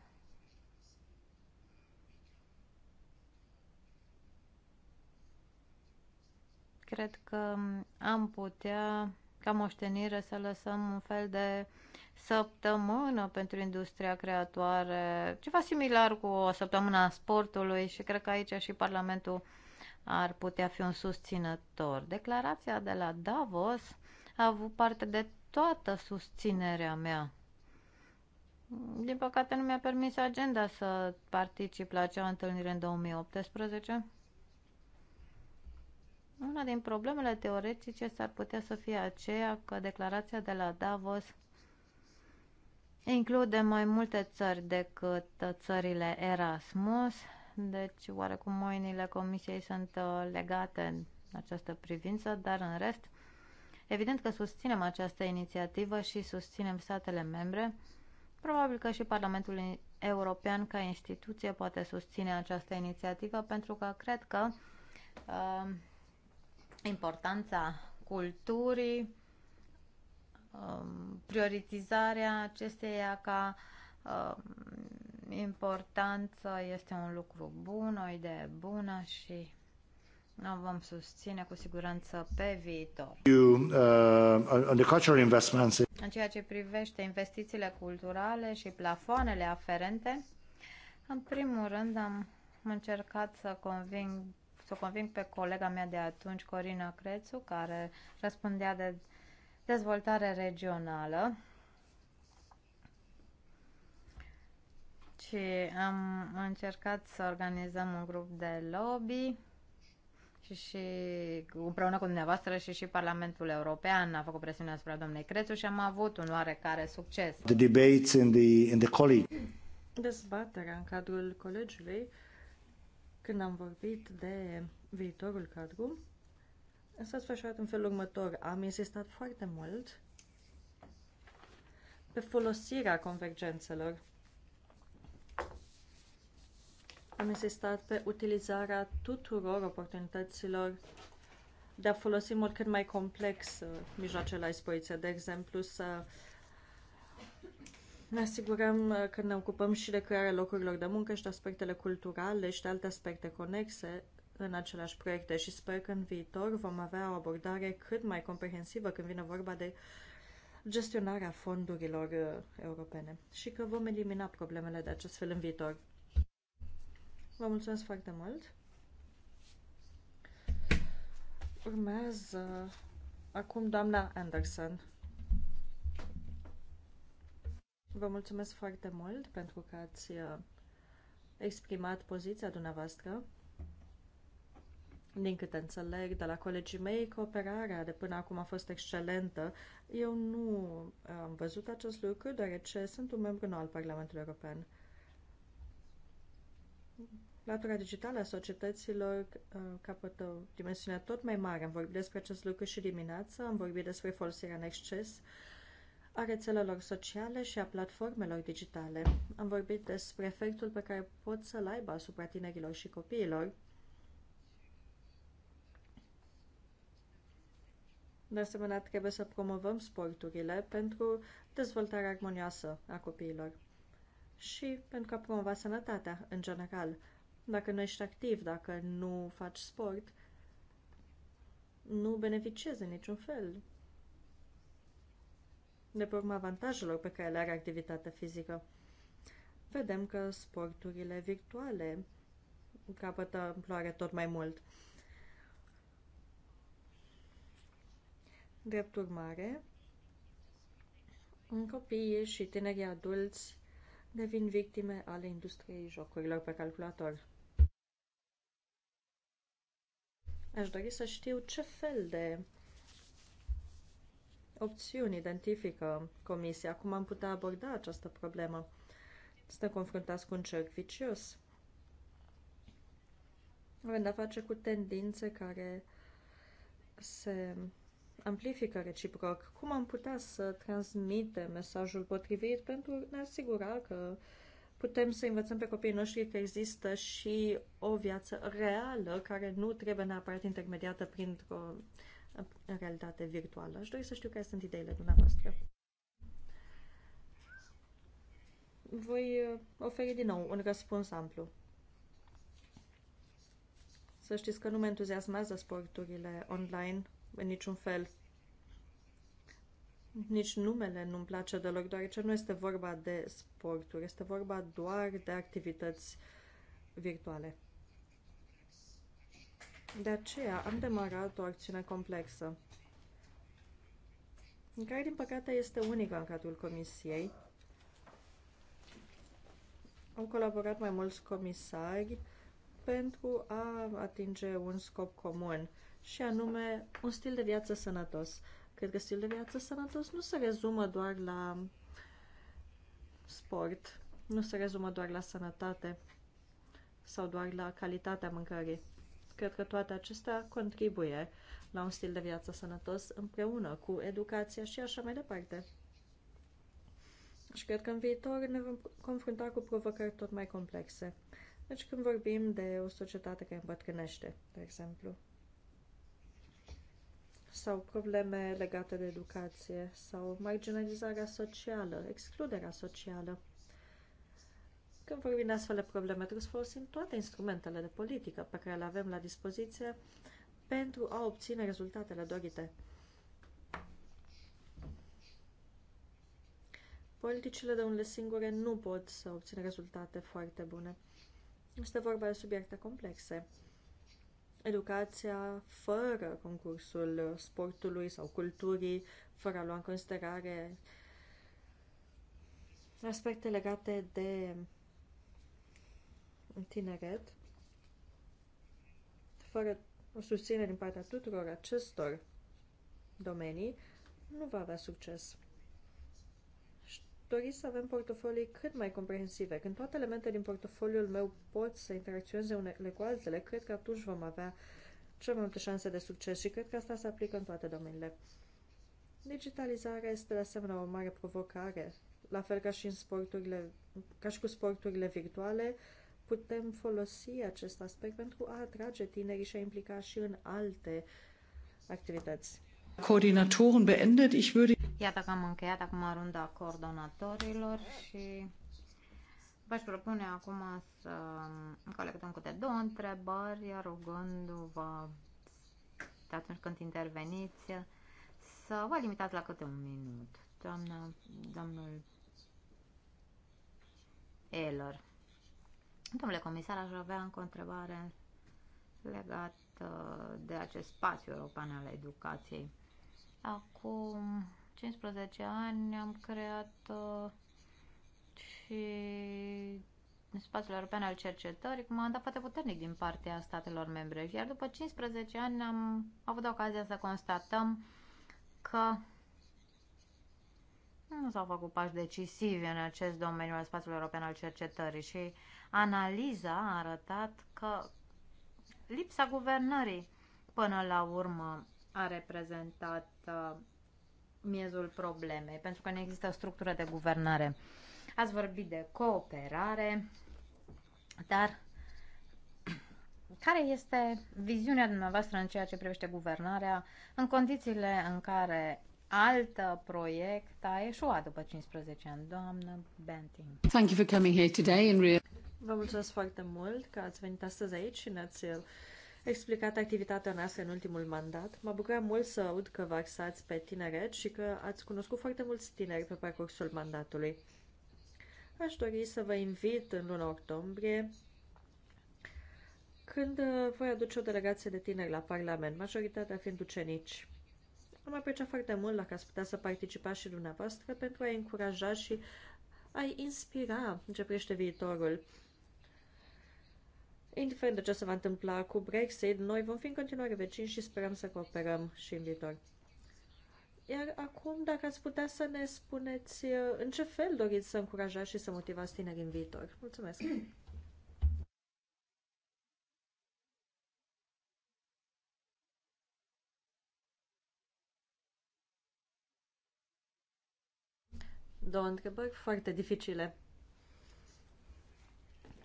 cred că am putea ca moștenire să lăsăm un fel de săptămână pentru industria creatoare, ceva similar cu o săptămână a sportului și cred că aici și Parlamentul ar putea fi un susținător. Declarația de la Davos a avut parte de toată susținerea mea. Din păcate nu mi-a permis agenda să particip la acea întâlnire în 2018. Una din problemele teoretice s-ar putea să fie aceea că declarația de la Davos include mai multe țări decât țările Erasmus, deci oarecum mâinile Comisiei sunt uh, legate în această privință, dar în rest, evident că susținem această inițiativă și susținem statele membre. Probabil că și Parlamentul European ca instituție poate susține această inițiativă pentru că cred că uh, importanța culturii, um, prioritizarea acesteia ca um, importanță este un lucru bun, o idee bună și o vom susține cu siguranță pe viitor. You, uh, the cultural investments. În ceea ce privește investițiile culturale și plafoanele aferente, în primul rând am încercat să conving să o conving pe colega mea de atunci, Corina Crețu, care răspundea de dezvoltare regională. Și am încercat să organizăm un grup de lobby și, și împreună cu dumneavoastră și și Parlamentul European a făcut presiune asupra domnului Crețu și am avut un oarecare succes. The debates in the, in the college. Dezbaterea în cadrul colegiului când am vorbit de viitorul cadru, s-a sfășurat în felul următor. Am insistat foarte mult pe folosirea convergențelor. Am insistat pe utilizarea tuturor oportunităților de a folosi mult cât mai complex uh, mijloacele la dispoziție. De exemplu, să uh, ne asigurăm uh, că ne ocupăm și de crearea locurilor de muncă și de aspectele culturale și de alte aspecte conexe în aceleași proiecte și sper că în viitor vom avea o abordare cât mai comprehensivă când vine vorba de gestionarea fondurilor uh, europene și că vom elimina problemele de acest fel în viitor. Vă mulțumesc foarte mult! Urmează acum doamna Anderson. Vă mulțumesc foarte mult pentru că ați uh, exprimat poziția dumneavoastră. Din câte înțeleg de la colegii mei, cooperarea de până acum a fost excelentă. Eu nu uh, am văzut acest lucru, deoarece sunt un membru nou al Parlamentului European. Latura digitală a societăților uh, capătă o dimensiune tot mai mare. Am vorbit despre acest lucru și dimineață, am vorbit despre folosirea în exces a rețelelor sociale și a platformelor digitale. Am vorbit despre efectul pe care pot să-l aibă asupra tinerilor și copiilor. De asemenea, trebuie să promovăm sporturile pentru dezvoltarea armonioasă a copiilor și pentru a promova sănătatea în general. Dacă nu ești activ, dacă nu faci sport, nu beneficiezi în niciun fel de pe urma avantajelor pe care le are activitatea fizică. Vedem că sporturile virtuale capătă amploare tot mai mult. Drept urmare, copii și tinerii adulți devin victime ale industriei jocurilor pe calculator. Aș dori să știu ce fel de opțiuni identifică Comisia? Cum am putea aborda această problemă? Suntem confruntați cu un cerc vicios. Avem de-a face cu tendințe care se amplifică reciproc. Cum am putea să transmitem mesajul potrivit pentru a ne asigura că putem să învățăm pe copiii noștri că există și o viață reală care nu trebuie neapărat intermediată printr-o realitate virtuală. Aș dori să știu care sunt ideile dumneavoastră. Voi uh, oferi din nou un răspuns amplu. Să știți că nu mă entuziasmează sporturile online în niciun fel. Nici numele nu-mi place deloc, deoarece nu este vorba de sporturi, este vorba doar de activități virtuale. De aceea am demarat o acțiune complexă, care, din păcate, este unică în cadrul Comisiei. Au colaborat mai mulți comisari pentru a atinge un scop comun, și anume un stil de viață sănătos. Cred că stilul de viață sănătos nu se rezumă doar la sport, nu se rezumă doar la sănătate sau doar la calitatea mâncării. Cred că toate acestea contribuie la un stil de viață sănătos împreună cu educația și așa mai departe. Și cred că în viitor ne vom confrunta cu provocări tot mai complexe. Deci când vorbim de o societate care îmbătrânește, de exemplu, sau probleme legate de educație, sau marginalizarea socială, excluderea socială, când vorbim de astfel de probleme, trebuie să folosim toate instrumentele de politică pe care le avem la dispoziție pentru a obține rezultatele dorite. Politicile de unele singure nu pot să obțină rezultate foarte bune. Este vorba de subiecte complexe. Educația fără concursul sportului sau culturii, fără a lua în considerare aspecte legate de în tineret, fără o susținere din partea tuturor acestor domenii, nu va avea succes. Și dori să avem portofolii cât mai comprehensive. Când toate elementele din portofoliul meu pot să interacționeze unele cu altele, cred că atunci vom avea cel mai multe șanse de succes și cred că asta se aplică în toate domeniile. Digitalizarea este de asemenea o mare provocare, la fel ca și în sporturile, ca și cu sporturile virtuale, putem folosi acest aspect pentru a atrage tinerii și a implica și în alte activități. Coordinatoren beendet, ich würde... Iată că am încheiat acum runda coordonatorilor și v-aș propune acum să colectăm câte două întrebări, rugându-vă de atunci când interveniți să vă limitați la câte un minut. Doamna, domnul Eller. Domnule comisar, aș avea încă o întrebare legată uh, de acest spațiu european al educației. Acum 15 ani am creat uh, și spațiul european al cercetării cu mandat foarte puternic din partea statelor membre. Iar după 15 ani am avut ocazia să constatăm că nu s-au făcut pași decisivi în acest domeniu al spațiului european al cercetării și Analiza a arătat că lipsa guvernării până la urmă a reprezentat uh, miezul problemei, pentru că nu există o structură de guvernare. Ați vorbit de cooperare, dar care este viziunea dumneavoastră în ceea ce privește guvernarea în condițiile în care alt proiect a eșuat după 15 ani? Doamnă Banting. Thank you for coming here today and Vă mulțumesc foarte mult că ați venit astăzi aici și ne-ați explicat activitatea noastră în ultimul mandat. Mă a mult să aud că vă axați pe tineret și că ați cunoscut foarte mulți tineri pe parcursul mandatului. Aș dori să vă invit în luna octombrie când uh, voi aduce o delegație de tineri la Parlament, majoritatea fiind ucenici. Am apreciat foarte mult dacă ați putea să participați și dumneavoastră pentru a-i încuraja și a-i inspira în ce viitorul. Indiferent de ce se va întâmpla cu Brexit, noi vom fi în continuare vecini și sperăm să cooperăm și în viitor. Iar acum, dacă ați putea să ne spuneți uh, în ce fel doriți să încurajați și să motivați tinerii în viitor. Mulțumesc! Două întrebări foarte dificile.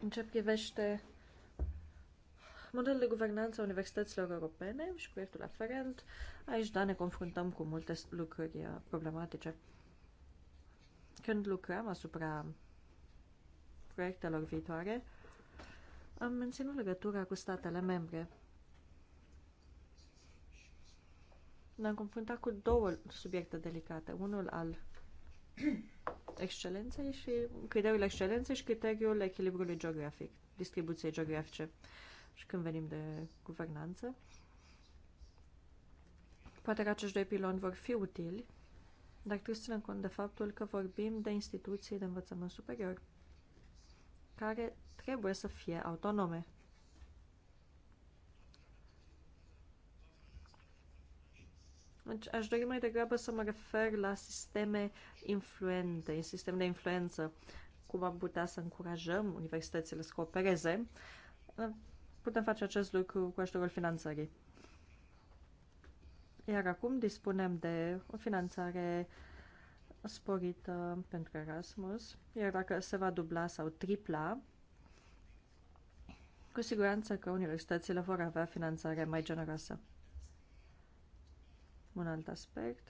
În ce privește model de guvernanță a universităților europene și proiectul aferent, aici, da, ne confruntăm cu multe lucruri uh, problematice. Când lucrăm asupra proiectelor viitoare, am menținut legătura cu statele membre. Ne-am confruntat cu două subiecte delicate. Unul al excelenței și criteriul excelenței și criteriul echilibrului geografic, distribuției geografice. Uh, și când venim de guvernanță. Poate că acești doi piloni vor fi utili, dar trebuie să ținem cont de faptul că vorbim de instituții de învățământ superior, care trebuie să fie autonome. Deci aș dori mai degrabă să mă refer la sisteme influente, sisteme de influență, cum am putea să încurajăm universitățile să coopereze. Putem face acest lucru cu ajutorul finanțării. Iar acum dispunem de o finanțare sporită pentru Erasmus, iar dacă se va dubla sau tripla, cu siguranță că universitățile vor avea finanțare mai generoasă. Un alt aspect.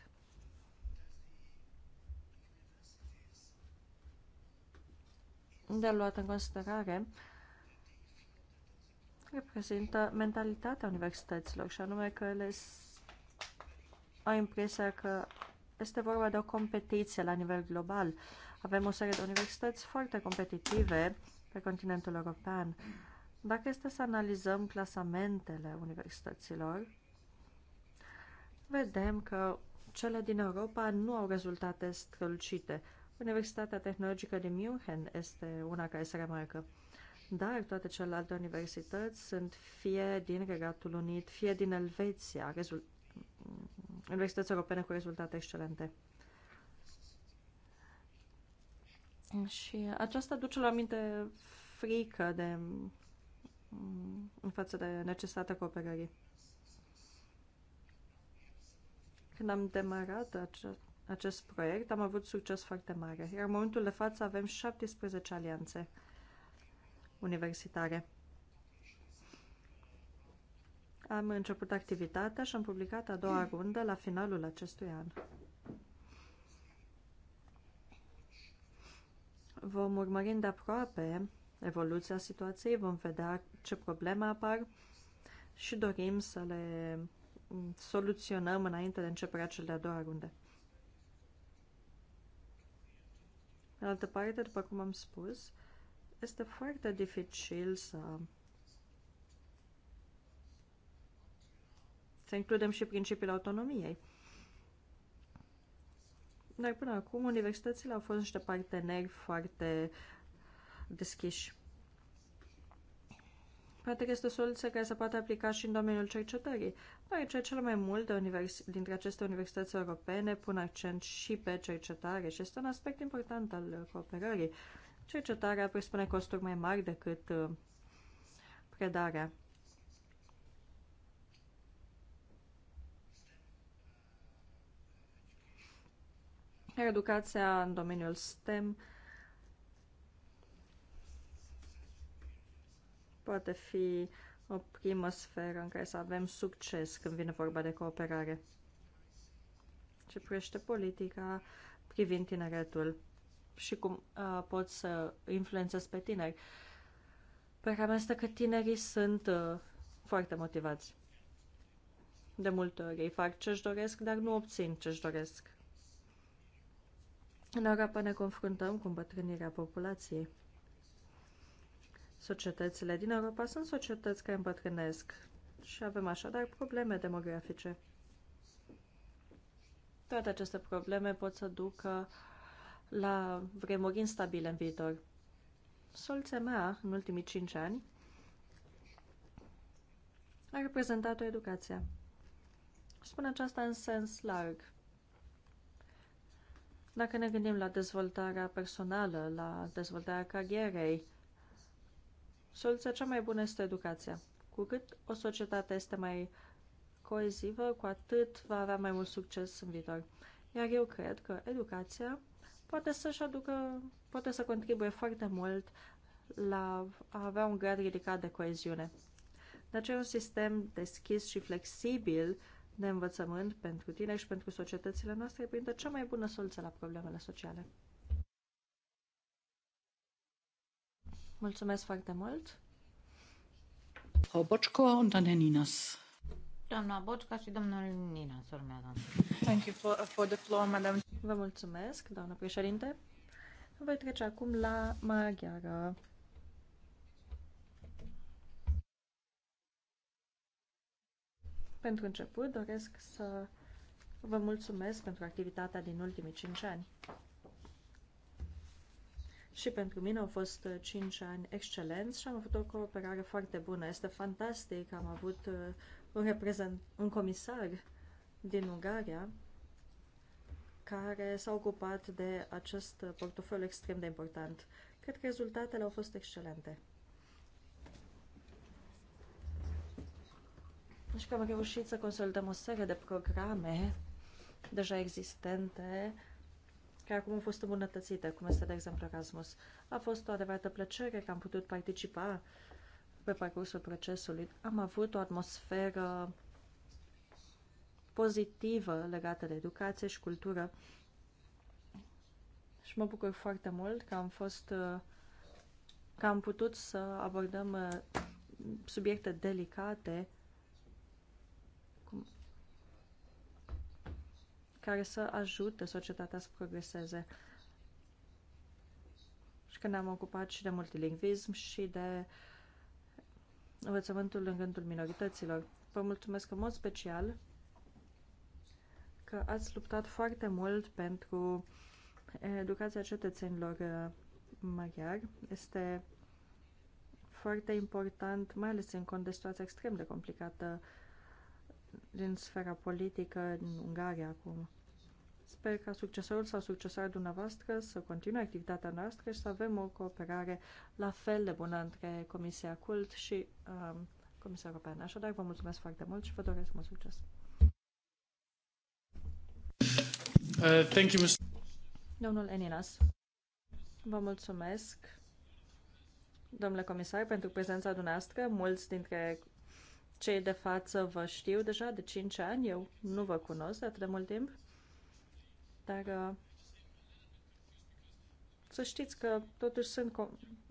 De luat în considerare reprezintă mentalitatea universităților și anume că ele au impresia că este vorba de o competiție la nivel global. Avem o serie de universități foarte competitive pe continentul european. Dacă este să analizăm clasamentele universităților, vedem că cele din Europa nu au rezultate strălucite. Universitatea Tehnologică din München este una care se remarcă dar toate celelalte universități sunt fie din Regatul Unit, fie din Elveția, rezult... universități europene cu rezultate excelente. Și aceasta duce la minte frică de, în față de necesitatea cooperării. Când am demarat acest, acest proiect, am avut succes foarte mare, iar în momentul de față avem 17 alianțe universitare. Am început activitatea și am publicat a doua rundă la finalul acestui an. Vom urmări aproape evoluția situației, vom vedea ce probleme apar și dorim să le soluționăm înainte de începerea cele de-a doua runde. În altă parte, după cum am spus, este foarte dificil să să includem și principiul autonomiei. Dar până acum universitățile au fost niște parteneri foarte deschiși. Poate că este o soluție care se poate aplica și în domeniul cercetării, deoarece cele mai multe dintre aceste universități europene pun accent și pe cercetare și este un aspect important al cooperării cercetarea presupune costuri mai mari decât uh, predarea. Iar educația în domeniul STEM poate fi o primă sferă în care să avem succes când vine vorba de cooperare. Ce privește politica privind tineretul și cum uh, pot să influențez pe tineri. Părerea mea este că tinerii sunt uh, foarte motivați. De multe ori ei fac ce-și doresc, dar nu obțin ce-și doresc. În Europa ne confruntăm cu îmbătrânirea populației. Societățile din Europa sunt societăți care îmbătrânesc și avem așadar probleme demografice. Toate aceste probleme pot să ducă uh, la vremuri instabile în viitor. Solția mea, în ultimii cinci ani, a reprezentat o educație. Spun aceasta în sens larg. Dacă ne gândim la dezvoltarea personală, la dezvoltarea carierei, soluția cea mai bună este educația. Cu cât o societate este mai coezivă, cu atât va avea mai mult succes în viitor. Iar eu cred că educația poate să-și aducă, poate să contribuie foarte mult la a avea un grad ridicat de coeziune. De deci aceea un sistem deschis și flexibil de învățământ pentru tine și pentru societățile noastre e printre cea mai bună soluție la problemele sociale. Mulțumesc foarte mult! Frau Bocco und dann Herr Ninas. Doamna Bocca și domnul Ninas urmează. Thank you for, for the floor, madam. Vă mulțumesc, doamnă președinte. Voi trece acum la maghiară. Pentru început, doresc să vă mulțumesc pentru activitatea din ultimii 5 ani. Și pentru mine au fost 5 ani excelenți și am avut o cooperare foarte bună. Este fantastic, am avut uh, un, reprezent, un comisar din Ungaria care s-a ocupat de acest portofoliu extrem de important. Cred că rezultatele au fost excelente. Și deci că am reușit să consolidăm o serie de programe deja existente, care acum au fost îmbunătățite, cum este, de exemplu, Erasmus. A fost o adevărată plăcere că am putut participa pe parcursul procesului. Am avut o atmosferă pozitivă legată de educație și cultură. Și mă bucur foarte mult că am fost că am putut să abordăm uh, subiecte delicate care să ajute societatea să progreseze. Și că ne-am ocupat și de multilingvism și de învățământul în rândul minorităților. Vă mulțumesc în mod special că ați luptat foarte mult pentru educația cetățenilor uh, maghiari. Este foarte important, mai ales în cont de situația extrem de complicată din sfera politică în Ungaria acum. Sper ca succesorul sau succesoarea dumneavoastră să continue activitatea noastră și să avem o cooperare la fel de bună între Comisia Cult și um, Comisia Europeană. Așadar, vă mulțumesc foarte mult și vă doresc mult succes! Uh, Domnul Eninas, vă mulțumesc, domnule comisar, pentru prezența dumneavoastră. Mulți dintre cei de față vă știu deja de 5 ani, eu nu vă cunosc de atât de mult timp, dar uh, să știți că totuși sunt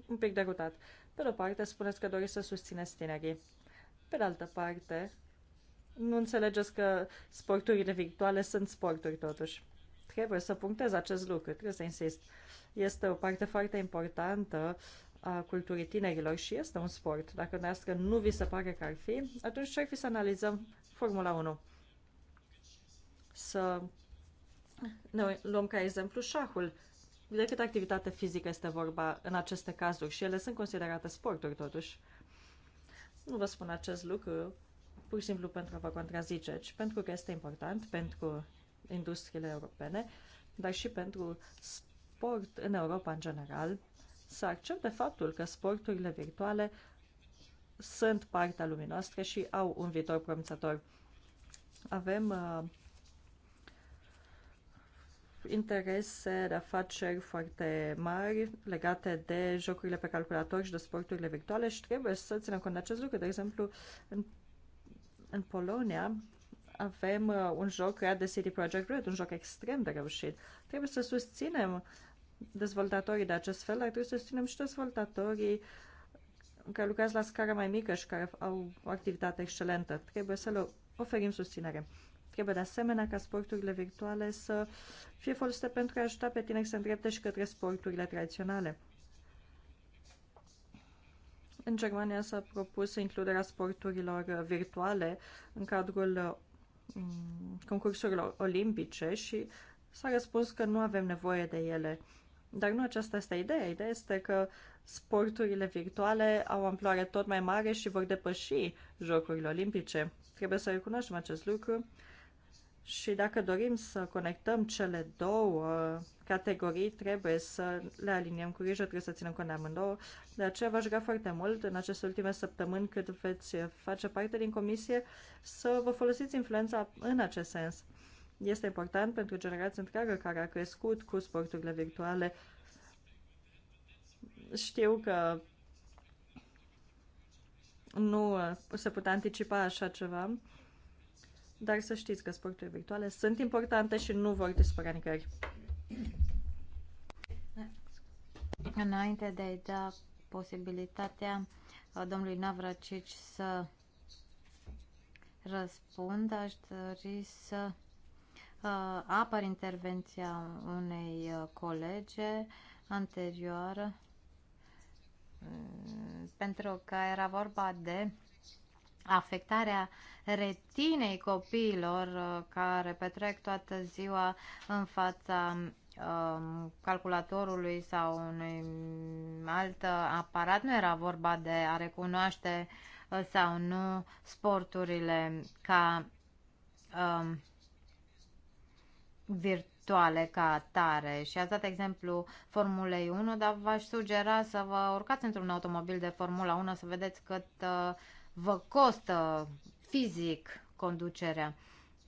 un pic derutat. Pe de o parte, spuneți că doriți să susțineți tinerii. Pe de altă parte, nu înțelegeți că sporturile virtuale sunt sporturi totuși. Trebuie să punctez acest lucru, trebuie să insist. Este o parte foarte importantă a culturii tinerilor și este un sport. Dacă dumneavoastră nu vi se pare că ar fi, atunci ce ar fi să analizăm Formula 1? Să ne luăm ca exemplu șahul. De cât activitate fizică este vorba în aceste cazuri și ele sunt considerate sporturi totuși. Nu vă spun acest lucru pur și simplu pentru a vă contrazice, ci pentru că este important pentru industriile europene, dar și pentru sport în Europa în general, să accepte faptul că sporturile virtuale sunt partea lumii noastre și au un viitor promițător. Avem uh, interese de afaceri foarte mari legate de jocurile pe calculator și de sporturile virtuale și trebuie să ținem cont de acest lucru. De exemplu, în, în Polonia avem uh, un joc creat de City Project Red, un joc extrem de reușit. Trebuie să susținem dezvoltatorii de acest fel, dar trebuie să susținem și dezvoltatorii care lucrează la scară mai mică și care au o activitate excelentă. Trebuie să le oferim susținere. Trebuie de asemenea ca sporturile virtuale să fie folosite pentru a ajuta pe tineri să îndrepte și către sporturile tradiționale. În Germania s-a propus includerea sporturilor virtuale în cadrul Mm, concursurilor olimpice și s-a răspuns că nu avem nevoie de ele. Dar nu aceasta este ideea. Ideea este că sporturile virtuale au amploare tot mai mare și vor depăși Jocurile Olimpice. Trebuie să recunoaștem acest lucru și dacă dorim să conectăm cele două categorii, trebuie să le aliniem cu grijă, trebuie să ținem cont de amândouă. De aceea v-aș ruga foarte mult în aceste ultime săptămâni cât veți face parte din comisie să vă folosiți influența în acest sens. Este important pentru generația întreagă care a crescut cu sporturile virtuale. Știu că nu se putea anticipa așa ceva, dar să știți că sporturile virtuale sunt importante și nu vor dispărea nicăieri. Înainte de a-i da posibilitatea uh, domnului Navracici să răspund, aș dori să uh, apăr intervenția unei uh, colege anterioară mm, pentru că era vorba de afectarea retinei copiilor uh, care petrec toată ziua în fața um, calculatorului sau unui alt aparat. Nu era vorba de a recunoaște uh, sau nu sporturile ca um, virtuale ca tare și ați dat exemplu Formulei 1, dar v-aș sugera să vă urcați într-un automobil de Formula 1 să vedeți cât uh, vă costă fizic conducerea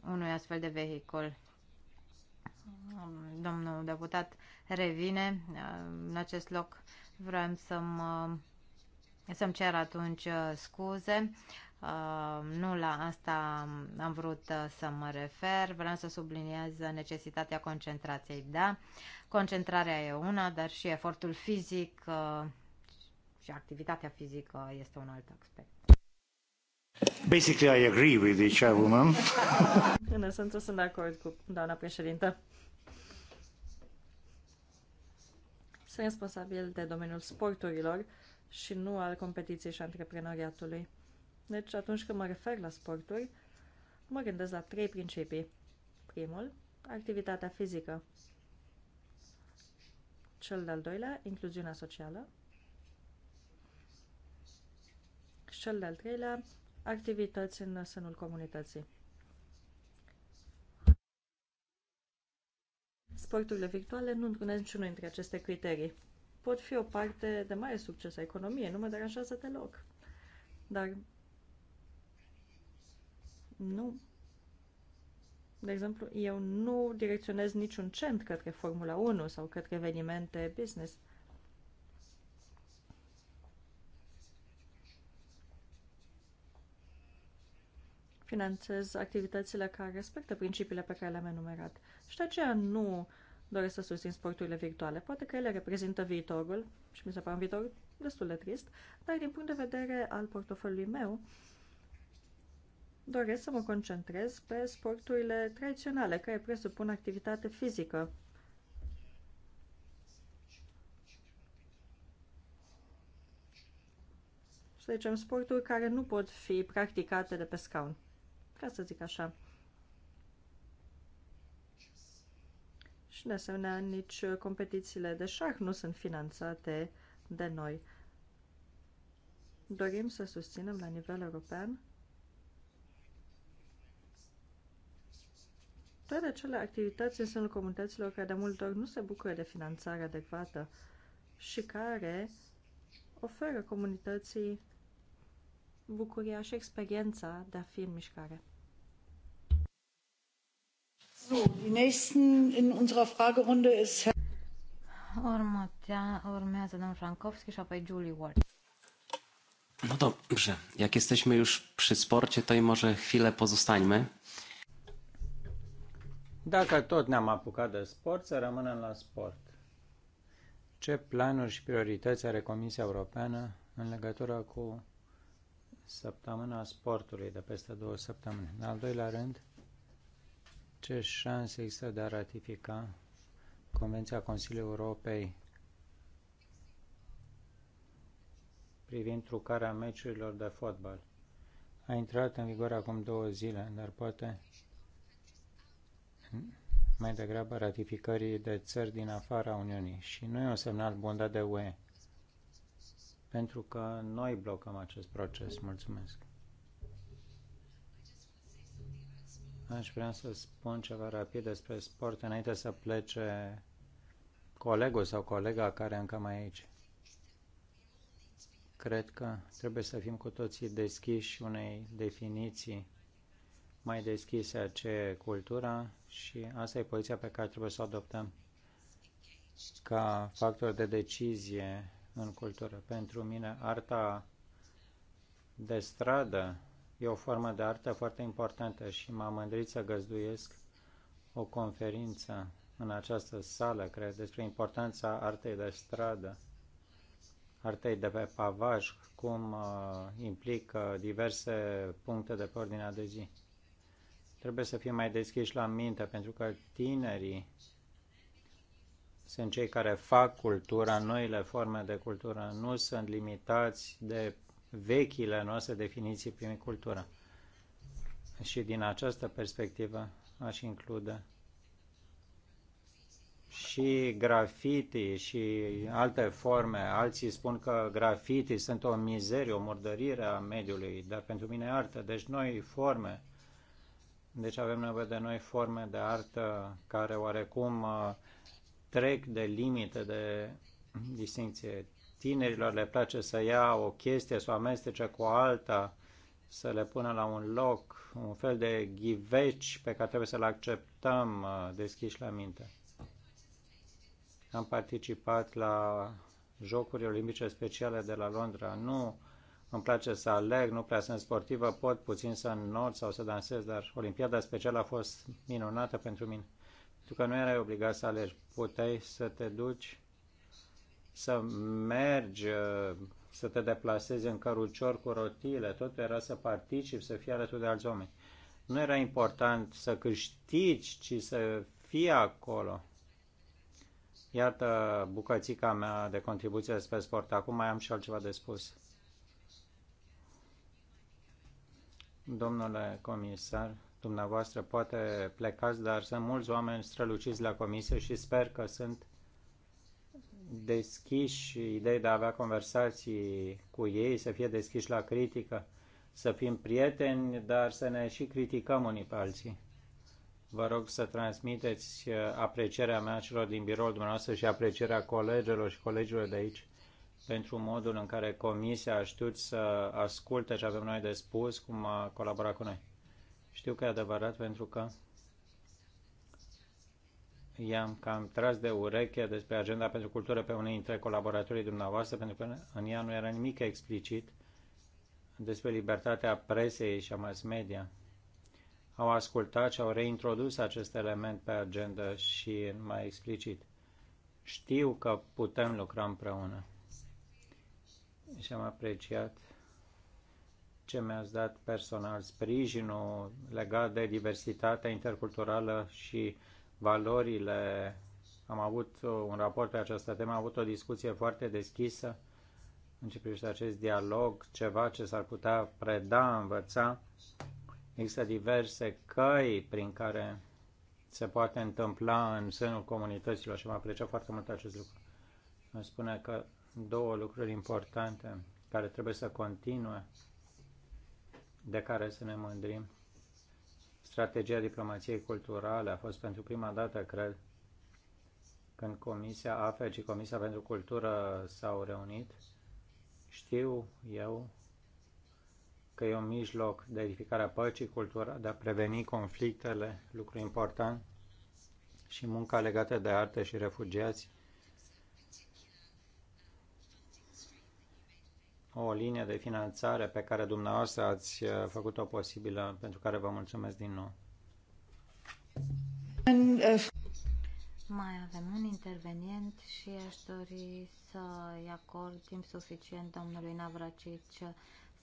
unui astfel de vehicul. Domnul deputat revine în acest loc. Vreau să-mi să-mi cer atunci uh, scuze. Uh, nu la asta am vrut uh, să mă refer. Vreau să subliniez necesitatea concentrației. Da, concentrarea e una, dar și efortul fizic și activitatea fizică este un alt aspect. Basically, I agree with the chairwoman. În esență, sunt de acord cu doamna președintă. Sunt responsabil de domeniul sporturilor și nu al competiției și antreprenoriatului. Deci, atunci când mă refer la sporturi, mă gândesc la trei principii. Primul, activitatea fizică. Cel de-al doilea, incluziunea socială. Și cel de-al treilea, activități în sânul comunității. Sporturile virtuale nu întrunesc niciunul dintre aceste criterii. Pot fi o parte de mare succes a economiei, nu mă deranjează deloc. Dar nu. De exemplu, eu nu direcționez niciun cent către Formula 1 sau către evenimente business. finanțez activitățile care respectă principiile pe care le-am enumerat. Și de aceea nu doresc să susțin sporturile virtuale. Poate că ele reprezintă viitorul și mi se pare un viitor destul de trist, dar din punct de vedere al portofoliului meu, doresc să mă concentrez pe sporturile tradiționale care presupun activitate fizică. Să zicem, sporturi care nu pot fi practicate de pe scaun ca să zic așa. Și de asemenea, nici competițiile de șah nu sunt finanțate de noi. Dorim să susținem la nivel european toate acele activități în sânul comunităților care de multe ori nu se bucură de finanțare adecvată și care oferă comunității bucuria și experiența de a fi în mișcare. So, die nächsten in unserer Fragerunde ist Următea, urmează domnul Frankowski și apoi Julie Ward. No dobrze, jak jesteśmy już przy sporcie, to i może chwilę pozostańmy. Dacă tot ne-am apucat de sport, să rămânem la sport. Ce planuri și priorități are Comisia Europeană în legătură cu săptămâna sportului de peste două săptămâni. În al doilea rând, ce șanse există de a ratifica Convenția Consiliului Europei privind trucarea meciurilor de fotbal. A intrat în vigoare acum două zile, dar poate mai degrabă ratificării de țări din afara Uniunii și nu e un semnal bun dat de UE pentru că noi blocăm acest proces. Mulțumesc. Aș vrea să spun ceva rapid despre sport înainte să plece colegul sau colega care încă mai e aici. Cred că trebuie să fim cu toții deschiși unei definiții mai deschise ce e cultura și asta e poziția pe care trebuie să o adoptăm ca factor de decizie în cultură. Pentru mine, arta de stradă e o formă de artă foarte importantă și m-am mândrit să găzduiesc o conferință în această sală, cred, despre importanța artei de stradă, artei de pe pavaj, cum uh, implică diverse puncte de pe ordinea de zi. Trebuie să fim mai deschiși la minte, pentru că tinerii sunt cei care fac cultura, noile forme de cultură, nu sunt limitați de vechile noastre definiții prin cultură. Și din această perspectivă aș include și grafiti și alte forme. Alții spun că grafiti sunt o mizerie, o murdărire a mediului, dar pentru mine artă, deci noi forme. Deci avem nevoie de noi forme de artă care oarecum uh, trec de limite de distinție. Tinerilor le place să ia o chestie, să o amestece cu alta, să le pună la un loc, un fel de ghiveci pe care trebuie să-l acceptăm uh, deschiși la minte. Am participat la jocuri Olimpice Speciale de la Londra. Nu îmi place să aleg, nu prea sunt sportivă, pot puțin să înot sau să dansez, dar Olimpiada Specială a fost minunată pentru mine. Tu că nu erai obligat să alegi, puteai să te duci, să mergi, uh, să te deplasezi în cărucior cu rotile, tot era să participi, să fii alături de alți oameni. Nu era important să câștigi, ci să fii acolo. Iată bucățica mea de contribuție despre sport. Acum mai am și altceva de spus. Domnule comisar, dumneavoastră poate plecați, dar sunt mulți oameni străluciți la comisie și sper că sunt deschiși idei de a avea conversații cu ei, să fie deschiși la critică, să fim prieteni, dar să ne și criticăm unii pe alții. Vă rog să transmiteți uh, aprecierea mea celor din biroul dumneavoastră și aprecierea colegilor și colegilor de aici pentru modul în care comisia a știut să asculte ce avem noi de spus, cum a colaborat cu noi. Știu că e adevărat pentru că i-am cam tras de ureche despre agenda pentru cultură pe unii dintre colaboratorii dumneavoastră, pentru că în ea nu era nimic explicit despre libertatea presei și a mass media. Au ascultat și au reintrodus acest element pe agenda și mai explicit. Știu că putem lucra împreună. Și am apreciat ce mi-ați dat personal sprijinul legat de diversitatea interculturală și valorile. Am avut un raport pe această temă, am avut o discuție foarte deschisă în ce privește acest dialog, ceva ce s-ar putea preda, învăța. Există diverse căi prin care se poate întâmpla în sânul comunităților și m-a plăcea foarte mult acest lucru. Îmi spune că două lucruri importante care trebuie să continue de care să ne mândrim. Strategia diplomației culturale a fost pentru prima dată, cred, când Comisia AFET și Comisia pentru Cultură s-au reunit. Știu eu că e un mijloc de edificare a păcii, cultura, de a preveni conflictele, lucru important, și munca legată de arte și refugiați o linie de finanțare pe care dumneavoastră ați uh, făcut-o posibilă, pentru care vă mulțumesc din nou. Uh, Mai avem un intervenient și aș dori să-i acord timp suficient domnului Navracici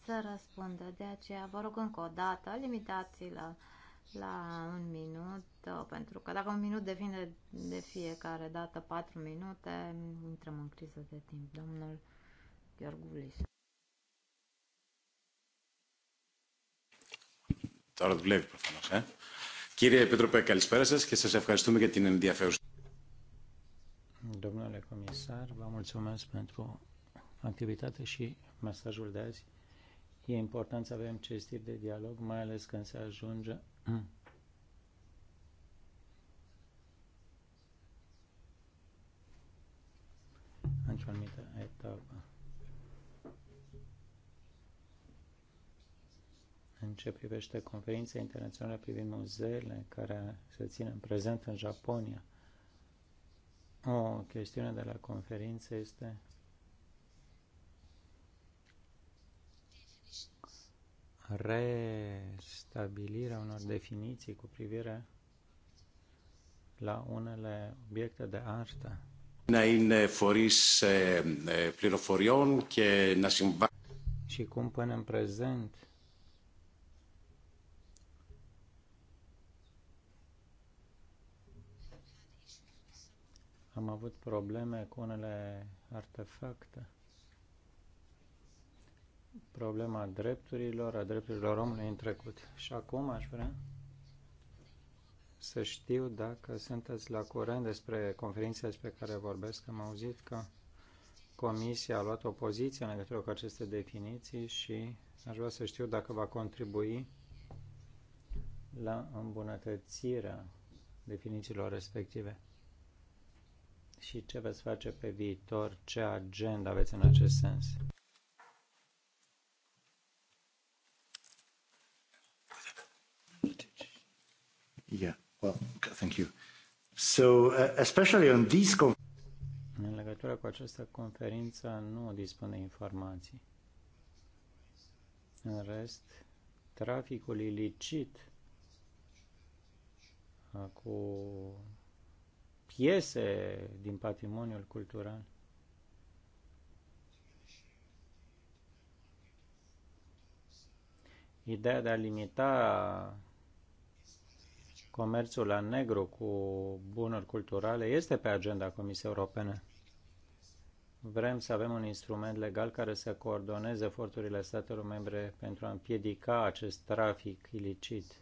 să răspundă. De aceea vă rog încă o dată, limitați la, la un minut, uh, pentru că dacă un minut devine de fiecare dată patru minute, intrăm în criză de timp. Domnul Gheorghe Τώρα δουλεύει προφανώ. Ε. Κύριε Επίτροπε, καλησπέρα σα και σα ευχαριστούμε για την ενδιαφέρουσα. Domnule comisar, vă mulțumesc pentru activitate și mesajul de azi. E important să avem acest tip de dialog, mai ales când se ajunge într-o anumită etapă. în ce privește conferința internațională privind muzeele care se ține în prezent în Japonia. O chestiune de la conferință este restabilirea unor definiții cu privire la unele obiecte de artă. Eh, eh, Și cum până în prezent Am avut probleme cu unele artefacte. Problema drepturilor, a drepturilor omului în trecut. Și acum aș vrea să știu dacă sunteți la curent despre conferința despre care vorbesc. Am auzit că Comisia a luat o poziție în legătură cu aceste definiții și aș vrea să știu dacă va contribui la îmbunătățirea definițiilor respective și ce veți face pe viitor, ce agenda aveți în acest sens? Yeah, well, thank you. So, uh, especially on this în legătură cu această conferință nu de informații. În rest, traficul ilicit uh, cu piese din patrimoniul cultural. Ideea de a limita comerțul la negru cu bunuri culturale este pe agenda Comisiei Europene. Vrem să avem un instrument legal care să coordoneze eforturile statelor membre pentru a împiedica acest trafic ilicit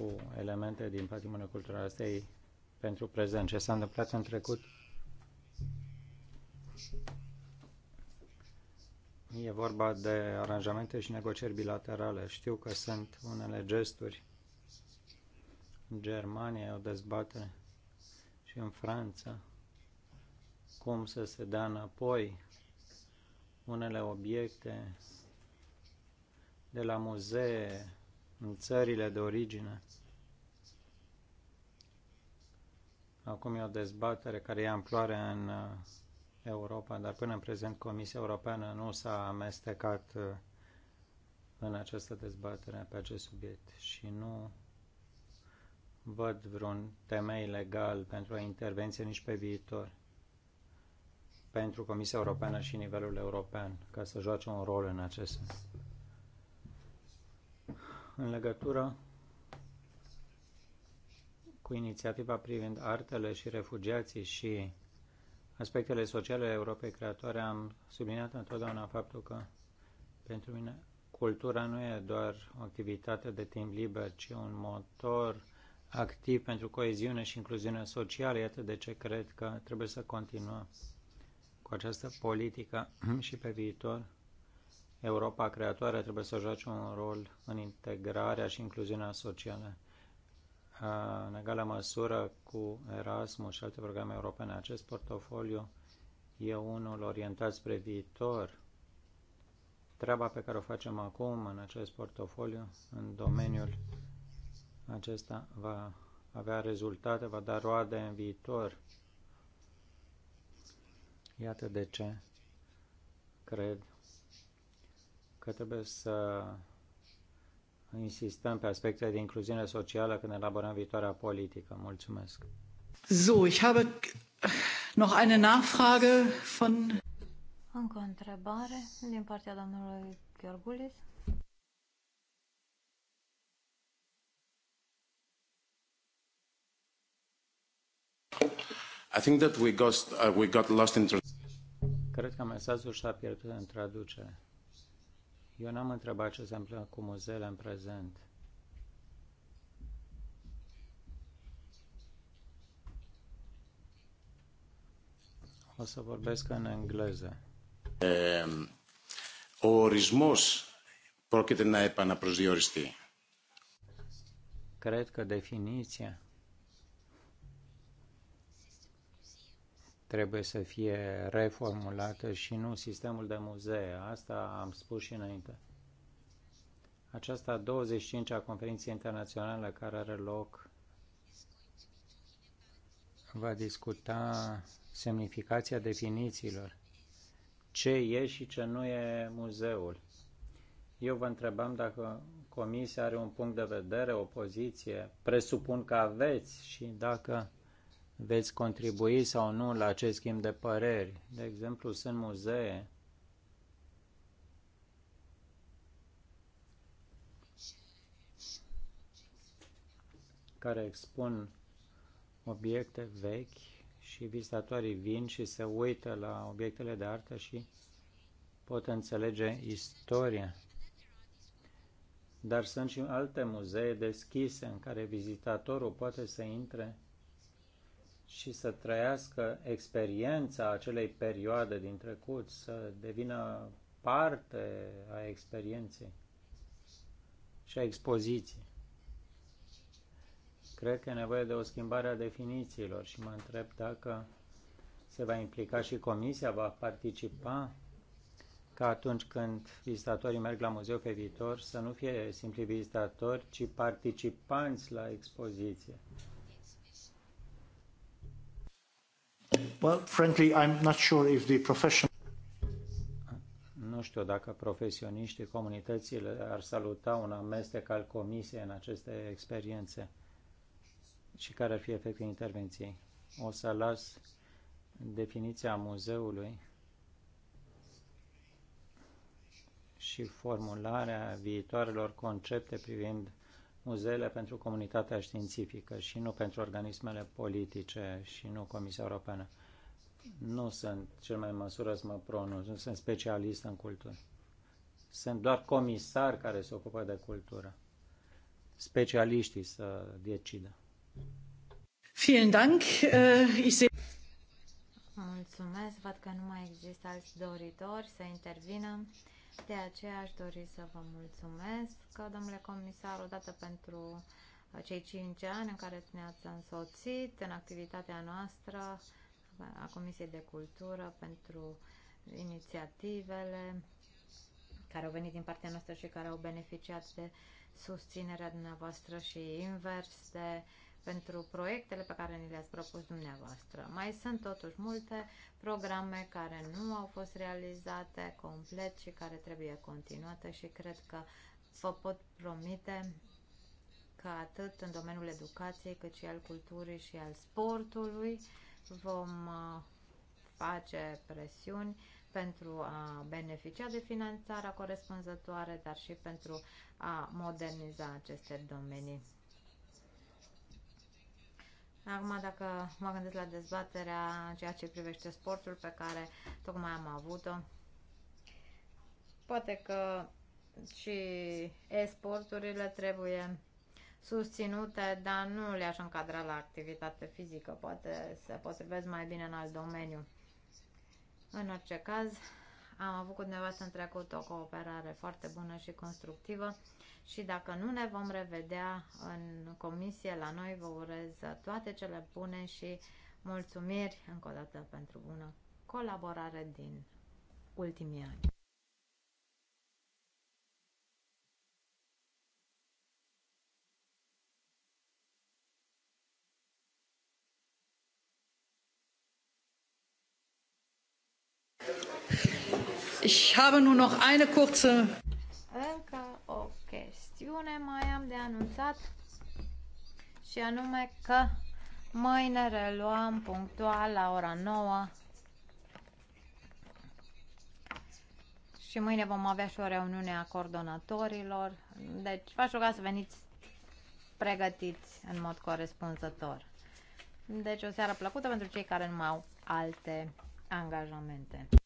cu elemente din patrimoniul cultural. Asta e pentru prezent. Ce s-a întâmplat în trecut E vorba de aranjamente și negocieri bilaterale. Știu că sunt unele gesturi. În Germania e o dezbatere și în Franța cum să se dea înapoi unele obiecte de la muzee în țările de origine. Acum e o dezbatere care ia amploare în uh, Europa, dar până în prezent Comisia Europeană nu s-a amestecat uh, în această dezbatere pe acest subiect și nu văd vreun temei legal pentru o intervenție nici pe viitor pentru Comisia Europeană și nivelul european ca să joace un rol în acest sens în legătură cu inițiativa privind artele și refugiații și aspectele sociale ale Europei creatoare, am subliniat întotdeauna faptul că pentru mine cultura nu e doar o activitate de timp liber, ci un motor activ pentru coeziune și incluziune socială. Iată de ce cred că trebuie să continuăm cu această politică și pe viitor Europa creatoare trebuie să joace un rol în integrarea și incluziunea socială. Ah, în egală măsură cu Erasmus și alte programe europene, acest portofoliu e unul orientat spre viitor. Treaba pe care o facem acum în acest portofoliu, în domeniul acesta, va avea rezultate, va da roade în viitor. Iată de ce cred că trebuie să insistăm pe aspecte de incluziune socială când elaborăm viitoarea politică. Mulțumesc. So, ich habe noch eine Nachfrage von încă o întrebare din partea domnului Gheorgulis. I think that we got, uh, we got lost in Cred că mesajul s a pierdut în traducere. Eu n-am întrebat ce se întâmplă cu muzele în prezent. O să vorbesc în engleză. Ο ορισμός πρόκειται να επαναπροσδιοριστεί. Cred că definiția trebuie să fie reformulată și nu sistemul de muzee. Asta am spus și înainte. Aceasta 25-a conferință internațională care are loc va discuta semnificația definițiilor. Ce e și ce nu e muzeul. Eu vă întrebam dacă comisia are un punct de vedere, o poziție, presupun că aveți și dacă veți contribui sau nu la acest schimb de păreri. De exemplu, sunt muzee care expun obiecte vechi și vizitatorii vin și se uită la obiectele de artă și pot înțelege istoria. Dar sunt și alte muzee deschise în care vizitatorul poate să intre și să trăiască experiența acelei perioade din trecut, să devină parte a experienței și a expoziției. Cred că e nevoie de o schimbare a definițiilor și mă întreb dacă se va implica și comisia, va participa ca atunci când vizitatorii merg la muzeu pe viitor să nu fie simpli vizitatori, ci participanți la expoziție. Well, frankly, I'm not sure if the profession... Nu știu dacă profesioniștii, comunitățile ar saluta un amestec al comisiei în aceste experiențe și care ar fi efectul intervenției. O să las definiția muzeului și formularea viitoarelor concepte privind muzeele pentru comunitatea științifică și nu pentru organismele politice și nu Comisia Europeană. Nu sunt cel mai măsură să mă pronunț, nu sunt specialist în cultură. Sunt doar comisari care se ocupă de cultură. Specialiștii să decidă. Vielen Dank. Äh, Mulțumesc. Văd că nu mai există alți doritori să intervină. De aceea aș dori să vă mulțumesc, domnule comisar, odată pentru uh, cei cinci ani în care ne-ați însoțit în activitatea noastră a Comisiei de Cultură pentru inițiativele care au venit din partea noastră și care au beneficiat de susținerea dumneavoastră și invers de uh, pentru proiectele pe care ni le-ați propus dumneavoastră. Mai sunt totuși multe programe care nu au fost realizate complet și care trebuie continuate și cred că vă pot promite că atât în domeniul educației cât și al culturii și al sportului vom uh, face presiuni pentru a beneficia de finanțarea corespunzătoare, dar și pentru a moderniza aceste domenii. Acum, dacă mă gândesc la dezbaterea în ceea ce privește sportul pe care tocmai am avut-o, poate că și e-sporturile trebuie susținute, dar nu le-aș încadra la activitate fizică, poate se potrivesc mai bine în alt domeniu. În orice caz, am avut cu dumneavoastră în trecut o cooperare foarte bună și constructivă și dacă nu ne vom revedea în comisie, la noi vă urez toate cele bune și mulțumiri încă o dată pentru bună colaborare din ultimii ani. Ich habe nur noch eine kurze Încă chestiune mai am de anunțat și anume că mâine reluăm punctual la ora 9 și mâine vom avea și o reuniune a coordonatorilor. Deci v-aș ruga să veniți pregătiți în mod corespunzător. Deci o seară plăcută pentru cei care nu mai au alte angajamente.